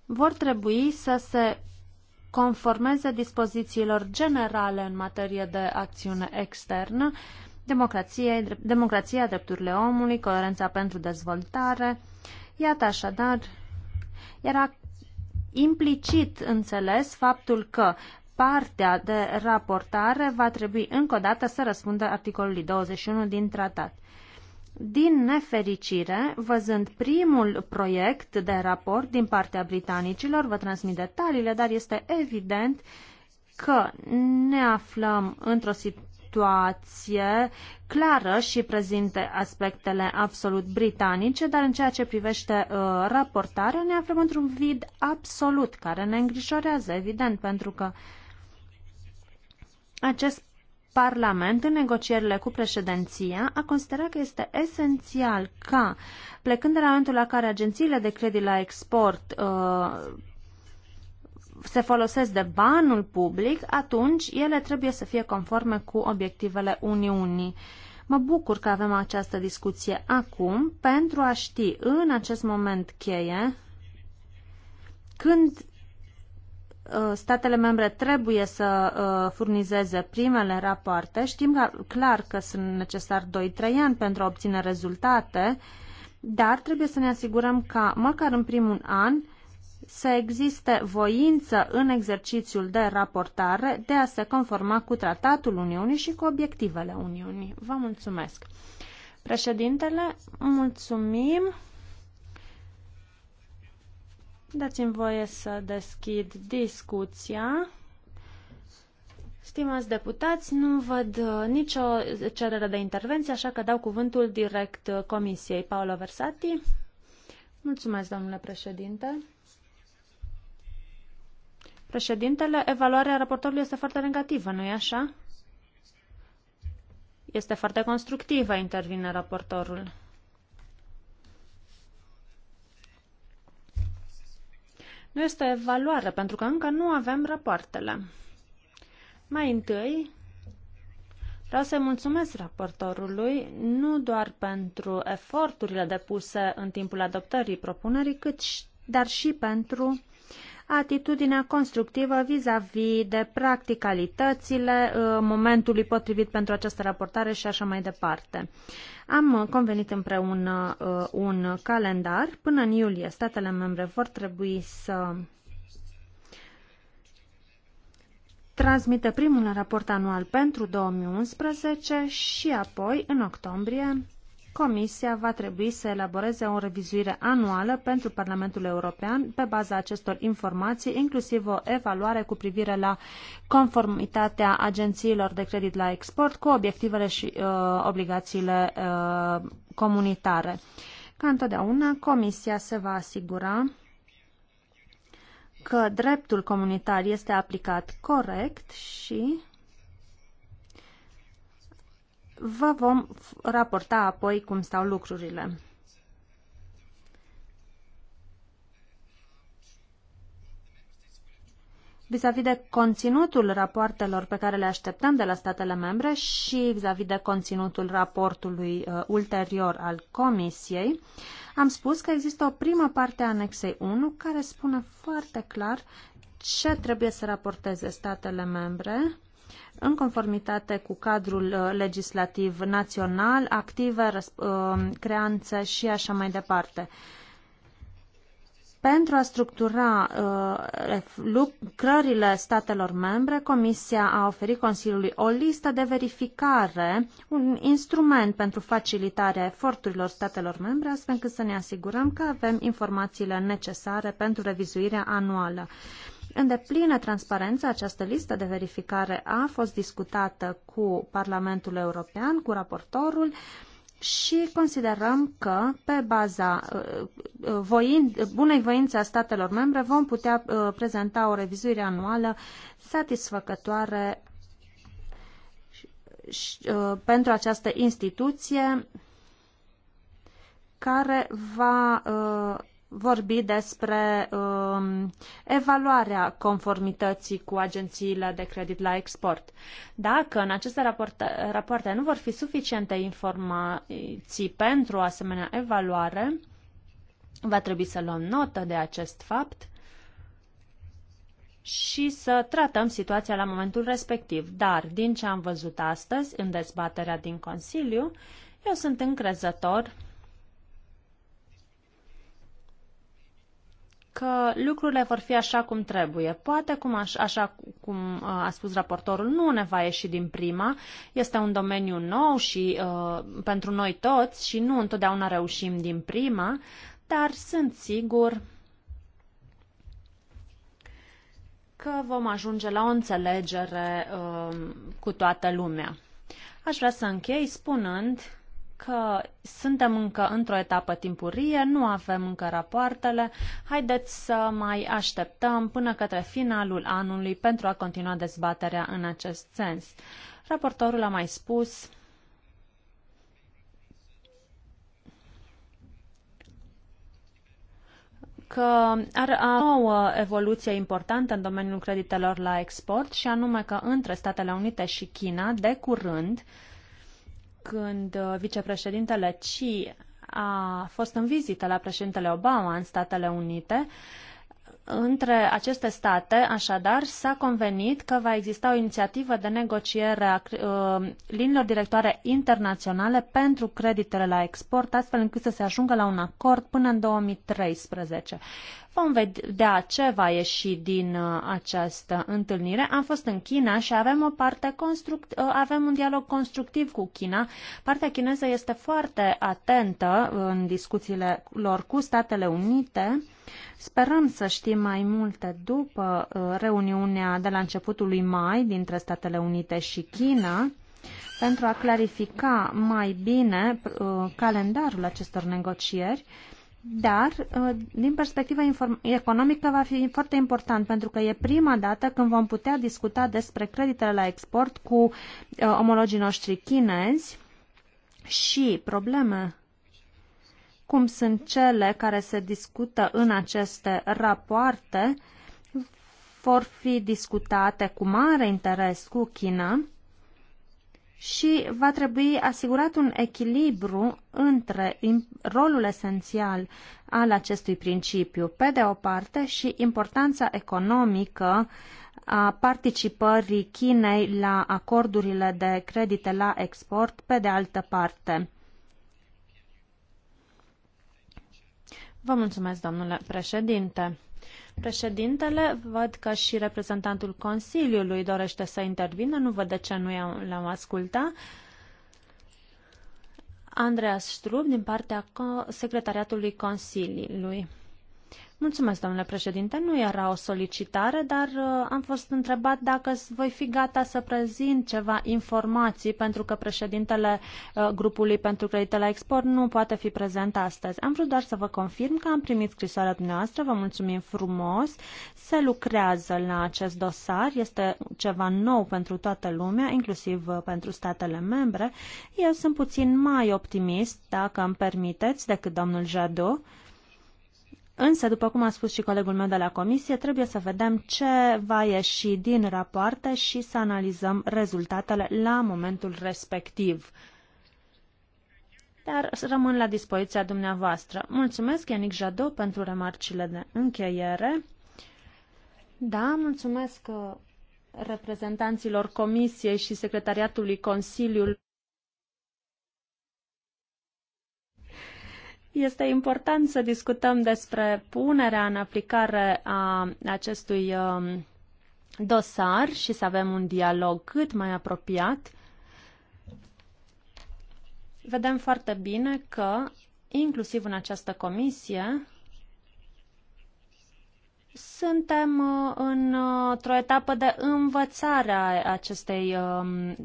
vor trebui să se conformeze dispozițiilor generale în materie de acțiune externă, democrației, democrația, drepturile omului, coerența pentru dezvoltare. Iată așadar, era implicit înțeles faptul că partea de raportare va trebui încă o dată să răspundă articolului 21 din tratat. Din nefericire, văzând primul proiect de raport din partea britanicilor, vă transmit detaliile, dar este evident că ne aflăm într-o situație clară și prezinte aspectele absolut britanice, dar în ceea ce privește uh, raportarea ne aflăm într-un vid absolut care ne îngrijorează, evident, pentru că uh, acest Parlament, în negocierile cu președinția, a considerat că este esențial ca, plecând de la momentul la care agențiile de credit la export uh, se folosesc de banul public, atunci ele trebuie să fie conforme cu obiectivele Uniunii. Mă bucur că avem această discuție acum pentru a ști în acest moment cheie când Uh, statele membre trebuie să uh, furnizeze primele rapoarte. Știm clar că sunt necesar 2-3 ani pentru a obține rezultate, dar trebuie să ne asigurăm ca, măcar în primul an, să existe voință în exercițiul de raportare de a se conforma cu tratatul Uniunii și cu obiectivele Uniunii. Vă mulțumesc. Președintele, mulțumim. Dați-mi voie să deschid discuția. Stimați deputați, nu văd uh, nicio cerere de intervenție, așa că dau cuvântul direct uh, Comisiei. Paolo Versati. Mulțumesc, domnule președinte. Președintele, evaluarea raportorului este foarte negativă, nu-i așa? Este foarte constructivă, intervine raportorul. nu este o evaluare, pentru că încă nu avem rapoartele. Mai întâi, vreau să mulțumesc raportorului nu doar pentru eforturile depuse în timpul adoptării propunerii, cât și, dar și pentru atitudinea constructivă vis-a-vis -vis de practicalitățile uh, momentului potrivit pentru această raportare și așa mai departe. Am convenit împreună uh, un calendar. Până în iulie, statele membre vor trebui să transmită primul raport anual pentru 2011 și apoi, în octombrie, Comisia va trebui să elaboreze o revizuire anuală pentru Parlamentul European pe baza acestor informații, inclusiv o evaluare cu privire la conformitatea agențiilor de credit la export cu obiectivele și uh, obligațiile uh, comunitare. Ca întotdeauna, Comisia se va asigura că dreptul comunitar este aplicat corect și Vă vom raporta apoi cum stau lucrurile. vis-a-vis de conținutul rapoartelor pe care le așteptăm de la statele membre și vis-a-vis -vis de conținutul raportului uh, ulterior al Comisiei, am spus că există o primă parte a anexei 1 care spune foarte clar ce trebuie să raporteze statele membre în conformitate cu cadrul uh, legislativ național, active, uh, creanțe și așa mai departe. Pentru a structura uh, lucrările statelor membre, Comisia a oferit Consiliului o listă de verificare, un instrument pentru facilitarea eforturilor statelor membre, astfel încât să ne asigurăm că avem informațiile necesare pentru revizuirea anuală. Uh, în deplină transparență, această listă de verificare a fost discutată cu Parlamentul European, cu raportorul, și considerăm că, pe baza uh, uh, voin, bunei voințe a statelor membre, vom putea uh, prezenta o revizuire anuală satisfăcătoare pentru această instituție care va vorbi despre um, evaluarea conformității cu agențiile de credit la export. Dacă în aceste rapoarte, rapoarte nu vor fi suficiente informații pentru o asemenea evaluare, va trebui să luăm notă de acest fapt și să tratăm situația la momentul respectiv. Dar, din ce am văzut astăzi în dezbaterea din Consiliu, eu sunt încrezător că lucrurile vor fi așa cum trebuie. Poate, cum aș, așa cum uh, a spus raportorul, nu ne va ieși din prima. Este un domeniu nou și uh, pentru noi toți și nu întotdeauna reușim din prima, dar sunt sigur că vom ajunge la o înțelegere uh, cu toată lumea. Aș vrea să închei spunând că suntem încă într-o etapă timpurie, nu avem încă rapoartele, haideți să mai așteptăm până către finalul anului pentru a continua dezbaterea în acest sens. Raportorul a mai spus că are o nouă evoluție importantă în domeniul creditelor la export și anume că între Statele Unite și China, de curând, uh, când uh, vicepreședintele Xi a fost în vizită la președintele Obama în Statele Unite, între aceste state, așadar, s-a convenit că va exista o inițiativă de negociere a uh, liniilor directoare internaționale pentru creditele la export, astfel încât să se ajungă la un acord până în 2013. Vom vedea ce va ieși din uh, această întâlnire. Am fost în China și avem, o parte construct, uh, avem un dialog constructiv cu China. Partea chineză este foarte atentă în discuțiile lor cu Statele Unite. Sperăm să știm mai multe după uh, reuniunea de la începutul lui mai dintre Statele Unite și China pentru a clarifica mai bine calendarul acestor negocieri dar uh, din perspectiva economică va fi foarte important pentru că e prima dată când vom putea discuta despre creditele la export cu uh, omologii noștri chinezi și probleme cum sunt cele care se discută în aceste rapoarte vor fi discutate cu mare interes cu China și va trebui asigurat un echilibru între rolul esențial al acestui principiu, pe de o parte, și importanța economică a participării Chinei la acordurile de credite la export, pe de altă parte. Vă mulțumesc, domnule președinte. Președintele, văd că și reprezentantul Consiliului dorește să intervină, nu văd de ce nu l-am ascultat. Andreas Strub din partea Secretariatului Consiliului. Mulțumesc, domnule președinte. Nu era o solicitare, dar uh, am fost întrebat dacă voi fi gata să prezint ceva informații, pentru că președintele uh, grupului pentru credite la export nu poate fi prezent astăzi. Am vrut doar să vă confirm că am primit scrisoarea dumneavoastră, vă mulțumim frumos, se lucrează la acest dosar, este ceva nou pentru toată lumea, inclusiv uh, pentru statele membre. Eu sunt puțin mai optimist, dacă îmi permiteți, decât domnul Jadot Însă, după cum a spus și colegul meu de la comisie, trebuie să vedem ce va ieși din rapoarte și să analizăm rezultatele la momentul respectiv. Dar rămân la dispoziția dumneavoastră. Mulțumesc, Ianic Jado, pentru remarcile de încheiere. Da, mulțumesc uh, reprezentanților Comisiei și Secretariatului Consiliului. Este important să discutăm despre punerea în aplicare a acestui um, dosar și să avem un dialog cât mai apropiat. Vedem foarte bine că, inclusiv în această comisie, suntem uh, uh, într-o etapă de învățare a acestei um,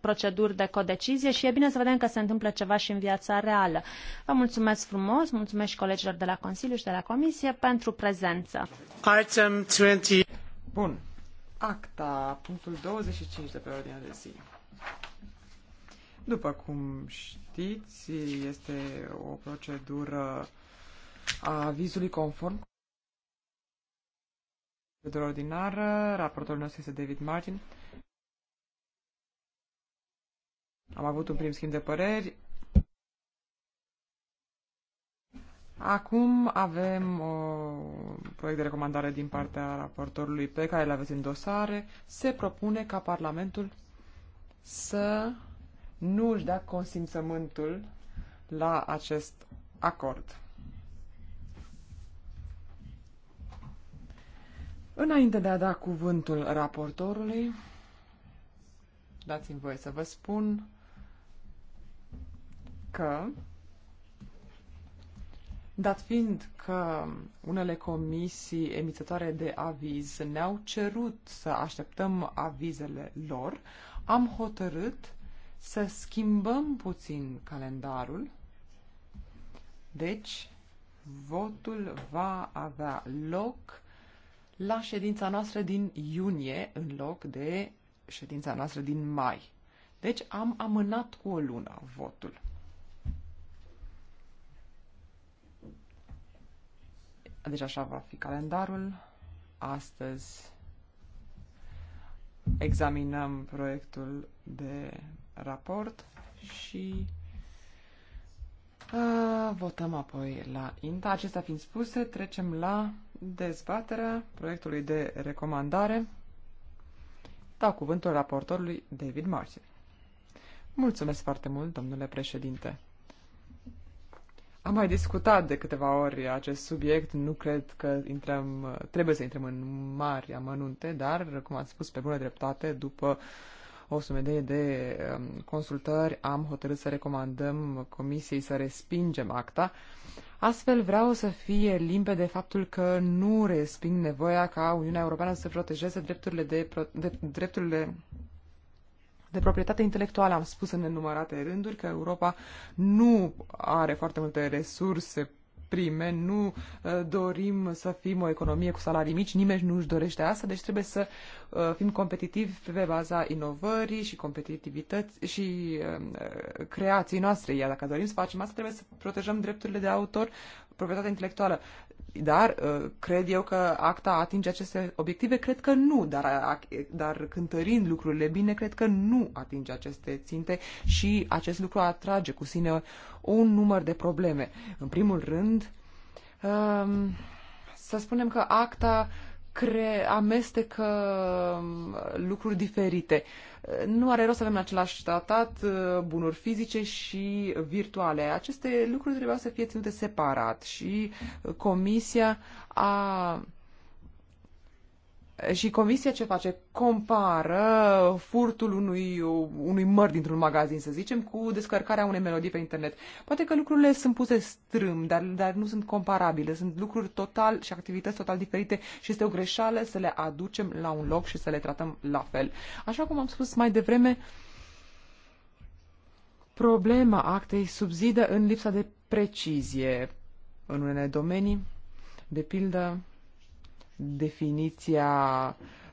proceduri de codecizie și e bine să vedem că se întâmplă ceva și în viața reală. Vă mulțumesc frumos, mulțumesc și colegilor de la Consiliu și de la Comisie pentru prezență. Item 20. Bun. Acta, punctul 25 de pe ordinea de zi. După cum știți, este o procedură a vizului conform procedură ordinară. Raportorul nostru este David Martin. Am avut un prim schimb de păreri. Acum avem o proiect de recomandare din partea raportorului pe care îl aveți în dosare. Se propune ca Parlamentul să nu își dea consimțământul la acest acord. Înainte de a da cuvântul raportorului, dați-mi voie să vă spun că, dat fiind că unele comisii emițătoare de aviz ne-au cerut să așteptăm avizele lor, am hotărât să schimbăm puțin calendarul. Deci, votul va avea loc la ședința noastră din iunie în loc de ședința noastră din mai. Deci am amânat cu o lună votul. Deci așa va fi calendarul. Astăzi examinăm proiectul de raport și uh, votăm apoi la INTA. Acestea fiind spuse, trecem la dezbaterea proiectului de recomandare. Dau cuvântul raportorului David Martin. Mulțumesc foarte mult, domnule președinte. Am mai discutat de câteva ori acest subiect, nu cred că intrăm, trebuie să intrăm în mari amănunte, dar, cum ați spus, pe bună dreptate, după uh, o sumedenie de um, consultări, am hotărât să recomandăm comisiei să respingem acta. Astfel vreau să fie limpede faptul că nu resping nevoia ca Uniunea Europeană să protejeze drepturile de, pro- de drepturile de proprietate intelectuală. Am spus în nenumărate rânduri că Europa nu are foarte multe resurse prime, nu uh, dorim să fim o economie cu salarii mici, nimeni nu își dorește asta, deci trebuie să uh, fim competitivi pe baza inovării și competitivității și uh, creației noastre. Iar dacă dorim să facem asta, trebuie să protejăm drepturile de autor, proprietatea intelectuală. Dar uh, cred eu că acta atinge aceste obiective? Cred că nu, dar, dar cântărind lucrurile bine, cred că nu atinge aceste ținte și acest lucru atrage cu sine un număr de probleme. În primul rând, um, să spunem că acta cre- amestecă um, lucruri diferite. Nu are rost să avem în același tratat uh, bunuri fizice și virtuale. Aceste lucruri trebuiau să fie ținute separat și uh, Comisia a și comisia ce face? Compară furtul unui, unui măr dintr-un magazin, să zicem, cu descărcarea unei melodii pe internet. Poate că lucrurile sunt puse strâm, dar, dar nu sunt comparabile. Sunt lucruri total și activități total diferite și este o greșeală să le aducem la un loc și să le tratăm la fel. Așa cum am spus mai devreme, problema actei subzidă în lipsa de precizie în unele domenii, de pildă definiția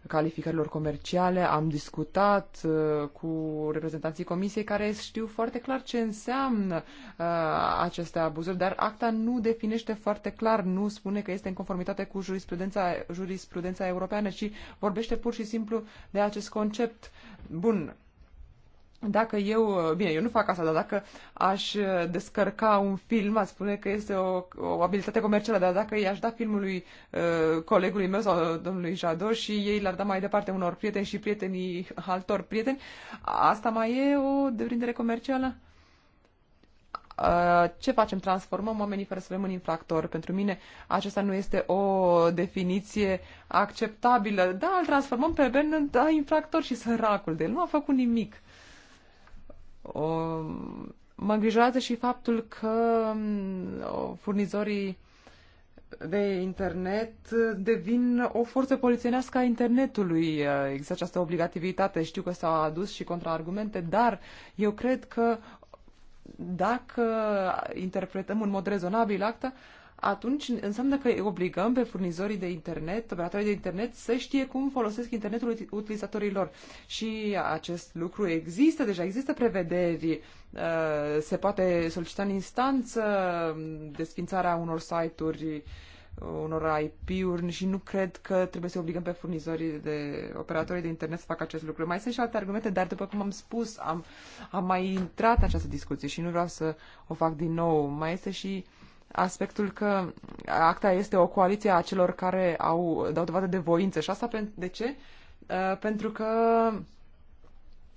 calificărilor comerciale. Am discutat uh, cu reprezentanții comisiei care știu foarte clar ce înseamnă uh, aceste abuzuri, dar acta nu definește foarte clar, nu spune că este în conformitate cu jurisprudența, jurisprudența europeană, ci vorbește pur și simplu de acest concept. Bun, dacă eu, bine, eu nu fac asta, dar dacă aș uh, descărca un film, ați spune că este o, o abilitate comercială, dar dacă i-aș da filmului uh, colegului meu sau domnului Jado și ei l-ar da mai departe unor prieteni și prietenii altor prieteni, asta mai e o deprindere comercială? Uh, ce facem? Transformăm oamenii fără să rămân infractori. Pentru mine acesta nu este o definiție acceptabilă. Da, îl transformăm pe Ben în da, infractor și săracul de el. Nu a făcut nimic mă îngrijorează și faptul că um, furnizorii de internet devin o forță polițienească a internetului. Există această obligativitate. Știu că s-au adus și contraargumente, dar eu cred că dacă interpretăm în mod rezonabil acta, atunci înseamnă că îi obligăm pe furnizorii de internet, operatorii de internet, să știe cum folosesc internetul utilizatorilor. Și acest lucru există, deja există prevederi, uh, se poate solicita în instanță um, desfințarea unor site-uri unor IP-uri și nu cred că trebuie să obligăm pe furnizorii de operatorii de internet să facă acest lucru. Mai sunt și alte argumente, dar după cum am spus, am, am mai intrat în această discuție și nu vreau să o fac din nou. Mai este și aspectul că acta este o coaliție a celor care au dau dovadă de voință. Și asta de ce? Uh, pentru că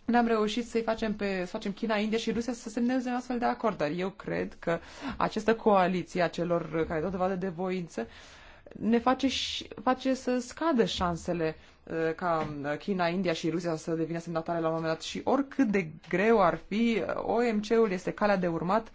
ne-am reușit să-i facem pe, să facem China, India și Rusia să semneze un astfel de acord. Dar eu cred că această coaliție a celor care dau dovadă de voință ne face, și, face să scadă șansele uh, ca uh, China, India și Rusia să devină semnatare la un moment dat și oricât de greu ar fi, OMC-ul este calea de urmat uh,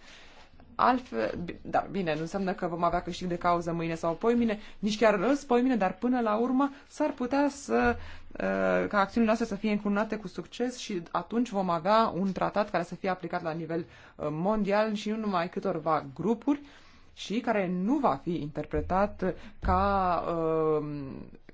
altfel, dar bine, nu înseamnă că vom avea câștig de cauză mâine sau poimine, nici chiar răs poimine, dar până la urmă s-ar putea să, uh, ca acțiunile noastre să fie încununate cu succes și atunci vom avea un tratat care să fie aplicat la nivel uh, mondial și nu numai câtorva grupuri și care nu va fi interpretat ca uh,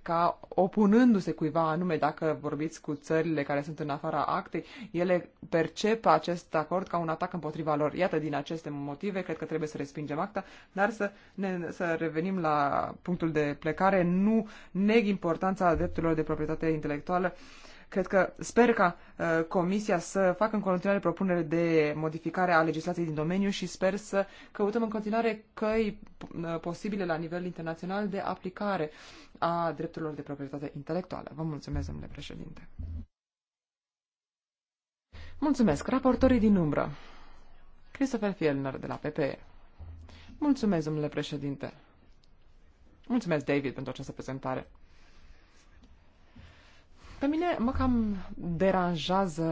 ca opunându-se cuiva anume, dacă vorbiți cu țările care sunt în afara actei, ele percep acest acord ca un atac împotriva lor. Iată, din aceste motive, cred că trebuie să respingem acta, dar să, ne, să revenim la punctul de plecare, nu neg importanța drepturilor de proprietate intelectuală uh, Cred că sper ca uh, Comisia să facă în continuare propunere de modificare a legislației din domeniu și sper să căutăm în continuare căi uh, posibile la nivel internațional de aplicare a drepturilor de proprietate intelectuală. Vă mulțumesc, domnule președinte. Mulțumesc, raportorii din umbră. Christopher Fielner de la PPE. Mulțumesc, domnule președinte. Mulțumesc, David, pentru această prezentare. Pe mine mă cam deranjează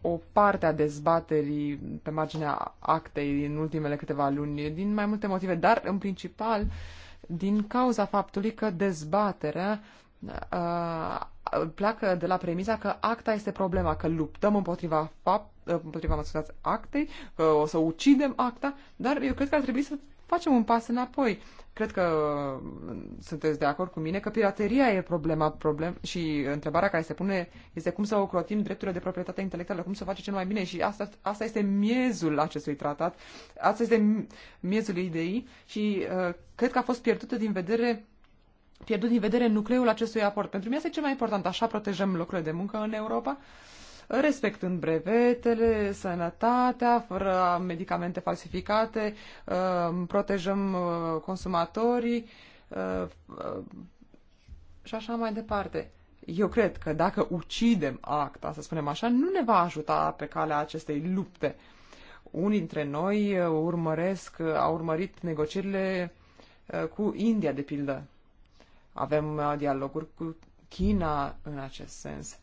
o parte a dezbaterii pe marginea actei din ultimele câteva luni, din mai multe motive, dar în principal din cauza faptului că dezbaterea uh, pleacă de la premisa că acta este problema, că luptăm împotriva fapt, împotriva mă scuzați, actei, că o să ucidem acta, dar eu cred că ar trebui să facem un pas înapoi. Cred că mm, sunteți de acord cu mine că pirateria e problema problem și întrebarea care se pune este cum să ocrotim drepturile de proprietate intelectuală, cum să face cel mai bine și asta, asta este miezul acestui tratat, asta este miezul ideii și uh, cred că a fost pierdută din vedere pierdut din vedere nucleul acestui aport. Pentru mine este cel mai important, așa protejăm locurile de muncă în Europa. Uh, respectând brevetele, sănătatea, fără medicamente falsificate, uh, protejăm uh, consumatorii uh, și așa mai departe. Eu cred că dacă ucidem acta, să spunem așa, nu ne va ajuta pe calea acestei lupte. Unii dintre noi urmăresc, au urmărit negocierile cu India, de pildă. Avem dialoguri cu China în acest sens.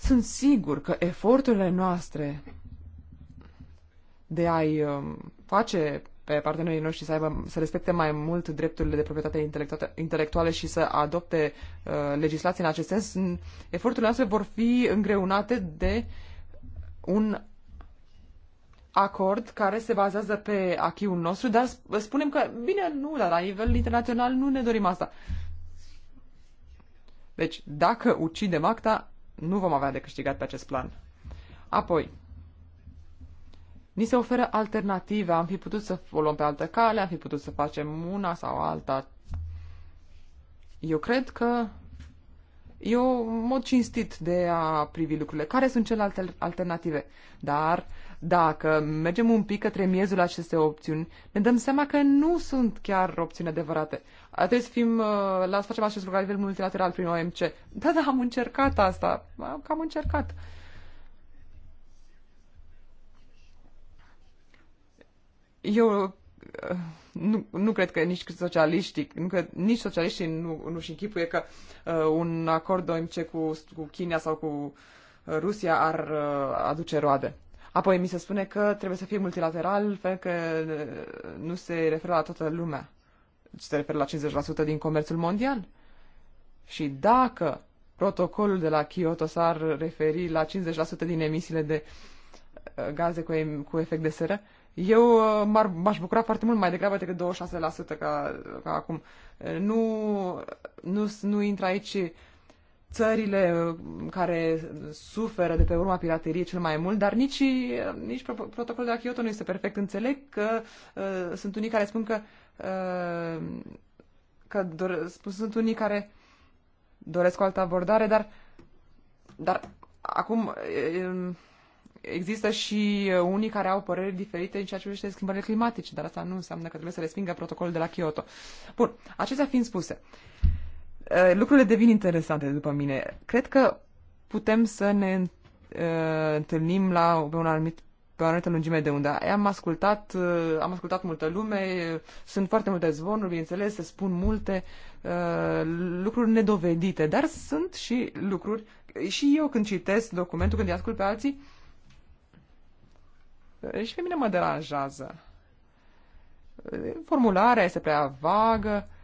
Sunt sigur că eforturile noastre de a-i um, face pe partenerii noștri să, aibă, să respecte mai mult drepturile de proprietate intelectuală și să adopte uh, legislații în acest sens, eforturile noastre vor fi îngreunate de un acord care se bazează pe achiul nostru, dar spunem că, bine, nu, dar la nivel internațional nu ne dorim asta. Deci, dacă ucidem acta, nu vom avea de câștigat pe acest plan. Apoi, ni se oferă alternative, am fi putut să o luăm pe altă cale, am fi putut să facem una sau alta. Eu cred că e un mod cinstit de a privi lucrurile. Care sunt celelalte alternative? Dar dacă mergem un pic către miezul acestei opțiuni, ne dăm seama că nu sunt chiar opțiuni adevărate. Trebuie să fim, uh, la să facem acest lucru la nivel multilateral prin OMC. Da, da, am încercat asta. Am cam încercat. Eu uh, nu, nu cred că nici socialiștii, nu cred, nici socialiștii nu, nu-și închipuie că uh, un acord OMC cu, cu China sau cu uh, Rusia ar uh, aduce roade. Apoi mi se spune că trebuie să fie multilateral, pentru că uh, nu se referă la toată lumea, ci se referă la 50% din comerțul mondial. Și dacă protocolul de la Kyoto s-ar referi la 50% din emisiile de uh, gaze cu, cu efect de seră, eu uh, m-aș bucura foarte mult mai degrabă decât 26% ca, ca acum. Nu, nu, nu intră aici țările uh, care suferă de pe urma pirateriei cel mai mult, dar nici, uh, nici protocolul de la Kyoto nu este perfect. Înțeleg că uh, sunt unii care spun că, uh, că dore, sunt unii care doresc o altă abordare, dar, dar acum uh, există și unii care au păreri diferite în ceea ce privește schimbările climatice, dar asta nu înseamnă că trebuie să respingă protocolul de la Kyoto. Bun, acestea fiind spuse, uh, Eh, lucrurile devin interesante după mine. Cred că putem să ne eh, întâlnim la, pe un anumit pe o anumită lungime de undă. Am ascultat, eh, am ascultat multă lume, sunt foarte multe zvonuri, bineînțeles, se spun multe uh, lucruri nedovedite, dar sunt și lucruri, și eu când citesc documentul, când îi ascult pe alții, și pe mine mă deranjează. Formularea este prea vagă, uh,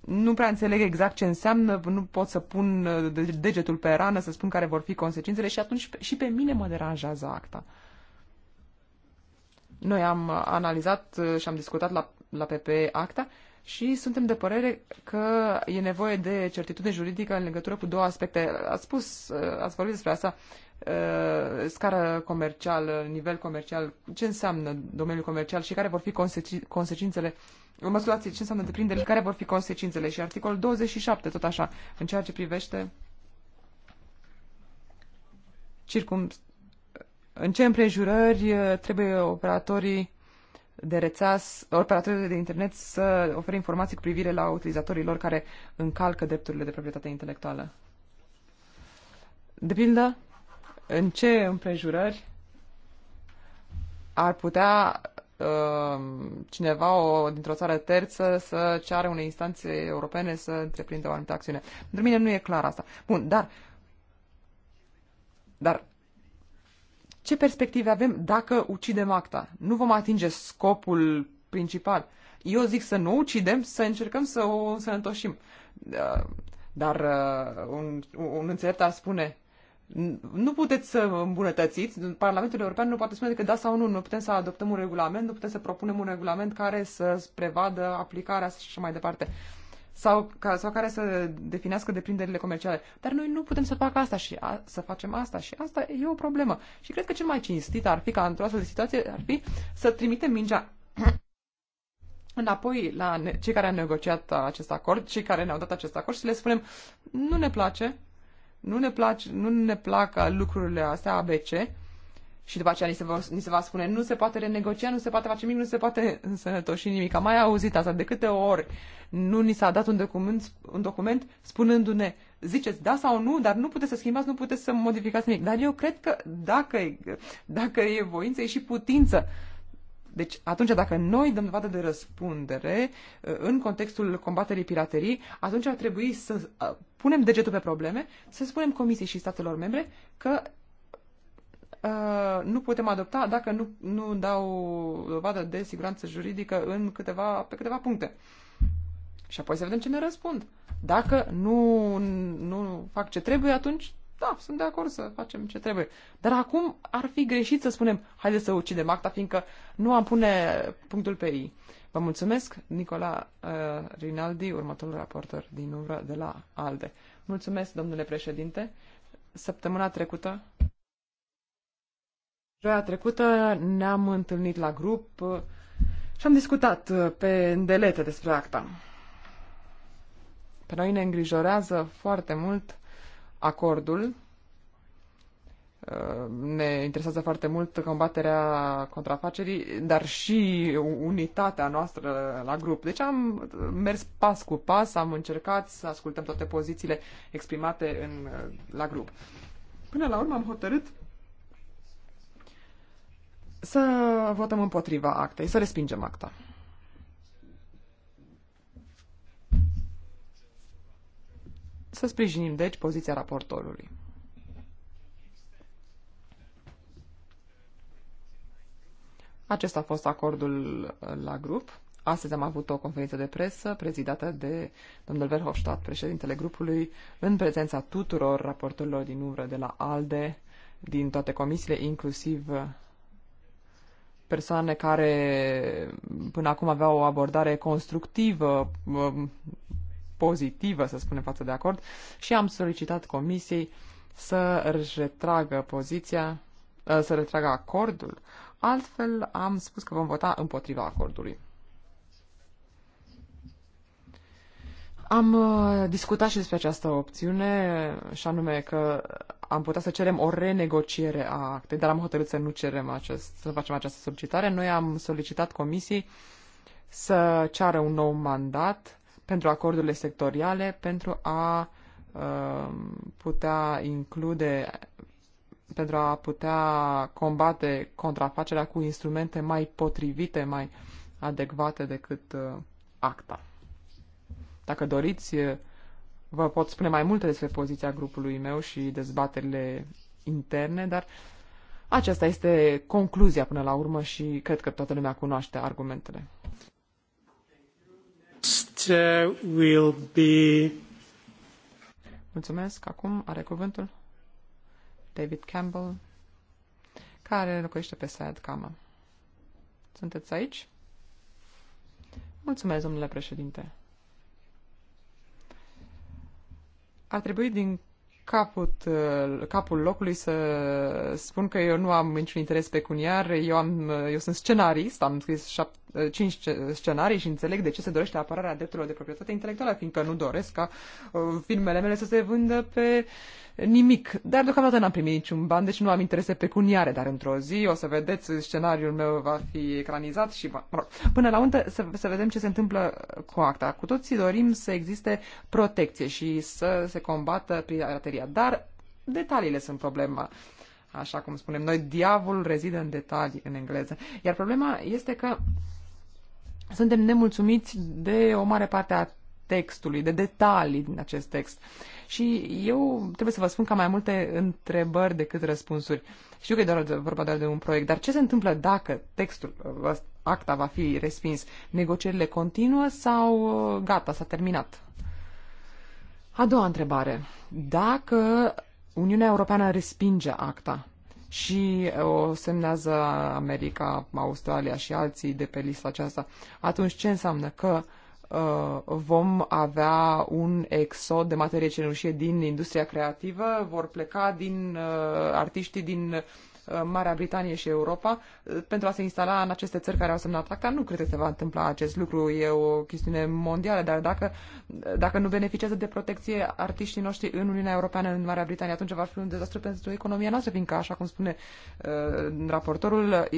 nu prea înțeleg exact ce înseamnă, nu pot să pun uh, degetul pe rană, să spun care vor fi consecințele și atunci și pe mine mă deranjează acta. Noi am uh, analizat uh, și am discutat la, la PP acta și suntem de părere că e nevoie de certitudine juridică în legătură cu două aspecte. Ați spus, ați vorbit despre asta, Uh, scară comercială, nivel comercial, ce înseamnă domeniul comercial și care vor fi consecințele mă scuzați, ce înseamnă întreprinderi, care vor fi consecințele și articolul 27, tot așa, în ceea ce privește circum, în ce împrejurări uh, trebuie operatorii de rețea, operatorii de internet să ofere informații cu privire la utilizatorii lor care încalcă drepturile de proprietate intelectuală. De pildă, în ce împrejurări ar putea uh, cineva o, dintr-o țară terță să ceară unei instanțe europene să întreprindă o anumită acțiune. Pentru mine nu e clar asta. Bun, dar dar ce perspective avem dacă ucidem acta? Nu vom atinge scopul principal. Eu zic să nu ucidem, să încercăm să o să întoșim. Uh, dar uh, un, un înțelept ar spune, nu puteți să îmbunătățiți, Parlamentul European nu poate spune decât da sau nu, nu putem să adoptăm un regulament, nu putem să propunem un regulament care să prevadă aplicarea și așa mai departe. Sau, ca, sau care să definească deprinderile comerciale. Dar noi nu putem să facă asta și a, să facem asta și asta e o problemă. Și cred că cel mai cinstit ar fi ca într-o astfel de situație ar fi să trimitem mingea înapoi la ne- cei care au negociat acest acord, cei care ne-au dat acest acord și le spunem nu ne place, nu ne, place, nu ne plac lucrurile astea ABC și după aceea ni se, va, ni se va spune nu se poate renegocia, nu se poate face nimic, nu se poate însănătoși nimic. Am mai auzit asta de câte ori nu ni s-a dat un document, un document spunându-ne ziceți da sau nu, dar nu puteți să schimbați, nu puteți să modificați nimic. Dar eu cred că dacă, dacă e voință, e și putință. Uh, deci, atunci, dacă noi dăm dovadă de răspundere uh, în contextul combaterii piraterii, atunci ar trebui să uh, punem degetul pe probleme, să spunem Comisiei și statelor membre că uh, nu putem adopta dacă nu, nu dau dovadă de siguranță juridică în câteva, pe câteva puncte. Și apoi să vedem ce ne răspund. Dacă nu, nu fac ce trebuie, atunci da, sunt de acord să facem ce trebuie. Dar acum ar fi greșit să spunem, haideți să ucidem acta, fiindcă nu am pune punctul pe ei. Vă mulțumesc, Nicola uh, Rinaldi, următorul raportor din umbră de la ALDE. Mulțumesc, domnule președinte. Săptămâna trecută, joia trecută, ne-am întâlnit la grup uh, și am discutat uh, pe îndelete despre acta. Pe noi ne îngrijorează foarte mult acordul. Uh, ne interesează foarte mult combaterea contrafacerii, dar și unitatea noastră la grup. Deci am mers pas cu pas, am încercat să ascultăm toate pozițiile exprimate în, uh, la grup. Până la urmă am hotărât să votăm împotriva actei, să respingem acta. Să sprijinim, deci, poziția raportorului. Acesta a fost acordul uh, la grup. Astăzi am avut o conferință de presă prezidată de domnul Verhofstadt, președintele grupului, în prezența tuturor raportorilor din umbră de la ALDE, din toate comisiile, inclusiv uh, persoane care până acum aveau o abordare constructivă, um, pozitivă, să spunem, față de acord și am solicitat comisiei să retragă poziția, ă, să retragă acordul. Altfel, am spus că vom vota împotriva acordului. Am ă, discutat și despre această opțiune, și anume că am putea să cerem o renegociere a actei, dar am hotărât să nu cerem acest, să facem această solicitare. Noi am solicitat comisiei să ceară un nou mandat pentru acordurile sectoriale, pentru a um, putea include, pentru a putea combate contrafacerea cu instrumente mai potrivite, mai adecvate decât uh, acta. Dacă doriți, uh, vă pot spune mai multe despre poziția grupului meu și dezbaterile interne, dar aceasta este concluzia până la urmă și cred că toată lumea cunoaște argumentele. Uh, will be... Mulțumesc. Acum are cuvântul David Campbell, care locuiește pe Sayed Kama. Sunteți aici? Mulțumesc, domnule președinte. Ar trebui din caput, uh, capul locului să spun că eu nu am niciun interes pecuniar, eu, am, uh, eu sunt scenarist, am scris șap, uh, cinci scenarii și înțeleg de ce se dorește apărarea drepturilor de proprietate intelectuală, fiindcă nu doresc ca filmele mele să se vândă pe nimic. Dar deocamdată n-am primit niciun ban, deci nu am interese pecuniare, dar într-o zi o să vedeți, scenariul meu va fi ecranizat și mă rog, până la untă să, să vedem ce se întâmplă cu acta. Cu toții dorim să existe protecție și să se combată prin bucătăria, Dar detaliile sunt problema. Așa cum spunem noi, diavolul rezidă în detalii în engleză. Iar problema este că suntem nemulțumiți de o mare parte a textului, de detalii din acest text. Și eu trebuie să vă spun că am mai multe întrebări decât răspunsuri. Știu că e doar de, vorba doar de un proiect, dar ce se întâmplă dacă textul, ă, acta va fi respins? Negocierile continuă sau ă, gata, s-a terminat? A doua întrebare. Dacă Uniunea Europeană respinge acta și o semnează America, Australia și alții de pe lista aceasta, atunci ce înseamnă că uh, vom avea un exod de materie cenușie din industria creativă, vor pleca din uh, artiștii din Uh, Marea Britanie și Europa uh, pentru a se instala în aceste țări care au semnat acta. Nu cred că se va întâmpla acest lucru, e o chestiune mondială, dar dacă, dacă nu beneficiază de protecție artiștii noștri în Uniunea Europeană, în Marea Britanie, atunci va fi un dezastru pentru economia noastră, fiindcă, așa cum spune uh, raportorul,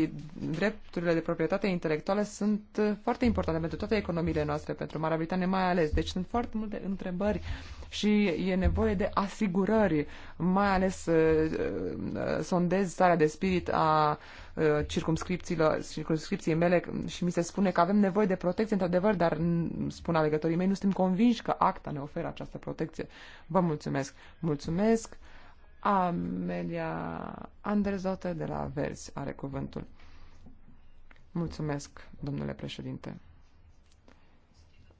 drepturile de proprietate intelectuală sunt uh, foarte importante pentru toate economiile noastre, pentru Marea Britanie mai ales. Deci sunt foarte multe întrebări și e nevoie de asigurări, mai ales uh, uh, sondez starea de spirit a uh, circumscripției mele și mi se spune că avem nevoie de protecție, într-adevăr, dar mm, spun alegătorii mei, nu suntem convinși că acta ne oferă această protecție. Vă mulțumesc! Mulțumesc! Amelia Anderzote de la Verzi are cuvântul. Mulțumesc, domnule președinte.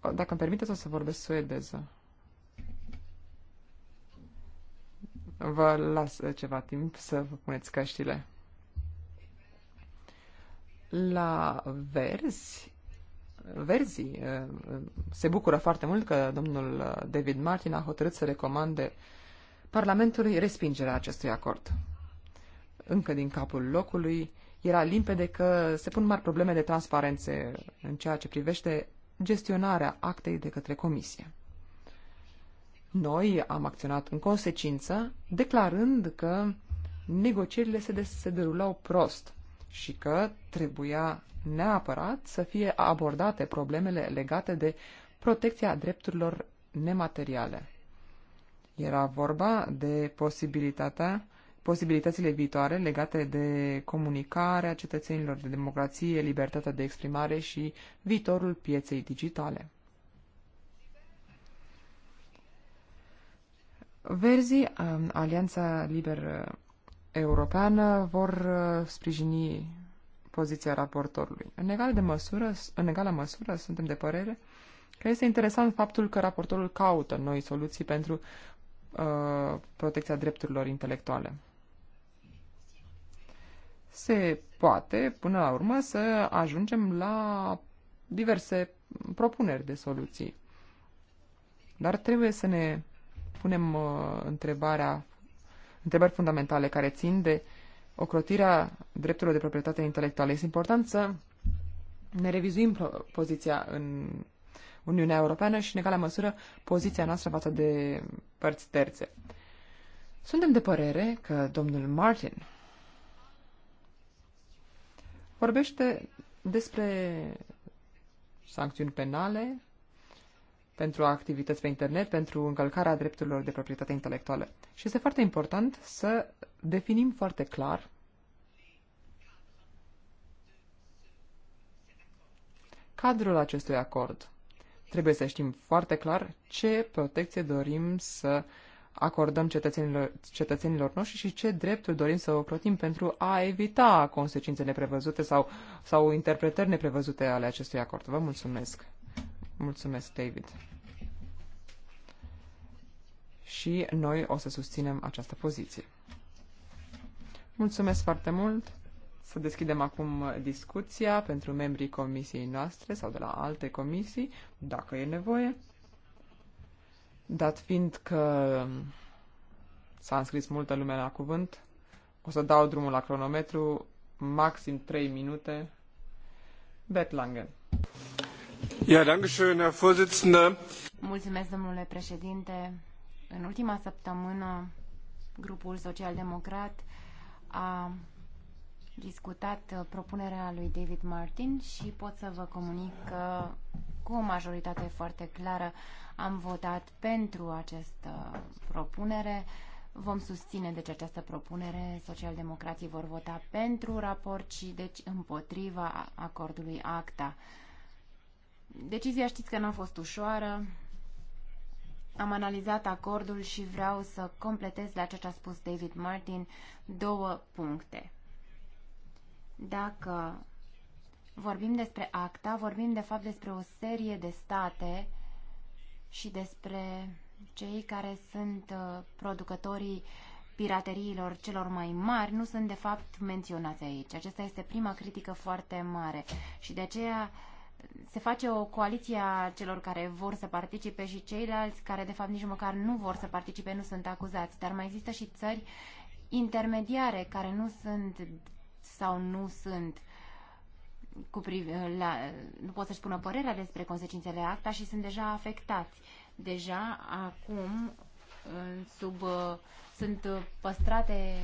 Dacă îmi permiteți, o să vorbesc suedeză. Vă las ceva timp să vă puneți căștile. La verzi, verzii eh, se bucură foarte mult că domnul eh, David Martin a hotărât să recomande Parlamentului respingerea acestui acord. Încă din capul locului era limpede că se pun mari probleme de transparențe în ceea ce privește gestionarea actei de către comisie. Noi am acționat în consecință, declarând că negocierile se, de- se derulau prost și că trebuia neapărat să fie abordate problemele legate de protecția drepturilor nemateriale. Era vorba de posibilitatea posibilitățile viitoare legate de comunicarea cetățenilor de democrație, libertatea de exprimare și viitorul pieței digitale. Verzi, um, Alianța Liber uh, Europeană, vor uh, sprijini poziția raportorului. În egală, de măsură, în egală măsură suntem de părere că este interesant faptul că raportorul caută noi soluții pentru uh, protecția drepturilor intelectuale. Se poate, până la urmă, să ajungem la diverse propuneri de soluții. Dar trebuie să ne punem uh, întrebarea, întrebări fundamentale care țin de ocrotirea drepturilor de proprietate intelectuală. Este important să ne revizuim poziția în Uniunea Europeană și, în egală măsură, poziția noastră față de părți terțe. Suntem de părere că domnul Martin vorbește despre sancțiuni penale pentru activități pe internet, pentru încălcarea drepturilor de proprietate intelectuală. Și este foarte important să definim foarte clar cadrul acestui acord. Trebuie să știm foarte clar ce protecție dorim să acordăm cetățenilor, cetățenilor noștri și ce drepturi dorim să ocrotim pentru a evita consecințe neprevăzute sau, sau interpretări neprevăzute ale acestui acord. Vă mulțumesc! Mulțumesc, David! și noi o să susținem această poziție. Mulțumesc foarte mult! Să deschidem acum discuția pentru membrii comisiei noastre sau de la alte comisii, dacă e nevoie. Dat fiind că s-a înscris multă lume la cuvânt, o să dau drumul la cronometru, maxim 3 minute. Bert Langen. Ja, danke schön, Herr Vorsitzender. Mulțumesc, domnule președinte. În ultima săptămână, grupul social-democrat a discutat uh, propunerea lui David Martin și pot să vă comunic că cu o majoritate foarte clară am votat pentru această propunere. Vom susține deci această propunere, socialdemocrații vor vota pentru raport și deci împotriva acordului ACTA. Decizia știți că nu a fost ușoară, am analizat acordul și vreau să completez la ceea ce a spus David Martin două puncte. Dacă vorbim despre ACTA, vorbim de fapt despre o serie de state și despre cei care sunt uh, producătorii pirateriilor celor mai mari nu sunt de fapt menționați aici. Acesta este prima critică foarte mare și de aceea uh, se face o coaliție a celor care vor să participe și ceilalți care de fapt nici măcar nu vor să participe nu sunt acuzați, dar mai există și țări intermediare care nu sunt sau nu sunt cu priv- la, nu pot să-și spună părerea despre consecințele acta și sunt deja afectați. Deja acum sub, uh, sunt uh, păstrate,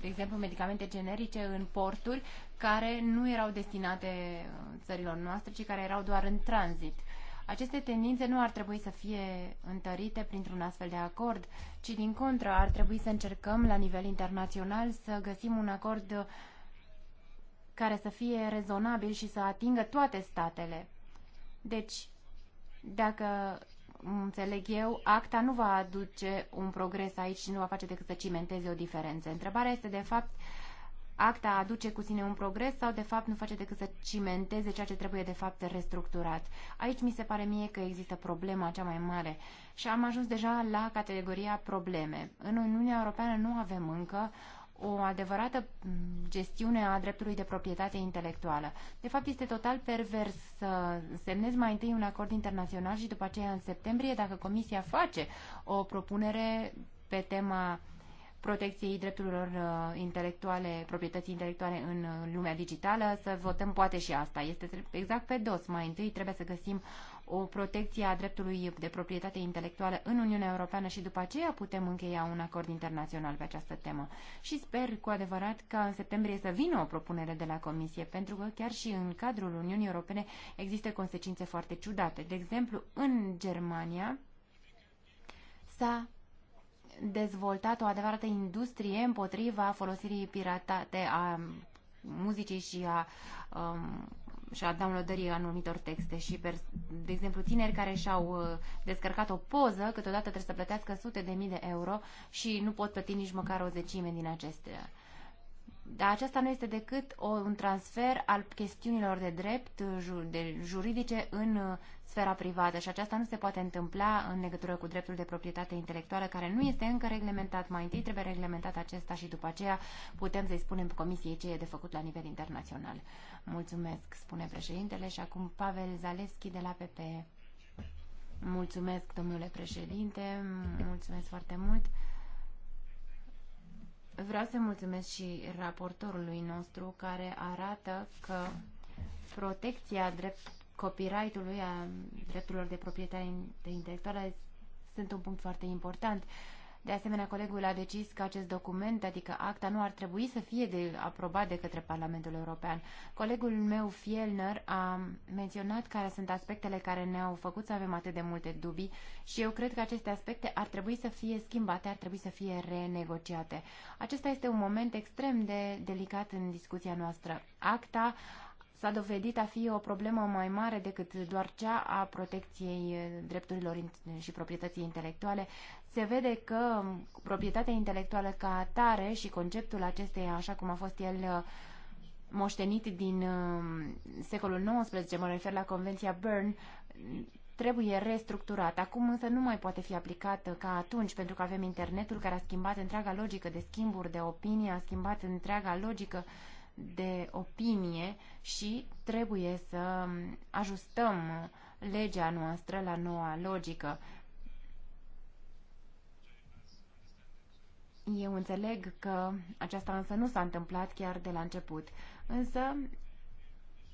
de exemplu, medicamente generice în porturi care nu erau destinate uh, țărilor noastre, ci care erau doar în tranzit. Aceste tendințe nu ar trebui să fie întărite printr-un astfel de acord, ci din contră ar trebui să încercăm la nivel internațional să găsim un acord care să fie rezonabil și să atingă toate statele. Deci, dacă înțeleg eu, acta nu va aduce un progres aici și nu va face decât să cimenteze o diferență. Întrebarea este, de fapt, acta aduce cu sine un progres sau, de fapt, nu face decât să cimenteze ceea ce trebuie, de fapt, restructurat. Aici mi se pare mie că există problema cea mai mare și am ajuns deja la categoria probleme. În Uniunea Europeană nu avem încă o adevărată mm, gestiune a dreptului de proprietate intelectuală. De fapt, este total pervers să semnezi mai întâi un acord internațional și după aceea în septembrie, dacă Comisia face o propunere pe tema uh, protecției drepturilor uh, intelectuale, proprietății intelectuale în uh, lumea digitală, să votăm poate și asta. Este exact pe dos. Mai întâi trebuie să găsim o protecție a dreptului de proprietate intelectuală în Uniunea Europeană și după aceea putem încheia un acord internațional pe această temă. Și sper cu adevărat că în septembrie să vină o propunere de la Comisie, pentru că chiar și în cadrul Uniunii Europene există consecințe foarte ciudate. De exemplu, în Germania s-a dezvoltat o adevărată industrie împotriva folosirii piratate a muzicii și a, um, și a downloadării anumitor texte și, per, de exemplu, tineri care și-au uh, descărcat o poză, câteodată trebuie să plătească sute de mii de euro și nu pot plăti nici măcar o zecime din acestea. Uh, Dar aceasta nu este decât o, un transfer al chestiunilor de drept uh, de juridice în sfera privată și aceasta nu se poate întâmpla în legătură cu dreptul de proprietate intelectuală care nu este încă reglementat. Mai întâi trebuie reglementat acesta și după aceea putem să-i spunem Comisiei ce e de făcut la nivel internațional. Mulțumesc, spune președintele și acum Pavel Zaleschi de la PPE. Mulțumesc, domnule președinte, mulțumesc foarte mult. Vreau să mulțumesc și raportorului nostru care arată că protecția drept copyright-ului, a drepturilor de proprietate intelectuală, sunt un punct foarte important. De asemenea, colegul a decis că acest document, adică acta, nu ar trebui să fie de, aprobat de către Parlamentul European. Colegul meu, Fielner, a menționat care sunt aspectele care ne-au făcut să avem atât de multe dubii și eu cred că aceste aspecte ar trebui să fie schimbate, ar trebui să fie renegociate. Acesta este un moment extrem de delicat în discuția noastră. Acta s-a dovedit a fi o problemă mai mare decât doar cea a protecției eh, drepturilor și proprietății intelectuale. Se vede că proprietatea intelectuală ca atare și conceptul acestei, așa cum a fost el eh, moștenit din eh, secolul XIX, mă refer la Convenția Bern, trebuie restructurat. Acum însă nu mai poate fi aplicată ca atunci, pentru că avem internetul care a schimbat întreaga logică de schimburi de opinie, a schimbat întreaga logică uh, de opinie și trebuie să ajustăm legea noastră la noua logică. Eu înțeleg că aceasta însă nu s-a întâmplat chiar de la început, însă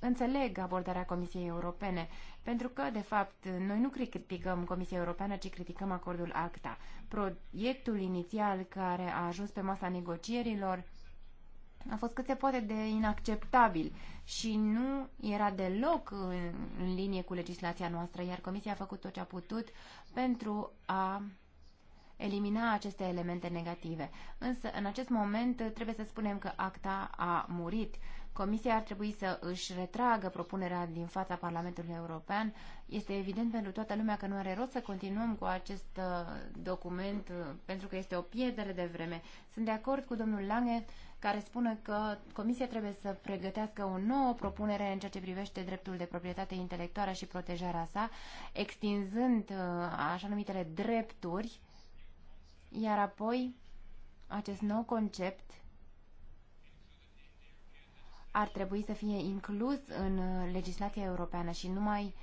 înțeleg abordarea Comisiei Europene, pentru că, de fapt, noi nu criticăm Comisia Europeană, ci criticăm acordul ACTA. Proiectul inițial care a ajuns pe masa negocierilor a fost cât se poate de inacceptabil și nu era deloc în, în linie cu legislația noastră, iar Comisia a făcut tot ce a putut pentru a elimina aceste elemente negative. Însă, în acest moment, trebuie să spunem că acta a murit Comisia ar trebui să își retragă propunerea din fața Parlamentului European. Este evident pentru toată lumea că nu are rost să continuăm cu acest uh, document uh, pentru că este o pierdere de vreme. Sunt de acord cu domnul Lange care spune că Comisia trebuie să pregătească o nouă propunere în ceea ce privește dreptul de proprietate intelectuală și protejarea sa, extinzând uh, așa numitele drepturi, iar apoi acest nou concept ar trebui să fie inclus în uh, legislația europeană și numai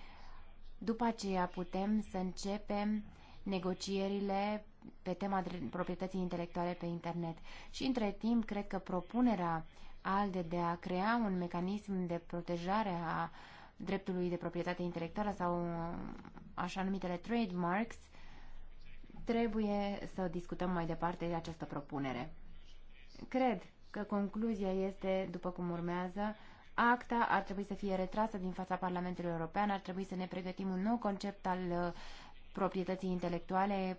după aceea putem să începem negocierile pe tema proprietății intelectuale pe internet. Și între timp, cred că propunerea ALDE de a crea un mecanism de protejare a dreptului de proprietate intelectuală sau uh, așa numitele trademarks, trebuie să discutăm mai departe de această propunere. Cred că concluzia este după cum urmează. Acta ar trebui să fie retrasă din fața Parlamentului European, ar trebui să ne pregătim un nou concept al uh, proprietății intelectuale,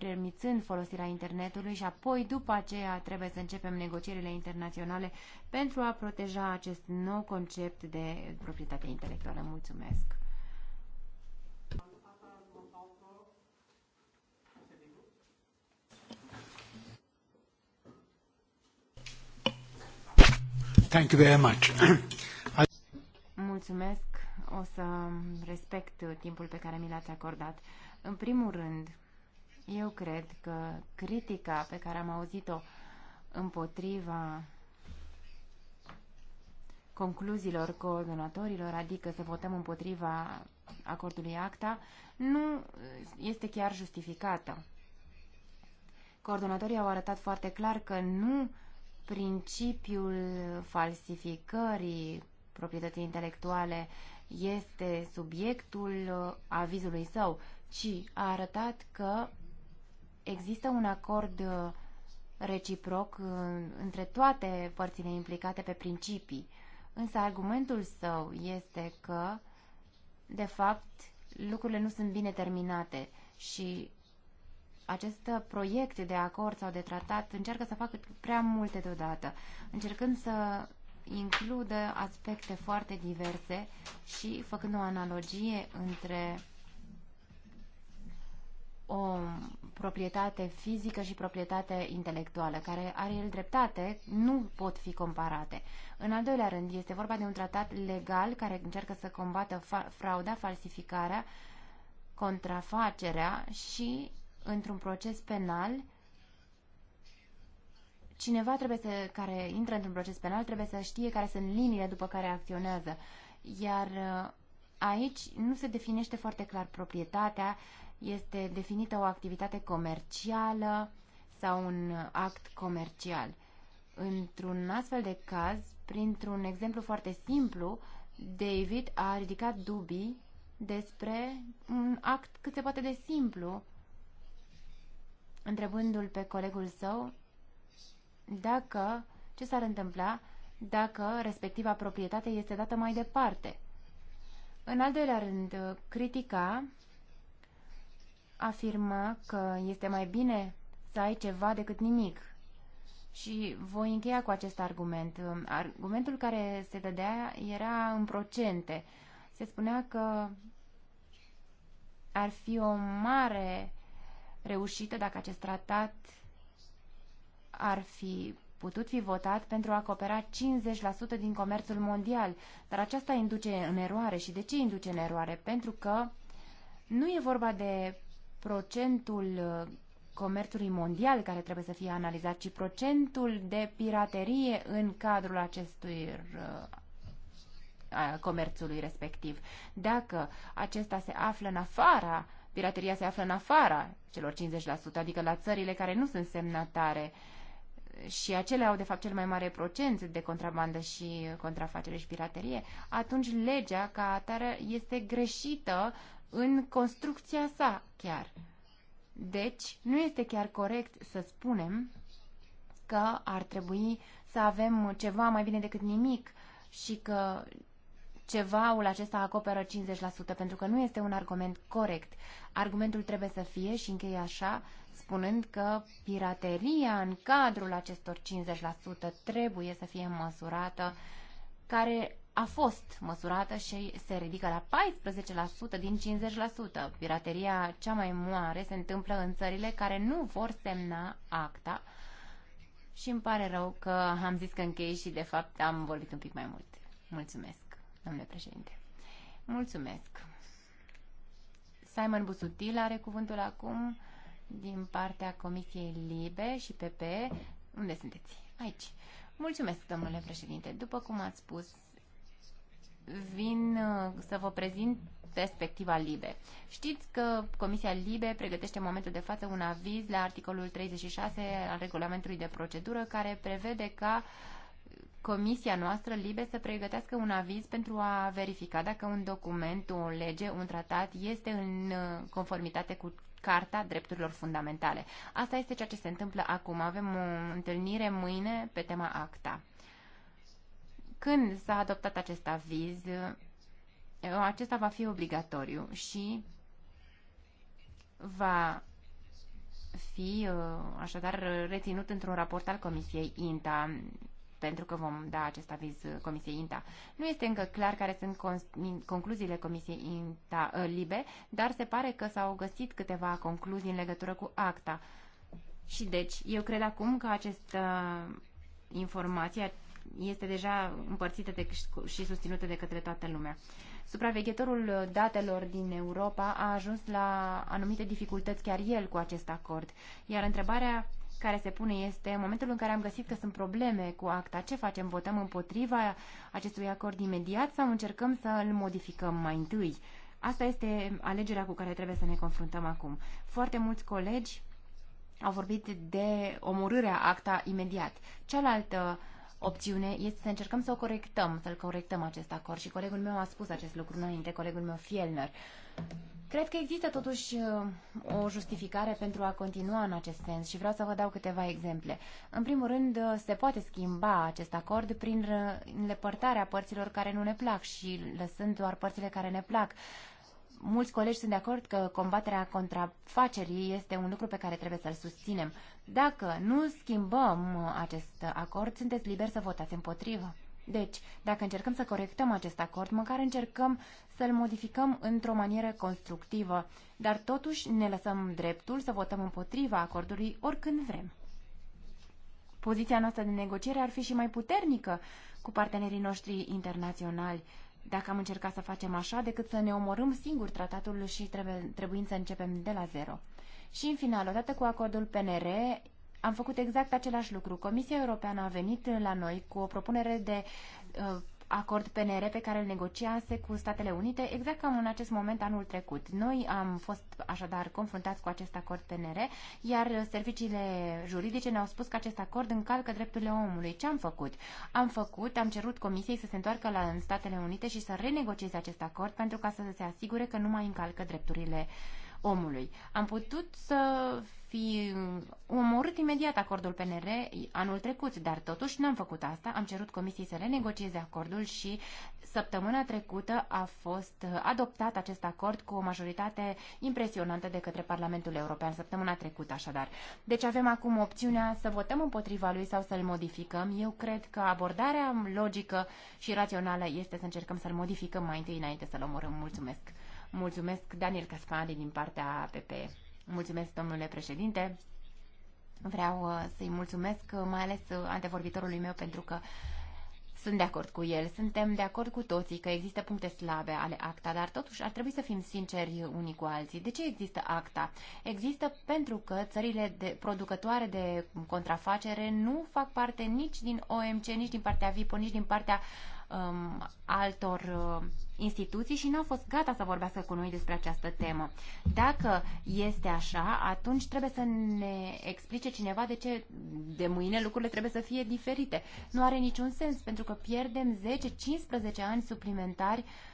permițând folosirea internetului și apoi după aceea trebuie să începem negocierile internaționale pentru a proteja acest nou concept de proprietate intelectuală. Mulțumesc! Thank you very much. Mulțumesc. O să respect timpul pe care mi l-ați acordat. În primul rând, eu cred că critica pe care am auzit-o împotriva concluziilor coordonatorilor, adică să votăm împotriva acordului ACTA, nu este chiar justificată. Coordonatorii au arătat foarte clar că nu principiul falsificării proprietății intelectuale este subiectul uh, avizului său, ci a arătat că există un acord uh, reciproc uh, între toate părțile implicate pe principii. Însă argumentul său este că, de fapt, lucrurile nu sunt bine terminate și acest proiect de acord sau de tratat încearcă să facă prea multe deodată, încercând să includă aspecte foarte diverse și făcând o analogie între o proprietate fizică și proprietate intelectuală, care are el dreptate, nu pot fi comparate. În al doilea rând, este vorba de un tratat legal care încearcă să combată fa frauda, falsificarea, contrafacerea și într-un proces penal, cineva trebuie să, care intră într-un proces penal trebuie să știe care sunt liniile după care acționează. Iar uh, aici nu se definește foarte clar proprietatea, este definită o activitate comercială sau un act comercial. Într-un astfel de caz, printr-un exemplu foarte simplu, David a ridicat dubii despre un act cât se poate de simplu întrebându-l pe colegul său dacă, ce s-ar întâmpla dacă respectiva proprietate este dată mai departe. În al doilea rând, critica afirma că este mai bine să ai ceva decât nimic. Și voi încheia cu acest argument. Argumentul care se dădea era în procente. Se spunea că ar fi o mare reușită dacă acest tratat ar fi putut fi votat pentru a acopera 50% din comerțul mondial, dar aceasta induce în eroare. Și de ce induce în eroare? Pentru că nu e vorba de procentul uh, comerțului mondial care trebuie să fie analizat, ci procentul de piraterie în cadrul acestui uh, comerțului respectiv. Dacă acesta se află în afara pirateria se află în afara celor 50%, adică la țările care nu sunt semnatare și acele au de fapt cel mai mare procent de contrabandă și contrafacere și piraterie, atunci legea ca atare este greșită în construcția sa chiar. Deci, nu este chiar corect să spunem că ar trebui să avem ceva mai bine decât nimic și că cevaul acesta acoperă 50%, pentru că nu este un argument corect. Argumentul trebuie să fie, și încheie așa, spunând că pirateria în cadrul acestor 50% trebuie să fie măsurată, care a fost măsurată și se ridică la 14% din 50%. Pirateria cea mai mare se întâmplă în țările care nu vor semna acta și îmi pare rău că am zis că închei și de fapt am vorbit un pic mai mult. Mulțumesc! domnule președinte. Mulțumesc. Simon Busutil are cuvântul acum din partea Comisiei Libe și PP. Unde sunteți? Aici. Mulțumesc, domnule președinte. După cum ați spus, vin uh, să vă prezint perspectiva LIBE. Știți că Comisia LIBE pregătește în momentul de față un aviz la articolul 36 al regulamentului de procedură care prevede ca uh, comisia noastră libe să pregătească un aviz pentru a verifica dacă un document, o lege, un tratat este în uh, conformitate cu Carta Drepturilor Fundamentale. Asta este ceea ce se întâmplă acum. Avem o întâlnire mâine pe tema ACTA. Când s-a adoptat acest aviz, uh, acesta va fi obligatoriu și va fi uh, așadar reținut într-un raport al Comisiei INTA pentru că vom da acest aviz Comisiei INTA. Nu este încă clar care sunt concluziile Comisiei INTA uh, libe, dar se pare că s-au găsit câteva concluzii în legătură cu acta. Și deci, eu cred acum că această uh, informație este deja împărțită de, și susținută de către toată lumea. Supraveghetorul datelor din Europa a ajuns la anumite dificultăți chiar el cu acest acord, iar întrebarea care se pune este, în momentul în care am găsit că sunt probleme cu acta, ce facem? Votăm împotriva acestui acord imediat sau încercăm să îl modificăm mai întâi? Asta este alegerea cu care trebuie să ne confruntăm acum. Foarte mulți colegi au vorbit de omorârea acta imediat. Cealaltă opțiune este să încercăm să o corectăm, să-l corectăm acest acord și colegul meu a spus acest lucru înainte, colegul meu Fielner. Cred că există totuși uh, o justificare pentru a continua în acest sens și vreau să vă dau câteva exemple. În primul rând, uh, se poate schimba acest acord prin îndepărtarea părților care nu ne plac și lăsând doar părțile care ne plac. Mulți colegi sunt de acord că combaterea contrafacerii este un lucru pe care trebuie să-l susținem. Dacă nu schimbăm uh, acest acord, sunteți liberi să votați împotrivă. Deci, dacă încercăm să corectăm acest acord, măcar încercăm să-l modificăm într-o manieră constructivă, dar totuși ne lăsăm dreptul să votăm împotriva acordului oricând vrem. Poziția noastră de negociere ar fi și mai puternică cu partenerii noștri internaționali, dacă am încercat să facem așa, decât să ne omorâm singur tratatul și trebuie, trebuind să începem de la zero. Și în final, odată cu acordul PNR, am făcut exact același lucru. Comisia Europeană a venit la noi cu o propunere de uh, acord PNR pe care îl negociase cu Statele Unite exact cam în acest moment anul trecut. Noi am fost așadar confruntați cu acest acord PNR, iar serviciile juridice ne-au spus că acest acord încalcă drepturile omului. Ce am făcut? Am făcut, am cerut Comisiei să se întoarcă la, în Statele Unite și să renegocieze acest acord pentru ca să se asigure că nu mai încalcă drepturile omului. Am putut să fi omorât imediat acordul PNR anul trecut, dar totuși n-am făcut asta. Am cerut comisiei să renegocieze acordul și săptămâna trecută a fost adoptat acest acord cu o majoritate impresionantă de către Parlamentul European săptămâna trecută, așadar. Deci avem acum opțiunea să votăm împotriva lui sau să-l modificăm. Eu cred că abordarea logică și rațională este să încercăm să-l modificăm mai întâi înainte să-l omorâm. Mulțumesc! Mulțumesc, Daniel Caspani, din partea PPE. Mulțumesc, domnule președinte. Vreau uh, să-i mulțumesc, uh, mai ales uh, antevorbitorului meu, pentru că sunt de acord cu el. Suntem de acord cu toții că există puncte slabe ale ACTA, dar totuși ar trebui să fim sinceri unii cu alții. De ce există ACTA? Există pentru că țările de, producătoare de contrafacere nu fac parte nici din OMC, nici din partea VIPO, nici din partea uh, um, altor uh, instituții și n-au fost gata să vorbească cu noi despre această temă. Dacă este așa, atunci trebuie să ne explice cineva de ce de mâine lucrurile trebuie să fie diferite. Nu are niciun sens, pentru că pierdem 10-15 ani suplimentari uh,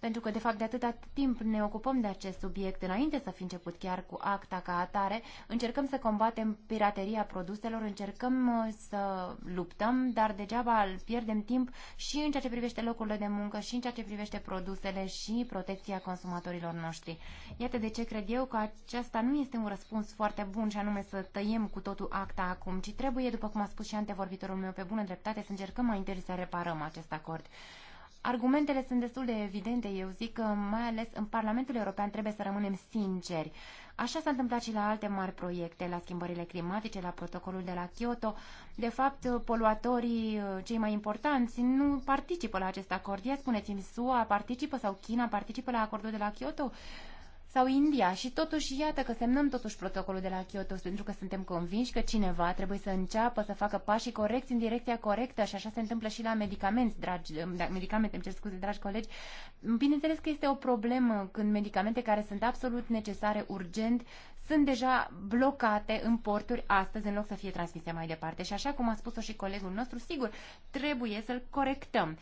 pentru că, de fapt, de atâta timp ne ocupăm de acest subiect, înainte să fi început chiar cu acta ca atare, încercăm să combatem pirateria produselor, încercăm uh, să luptăm, dar degeaba pierdem timp și în ceea ce privește locurile de muncă, și în ceea ce privește produsele și protecția consumatorilor noștri. Iată de ce cred eu că aceasta nu este un răspuns foarte bun și anume să tăiem cu totul acta acum, ci trebuie, după cum a spus și antevorbitorul meu pe bună dreptate, să încercăm mai întâi să reparăm acest acord. Argumentele sunt destul de evidente, eu zic că mai ales în Parlamentul European trebuie să rămânem sinceri. Așa s-a întâmplat și la alte mari proiecte, la schimbările climatice, la protocolul de la Kyoto. De fapt, poluatorii uh, cei mai importanți nu participă la acest acord. Ia spuneți-mi, SUA participă sau China participă la acordul de la Kyoto? sau India și totuși iată că semnăm totuși protocolul de la Kyoto pentru că suntem convinși că cineva trebuie să înceapă să facă pașii corecți în direcția corectă și așa se întâmplă și la medicamente, dragi, da, medicamente, îmi cer scuze, dragi colegi. Bineînțeles că este o problemă când medicamente care sunt absolut necesare urgent sunt deja blocate în porturi astăzi în loc să fie transmise mai departe. Și așa cum a spus-o și colegul nostru, sigur, trebuie să-l corectăm.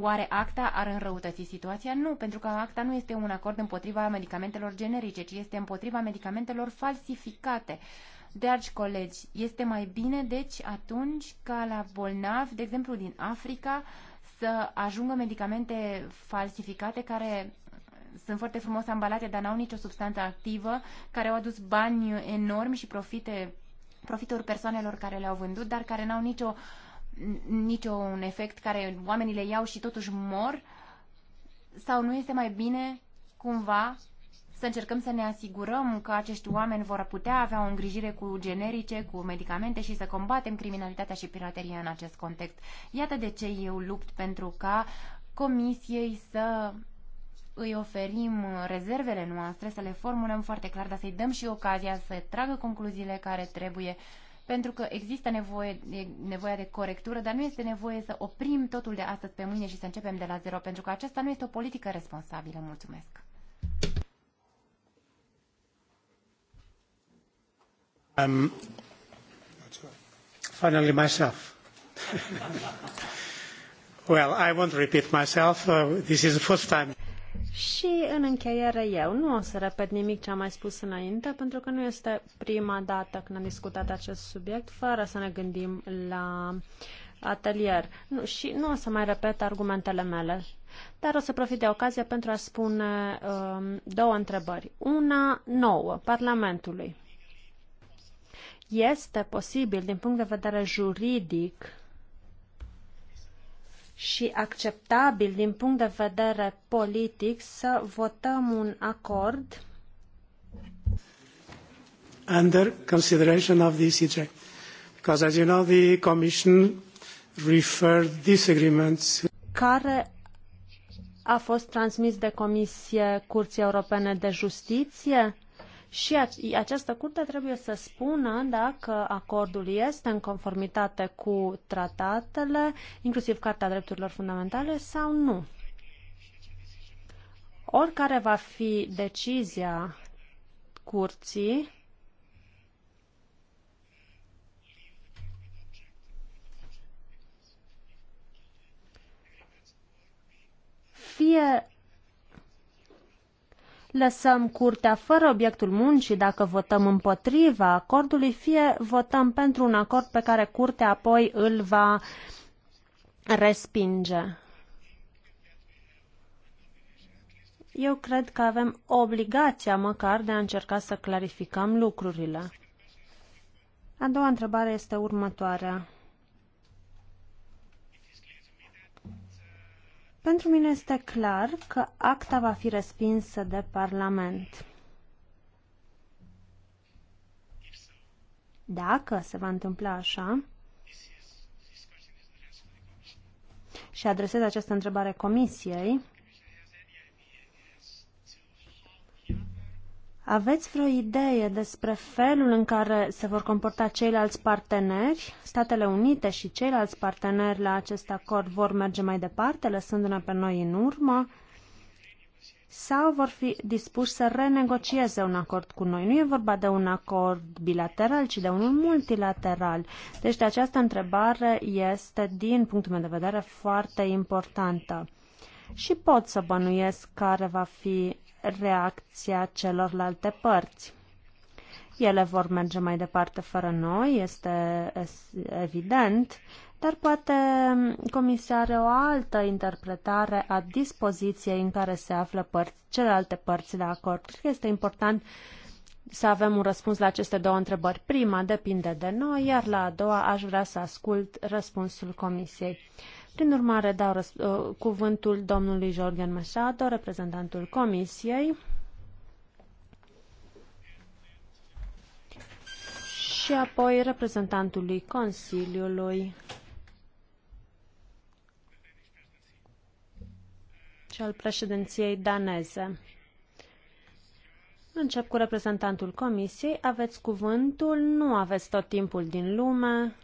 Oare acta ar înrăutăți situația? Nu, pentru că acta nu este un acord împotriva medicamentelor generice, ci este împotriva medicamentelor falsificate. Dragi colegi, este mai bine, deci, atunci ca la bolnav de exemplu, din Africa, să ajungă medicamente falsificate care sunt foarte frumos ambalate, dar n-au nicio substanță activă, care au adus bani enormi și profite, profituri persoanelor care le-au vândut, dar care n-au nicio, nicio un efect, care oamenii le iau și totuși mor? Sau nu este mai bine cumva să încercăm să ne asigurăm că acești oameni vor putea avea o îngrijire cu generice, cu medicamente și să combatem criminalitatea și pirateria în acest context. Iată de ce eu lupt pentru ca comisiei să îi oferim rezervele noastre, să le formulăm foarte clar, dar să-i dăm și ocazia să tragă concluziile care trebuie, pentru că există nevoie, nevoia de corectură, dar nu este nevoie să oprim totul de astăzi pe mâine și să începem de la zero, pentru că aceasta nu este o politică responsabilă. Mulțumesc! Um, finally myself. well, I won't repeat myself. Uh, this is the first time. Și în încheiere eu nu o să repet nimic ce am mai spus înainte, pentru că nu este prima dată când am discutat acest subiect, fără să ne gândim la atelier. Nu, și nu o să mai repet argumentele mele, dar o să profit de ocazie pentru a spune um, două întrebări. Una nouă, Parlamentului. Este posibil, din punct de vedere juridic, și acceptabil din punct de vedere politic să votăm un acord under consideration of the ECJ. Because as you know, the Commission referred these agreements care a fost transmis de Comisie Curții Europene de Justiție și această curte trebuie să spună dacă acordul este în conformitate cu tratatele, inclusiv Carta Drepturilor Fundamentale, sau nu. Oricare va fi decizia curții, fie lăsăm curtea fără obiectul muncii dacă votăm împotriva acordului, fie votăm pentru un acord pe care curtea apoi îl va respinge. Eu cred că avem obligația măcar de a încerca să clarificăm lucrurile. A doua întrebare este următoarea. Pentru mine este clar că acta va fi respinsă de Parlament. Dacă se va întâmpla așa, și adresez această întrebare Comisiei, Aveți vreo idee despre felul în care se vor comporta ceilalți parteneri? Statele Unite și ceilalți parteneri la acest acord vor merge mai departe, lăsându-ne pe noi în urmă? Sau vor fi dispuși să renegocieze un acord cu noi? Nu e vorba de un acord bilateral, ci de unul multilateral. Deci de această întrebare este, din punctul meu de vedere, foarte importantă. Și pot să bănuiesc care va fi reacția celorlalte părți. Ele vor merge mai departe fără noi, este evident, dar poate Comisia are o altă interpretare a dispoziției în care se află părți, celelalte părți de acord. Cred că este important să avem un răspuns la aceste două întrebări. Prima depinde de noi, iar la a doua aș vrea să ascult răspunsul Comisiei. Prin urmare, dau uh, cuvântul domnului Jorgen Machado, reprezentantul Comisiei. și apoi reprezentantului Consiliului și al președinției daneze. Încep cu reprezentantul Comisiei. Aveți cuvântul, nu aveți tot timpul din lume.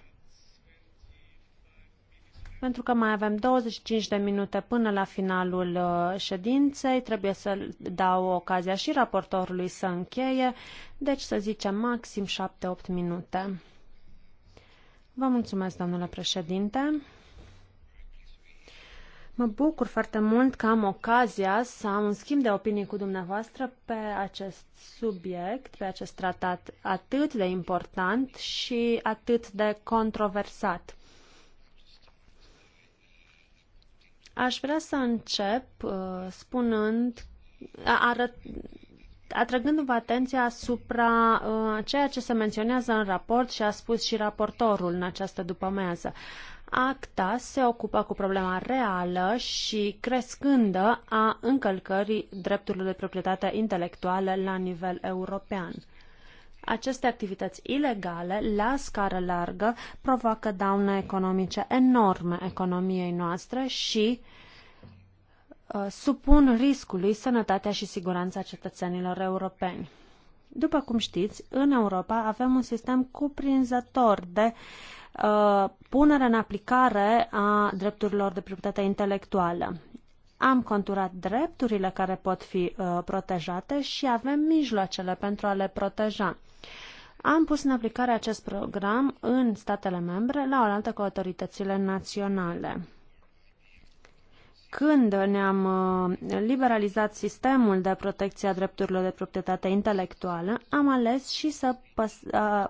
Pentru că mai avem 25 de minute până la finalul uh, ședinței, trebuie să dau ocazia și raportorului să încheie, deci să zicem maxim 7-8 minute. Vă mulțumesc, domnule președinte. Mă bucur foarte mult că am ocazia să am un schimb de opinii cu dumneavoastră pe acest subiect, pe acest tratat atât de important și atât de controversat. Aș vrea să încep uh, spunând, arăt, atrăgându-vă atenția asupra uh, ceea ce se menționează în raport și a spus și raportorul în această dupămează. ACTA se ocupă cu problema reală și crescândă a încălcării drepturilor de proprietate intelectuală la nivel european. Aceste activități ilegale, la scară largă, provoacă daune economice enorme economiei noastre și uh, supun riscului sănătatea și siguranța cetățenilor europeni. După cum știți, în Europa avem un sistem cuprinzător de uh, punere în aplicare a drepturilor de proprietate intelectuală. Am conturat drepturile care pot fi uh, protejate și avem mijloacele pentru a le proteja. Am pus în aplicare acest program în statele membre, la oaltă cu autoritățile naționale. Când ne-am uh, liberalizat sistemul de protecție a drepturilor de proprietate intelectuală, am ales și să păs- uh,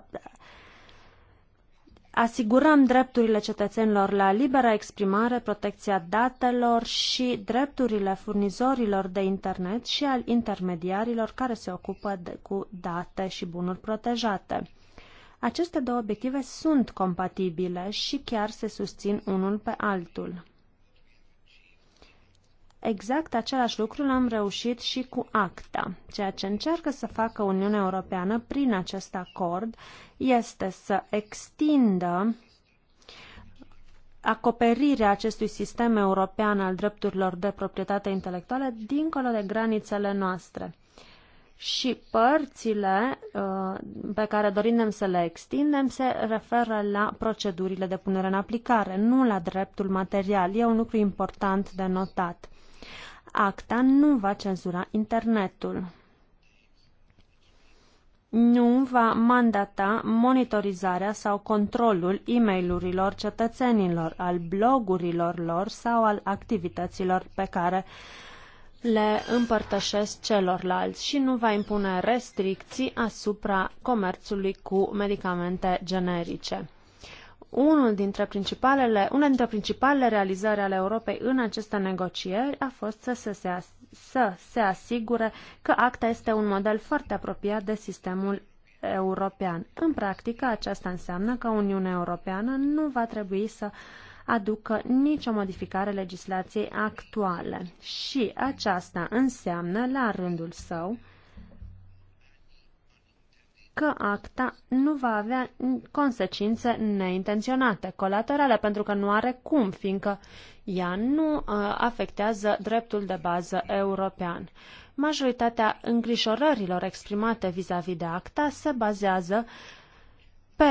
asigurăm drepturile cetățenilor la liberă exprimare, protecția datelor și drepturile furnizorilor de internet și al intermediarilor care se ocupă de, cu date și bunuri protejate. Aceste două obiective sunt compatibile și chiar se susțin unul pe altul. Exact același lucru l-am reușit și cu ACTA. Ceea ce încearcă să facă Uniunea Europeană prin acest acord este să extindă acoperirea acestui sistem european al drepturilor de proprietate intelectuală dincolo de granițele noastre. Și părțile uh, pe care dorim să le extindem se referă la procedurile de punere în aplicare, nu la dreptul material. E un lucru important de notat. ACTA nu va cenzura internetul. Nu va mandata monitorizarea sau controlul e mail cetățenilor, al blogurilor lor sau al activităților pe care le împărtășesc celorlalți și nu va impune restricții asupra comerțului cu medicamente generice unul dintre principalele, una dintre principalele realizări ale Europei în aceste negocieri a fost să se, se, să se asigure că acta este un model foarte apropiat de sistemul european. În practică, aceasta înseamnă că Uniunea Europeană nu va trebui să aducă nicio modificare legislației actuale. Și aceasta înseamnă, la rândul său, că acta nu va avea consecințe neintenționate, colaterale, pentru că nu are cum, fiindcă ea nu uh, afectează dreptul de bază european. Majoritatea îngrijorărilor exprimate vis-a-vis -vis de acta se bazează pe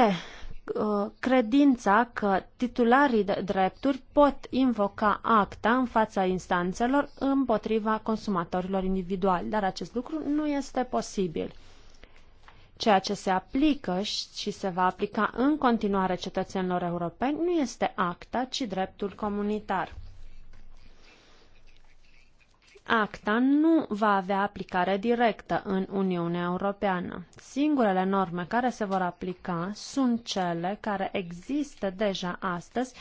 uh, credința că titularii de drepturi pot invoca acta în fața instanțelor împotriva consumatorilor individuali, dar acest lucru nu este posibil. Ceea ce se aplică și se va aplica în continuare cetățenilor europeni nu este acta, ci dreptul comunitar. Acta nu va avea aplicare directă în Uniunea Europeană. Singurele norme care se vor aplica sunt cele care există deja astăzi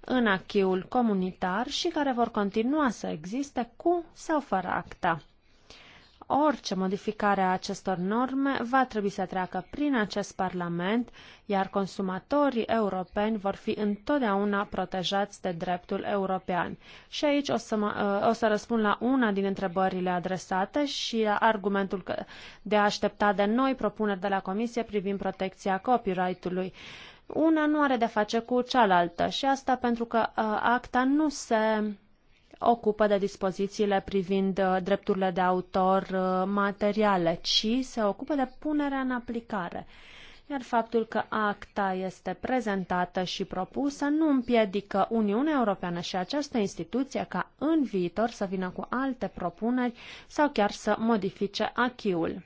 în achiul comunitar și care vor continua să existe cu sau fără acta. Orice modificare a acestor norme va trebui să treacă prin acest Parlament, iar consumatorii europeni vor fi întotdeauna protejați de dreptul european. Și aici o să, mă, uh, o să răspund la una din întrebările adresate și la argumentul de a aștepta de noi propuneri de la Comisie privind protecția copyright-ului una nu are de face cu cealaltă și asta pentru că uh, acta nu se ocupă de dispozițiile privind uh, drepturile de autor uh, materiale, ci se ocupă de punerea în aplicare. Iar faptul că acta este prezentată și propusă nu împiedică Uniunea Europeană și această instituție ca în viitor să vină cu alte propuneri sau chiar să modifice achiul.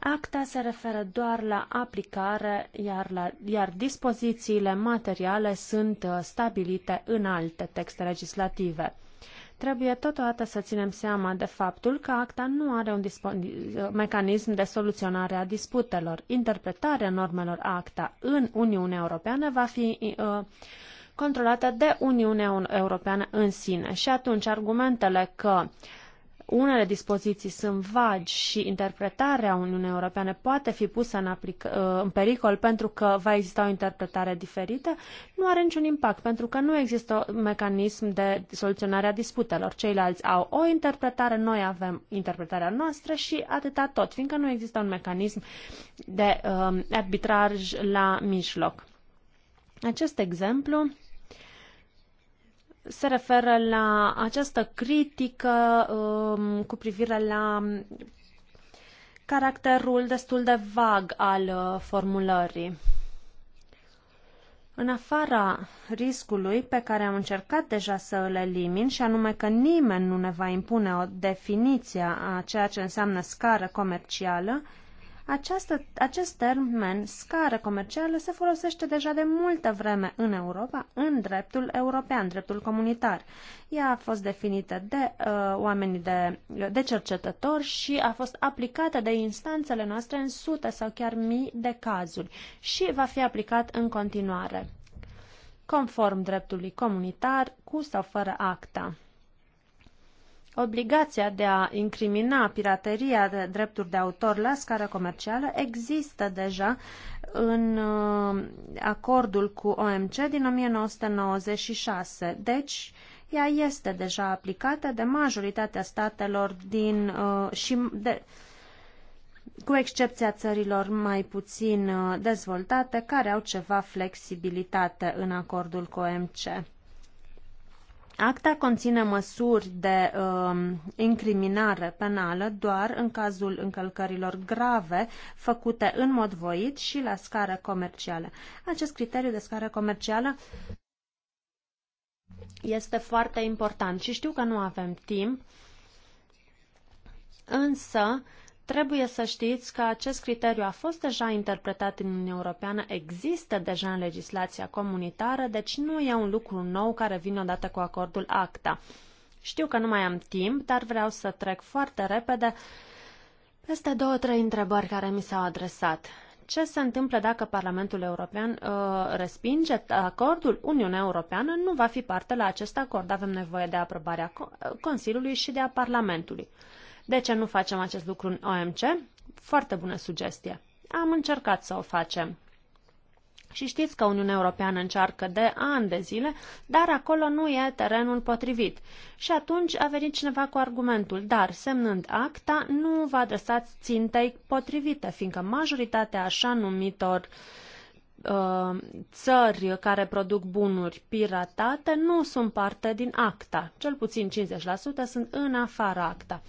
Acta se referă doar la aplicare, iar, la, iar dispozițiile materiale sunt uh, stabilite în alte texte legislative. Trebuie totodată să ținem seama de faptul că acta nu are un mecanism de soluționare a disputelor. Interpretarea normelor acta în Uniunea Europeană va fi uh, controlată de Uniunea Europeană în sine și atunci argumentele că uh, unele dispoziții sunt vagi și interpretarea Uniunii Europeane poate fi pusă în, aplic- uh, în pericol pentru că va exista o interpretare diferită, nu are niciun impact, pentru că nu există un mecanism de soluționare a disputelor. Ceilalți au o interpretare, noi avem interpretarea noastră și atâta tot, fiindcă nu există un mecanism de um, arbitraj la mijloc. Acest exemplu se referă la această critică um, cu privire la caracterul destul de vag al uh, formulării. În afara riscului pe care am încercat deja să îl elimin, și anume că nimeni nu ne va impune o definiție a ceea ce înseamnă scară comercială, uh, această, acest termen, scară comercială, se folosește deja de multă vreme în Europa, în dreptul european, dreptul comunitar. Ea a fost definită de uh, oamenii de, de cercetători și a fost aplicată de instanțele noastre în sute sau chiar mii de cazuri și va fi aplicat în continuare, conform dreptului comunitar, cu sau fără acta. Obligația de a incrimina pirateria de drepturi de autor la scară comercială există deja în uh, acordul cu OMC din 1996. Deci, ea este deja aplicată de majoritatea statelor din uh, și de, cu excepția țărilor mai puțin uh, dezvoltate, care au ceva flexibilitate în acordul cu OMC. Acta conține măsuri de uh, incriminare penală doar în cazul încălcărilor grave făcute în mod voit și la scară comercială. Acest criteriu de scară comercială este foarte important și știu că nu avem timp, însă uh, Trebuie să știți că acest criteriu a fost deja interpretat în Uniunea Europeană, există deja în legislația comunitară, deci nu e un lucru nou care vine odată cu acordul ACTA. Știu că nu mai am timp, dar vreau să trec foarte repede peste două, trei întrebări care mi s-au adresat. Ce se întâmplă dacă Parlamentul European uh, respinge acordul? Uniunea Europeană nu va fi parte la acest acord. Avem nevoie de aprobarea Consiliului și de a Parlamentului. Uh, de ce nu facem acest lucru în OMC? Foarte bună sugestie. Am încercat să o facem. Și știți că Uniunea Europeană încearcă de ani de zile, dar acolo nu e terenul potrivit. Și atunci a venit cineva cu argumentul, dar semnând acta, nu vă adresați țintei potrivite, fiindcă majoritatea așa numitor uh, țări care produc bunuri piratate nu sunt parte din acta. Cel puțin 50% sunt în afara acta.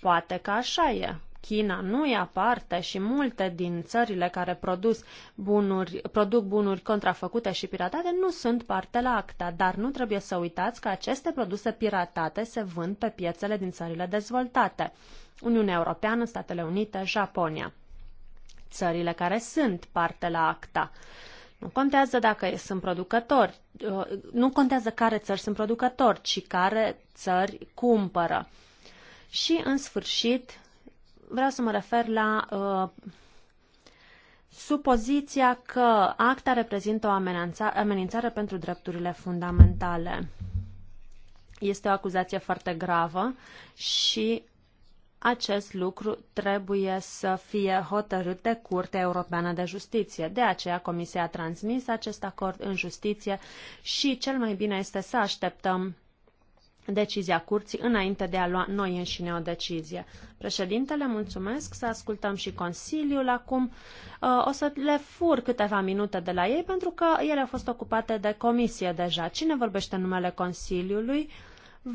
Poate că așa e. China nu e aparte și multe din țările care produc bunuri, produc bunuri contrafăcute și piratate nu sunt parte la acta, dar nu trebuie să uitați că aceste produse piratate se vând pe piețele din țările dezvoltate. Uniunea Europeană, Statele Unite, Japonia. Țările care sunt parte la acta. Nu contează dacă sunt producători, uh, nu contează care țări sunt producători, ci care țări cumpără. Și, în sfârșit, vreau să mă refer la uh, supoziția că acta reprezintă o amenințare, amenințare pentru drepturile fundamentale. Este o acuzație foarte gravă și acest lucru trebuie să fie hotărât de Curtea Europeană de Justiție. De aceea Comisia a transmis acest acord în justiție și cel mai bine este să așteptăm decizia curții înainte de a lua noi înșine o decizie. Președintele, mulțumesc, să ascultăm și Consiliul acum. Uh, o să le fur câteva minute de la ei pentru că ele au fost ocupate de comisie deja. Cine vorbește în numele Consiliului?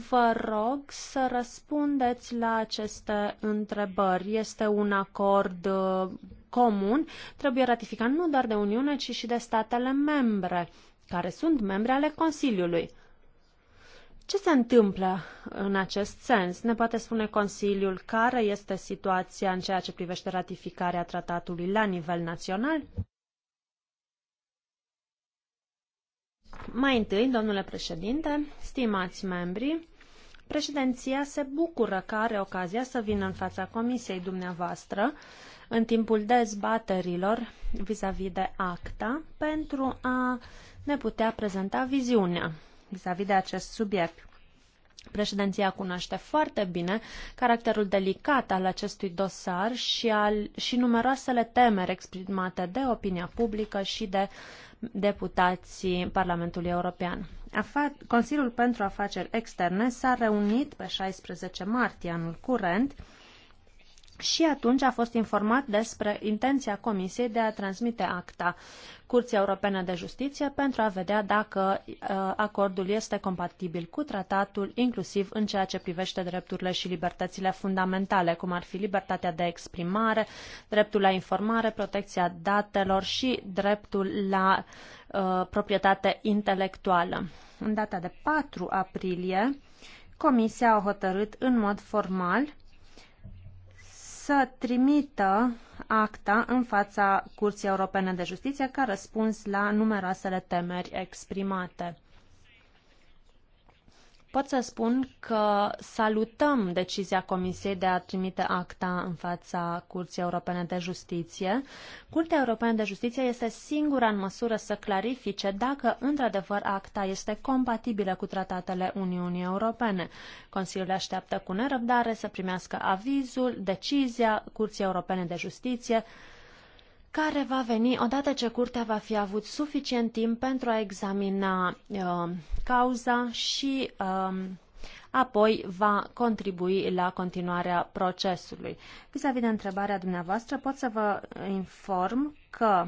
Vă rog să răspundeți la aceste întrebări. Este un acord uh, comun, trebuie ratificat nu doar de Uniune, ci și de statele membre, care sunt membre ale Consiliului. Ce se întâmplă în acest sens? Ne poate spune Consiliul care este situația în ceea ce privește ratificarea tratatului la nivel național? Mai întâi, domnule președinte, stimați membri, președinția se bucură că are ocazia să vină în fața comisiei dumneavoastră în timpul dezbaterilor vis-a-vis -vis de acta pentru a ne putea prezenta viziunea vis-a-vis de acest subiect. Președinția cunoaște foarte bine caracterul delicat al acestui dosar și, al, și numeroasele temeri exprimate de opinia publică și de deputații Parlamentului European. Afa Consiliul pentru Afaceri Externe s-a reunit pe 16 martie anul curent și atunci a fost informat despre intenția Comisiei de a transmite acta Curții Europene de Justiție pentru a vedea dacă uh, acordul este compatibil cu tratatul, inclusiv în ceea ce privește drepturile și libertățile fundamentale, cum ar fi libertatea de exprimare, dreptul la informare, protecția datelor și dreptul la uh, proprietate intelectuală. În data de 4 aprilie, Comisia a hotărât în mod formal să trimită acta în fața Curții Europene de Justiție ca răspuns la numeroasele temeri exprimate. Pot să spun că salutăm decizia Comisiei de a trimite acta în fața Curții Europene de Justiție. Curtea Europeană de Justiție este singura în măsură să clarifice dacă, într-adevăr, acta este compatibilă cu tratatele Uniunii Europene. Consiliul așteaptă cu nerăbdare să primească avizul, decizia Curții Europene de Justiție care va veni odată ce curtea va fi avut suficient timp pentru a examina uh, cauza și uh, apoi va contribui la continuarea procesului. Vis-a-vis de întrebarea dumneavoastră, pot să vă inform că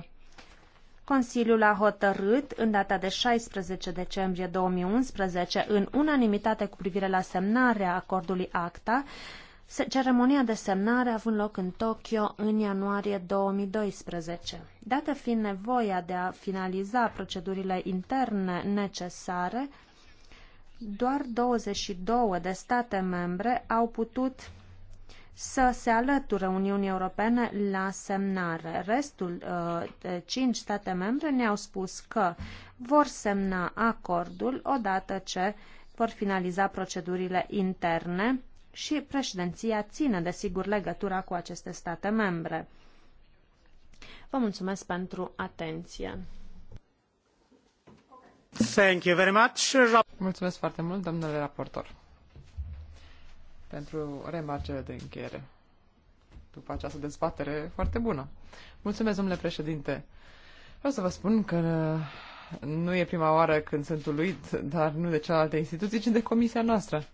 Consiliul a hotărât în data de 16 decembrie 2011, în unanimitate cu privire la semnarea acordului ACTA, Ceremonia de semnare a avut loc în Tokyo în ianuarie 2012. Dată fiind nevoia de a finaliza procedurile interne necesare, doar 22 de state membre au putut să se alăture Uniunii Europene la semnare. Restul uh, de 5 state membre ne-au spus că vor semna acordul odată ce vor finaliza procedurile interne și președinția ține, desigur, legătura cu aceste state membre. Vă mulțumesc pentru atenție. Thank you very much. Mulțumesc foarte mult, domnule raportor, pentru remarcele de încheiere după această dezbatere foarte bună. Mulțumesc, domnule președinte. Vreau să vă spun că nu e prima oară când sunt uluit, dar nu de cealaltă instituție, ci de comisia noastră.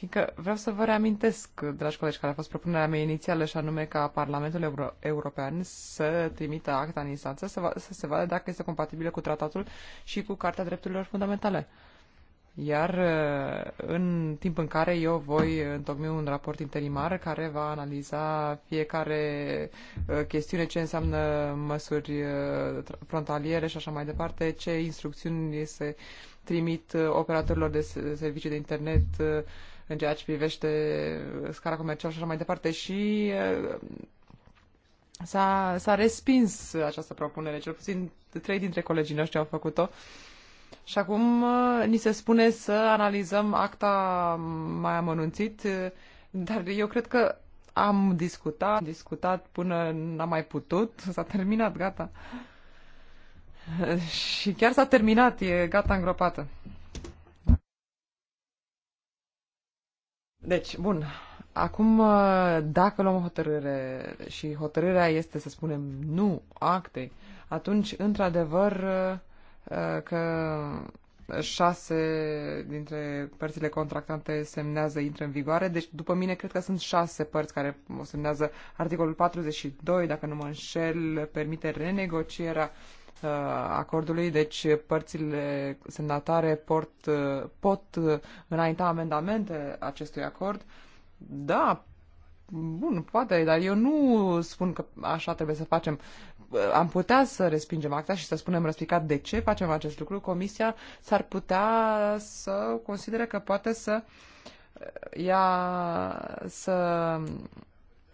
Fiindcă vreau să vă reamintesc, dragi colegi, care a fost propunerea mea inițială și anume ca Parlamentul Euro- European să trimită acta în instanță să, va, să se vadă dacă este compatibilă cu tratatul și cu Carta Drepturilor Fundamentale. Iar uh, în timp în care eu voi întocmi un raport interimar care va analiza fiecare uh, chestiune, ce înseamnă măsuri uh, frontaliere și așa mai departe, ce instrucțiuni se trimit operatorilor de servicii de internet, în ceea ce privește scara comercială și așa mai departe și eh, s-a, s-a respins această propunere, cel puțin trei dintre colegii noștri au făcut-o. Și acum eh, ni se spune să analizăm acta mai amănunțit, eh, dar eu cred că am discutat, am discutat până n-am mai putut, s-a terminat, gata. Și chiar s-a terminat, e gata îngropată. Deci, bun, acum uh, dacă luăm o hotărâre și hotărârea este, să spunem, nu actei, atunci, într-adevăr, uh, că șase dintre părțile contractante semnează, intră în vigoare. Deci, după mine, cred că sunt șase părți care semnează articolul 42, dacă nu mă înșel, permite renegocierea Uh, acordului, deci părțile semnatare port, uh, pot înainta amendamente acestui acord. Da, bun, poate, dar eu nu spun că așa trebuie să facem. Uh, am putea să respingem acta și să spunem răspicat de ce facem acest lucru. Comisia s-ar putea să considere că poate să ia să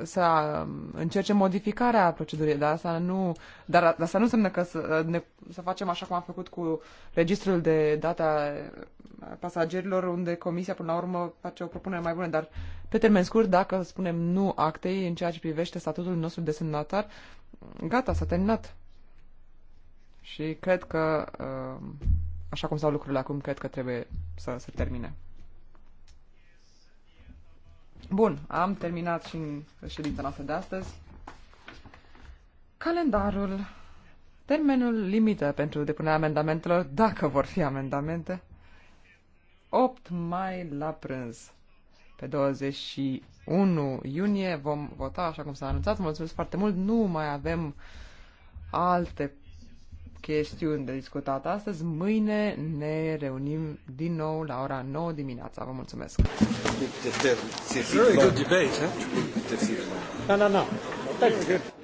să um, încerce modificarea procedurii, dar asta nu, dar asta nu înseamnă că să, uh, ne, să facem așa cum am făcut cu registrul de date a uh, pasagerilor, unde comisia până la urmă face o propunere mai bună, dar pe termen scurt, dacă spunem nu actei în ceea ce privește statutul nostru de semnatar, gata, s-a terminat. Și cred că, uh, așa cum stau lucrurile acum, cred că trebuie să se termine. Bun, am terminat și în ședința noastră de astăzi. Calendarul, termenul limită pentru depunerea amendamentelor, dacă vor fi amendamente, 8 mai la prânz. Pe 21 iunie vom vota, așa cum s-a anunțat. Mulțumesc foarte mult. Nu mai avem alte chestiuni de discutat astăzi. Mâine ne reunim din nou la ora 9 dimineața. Vă mulțumesc! Really good debate, huh? No, no, no. Thank you.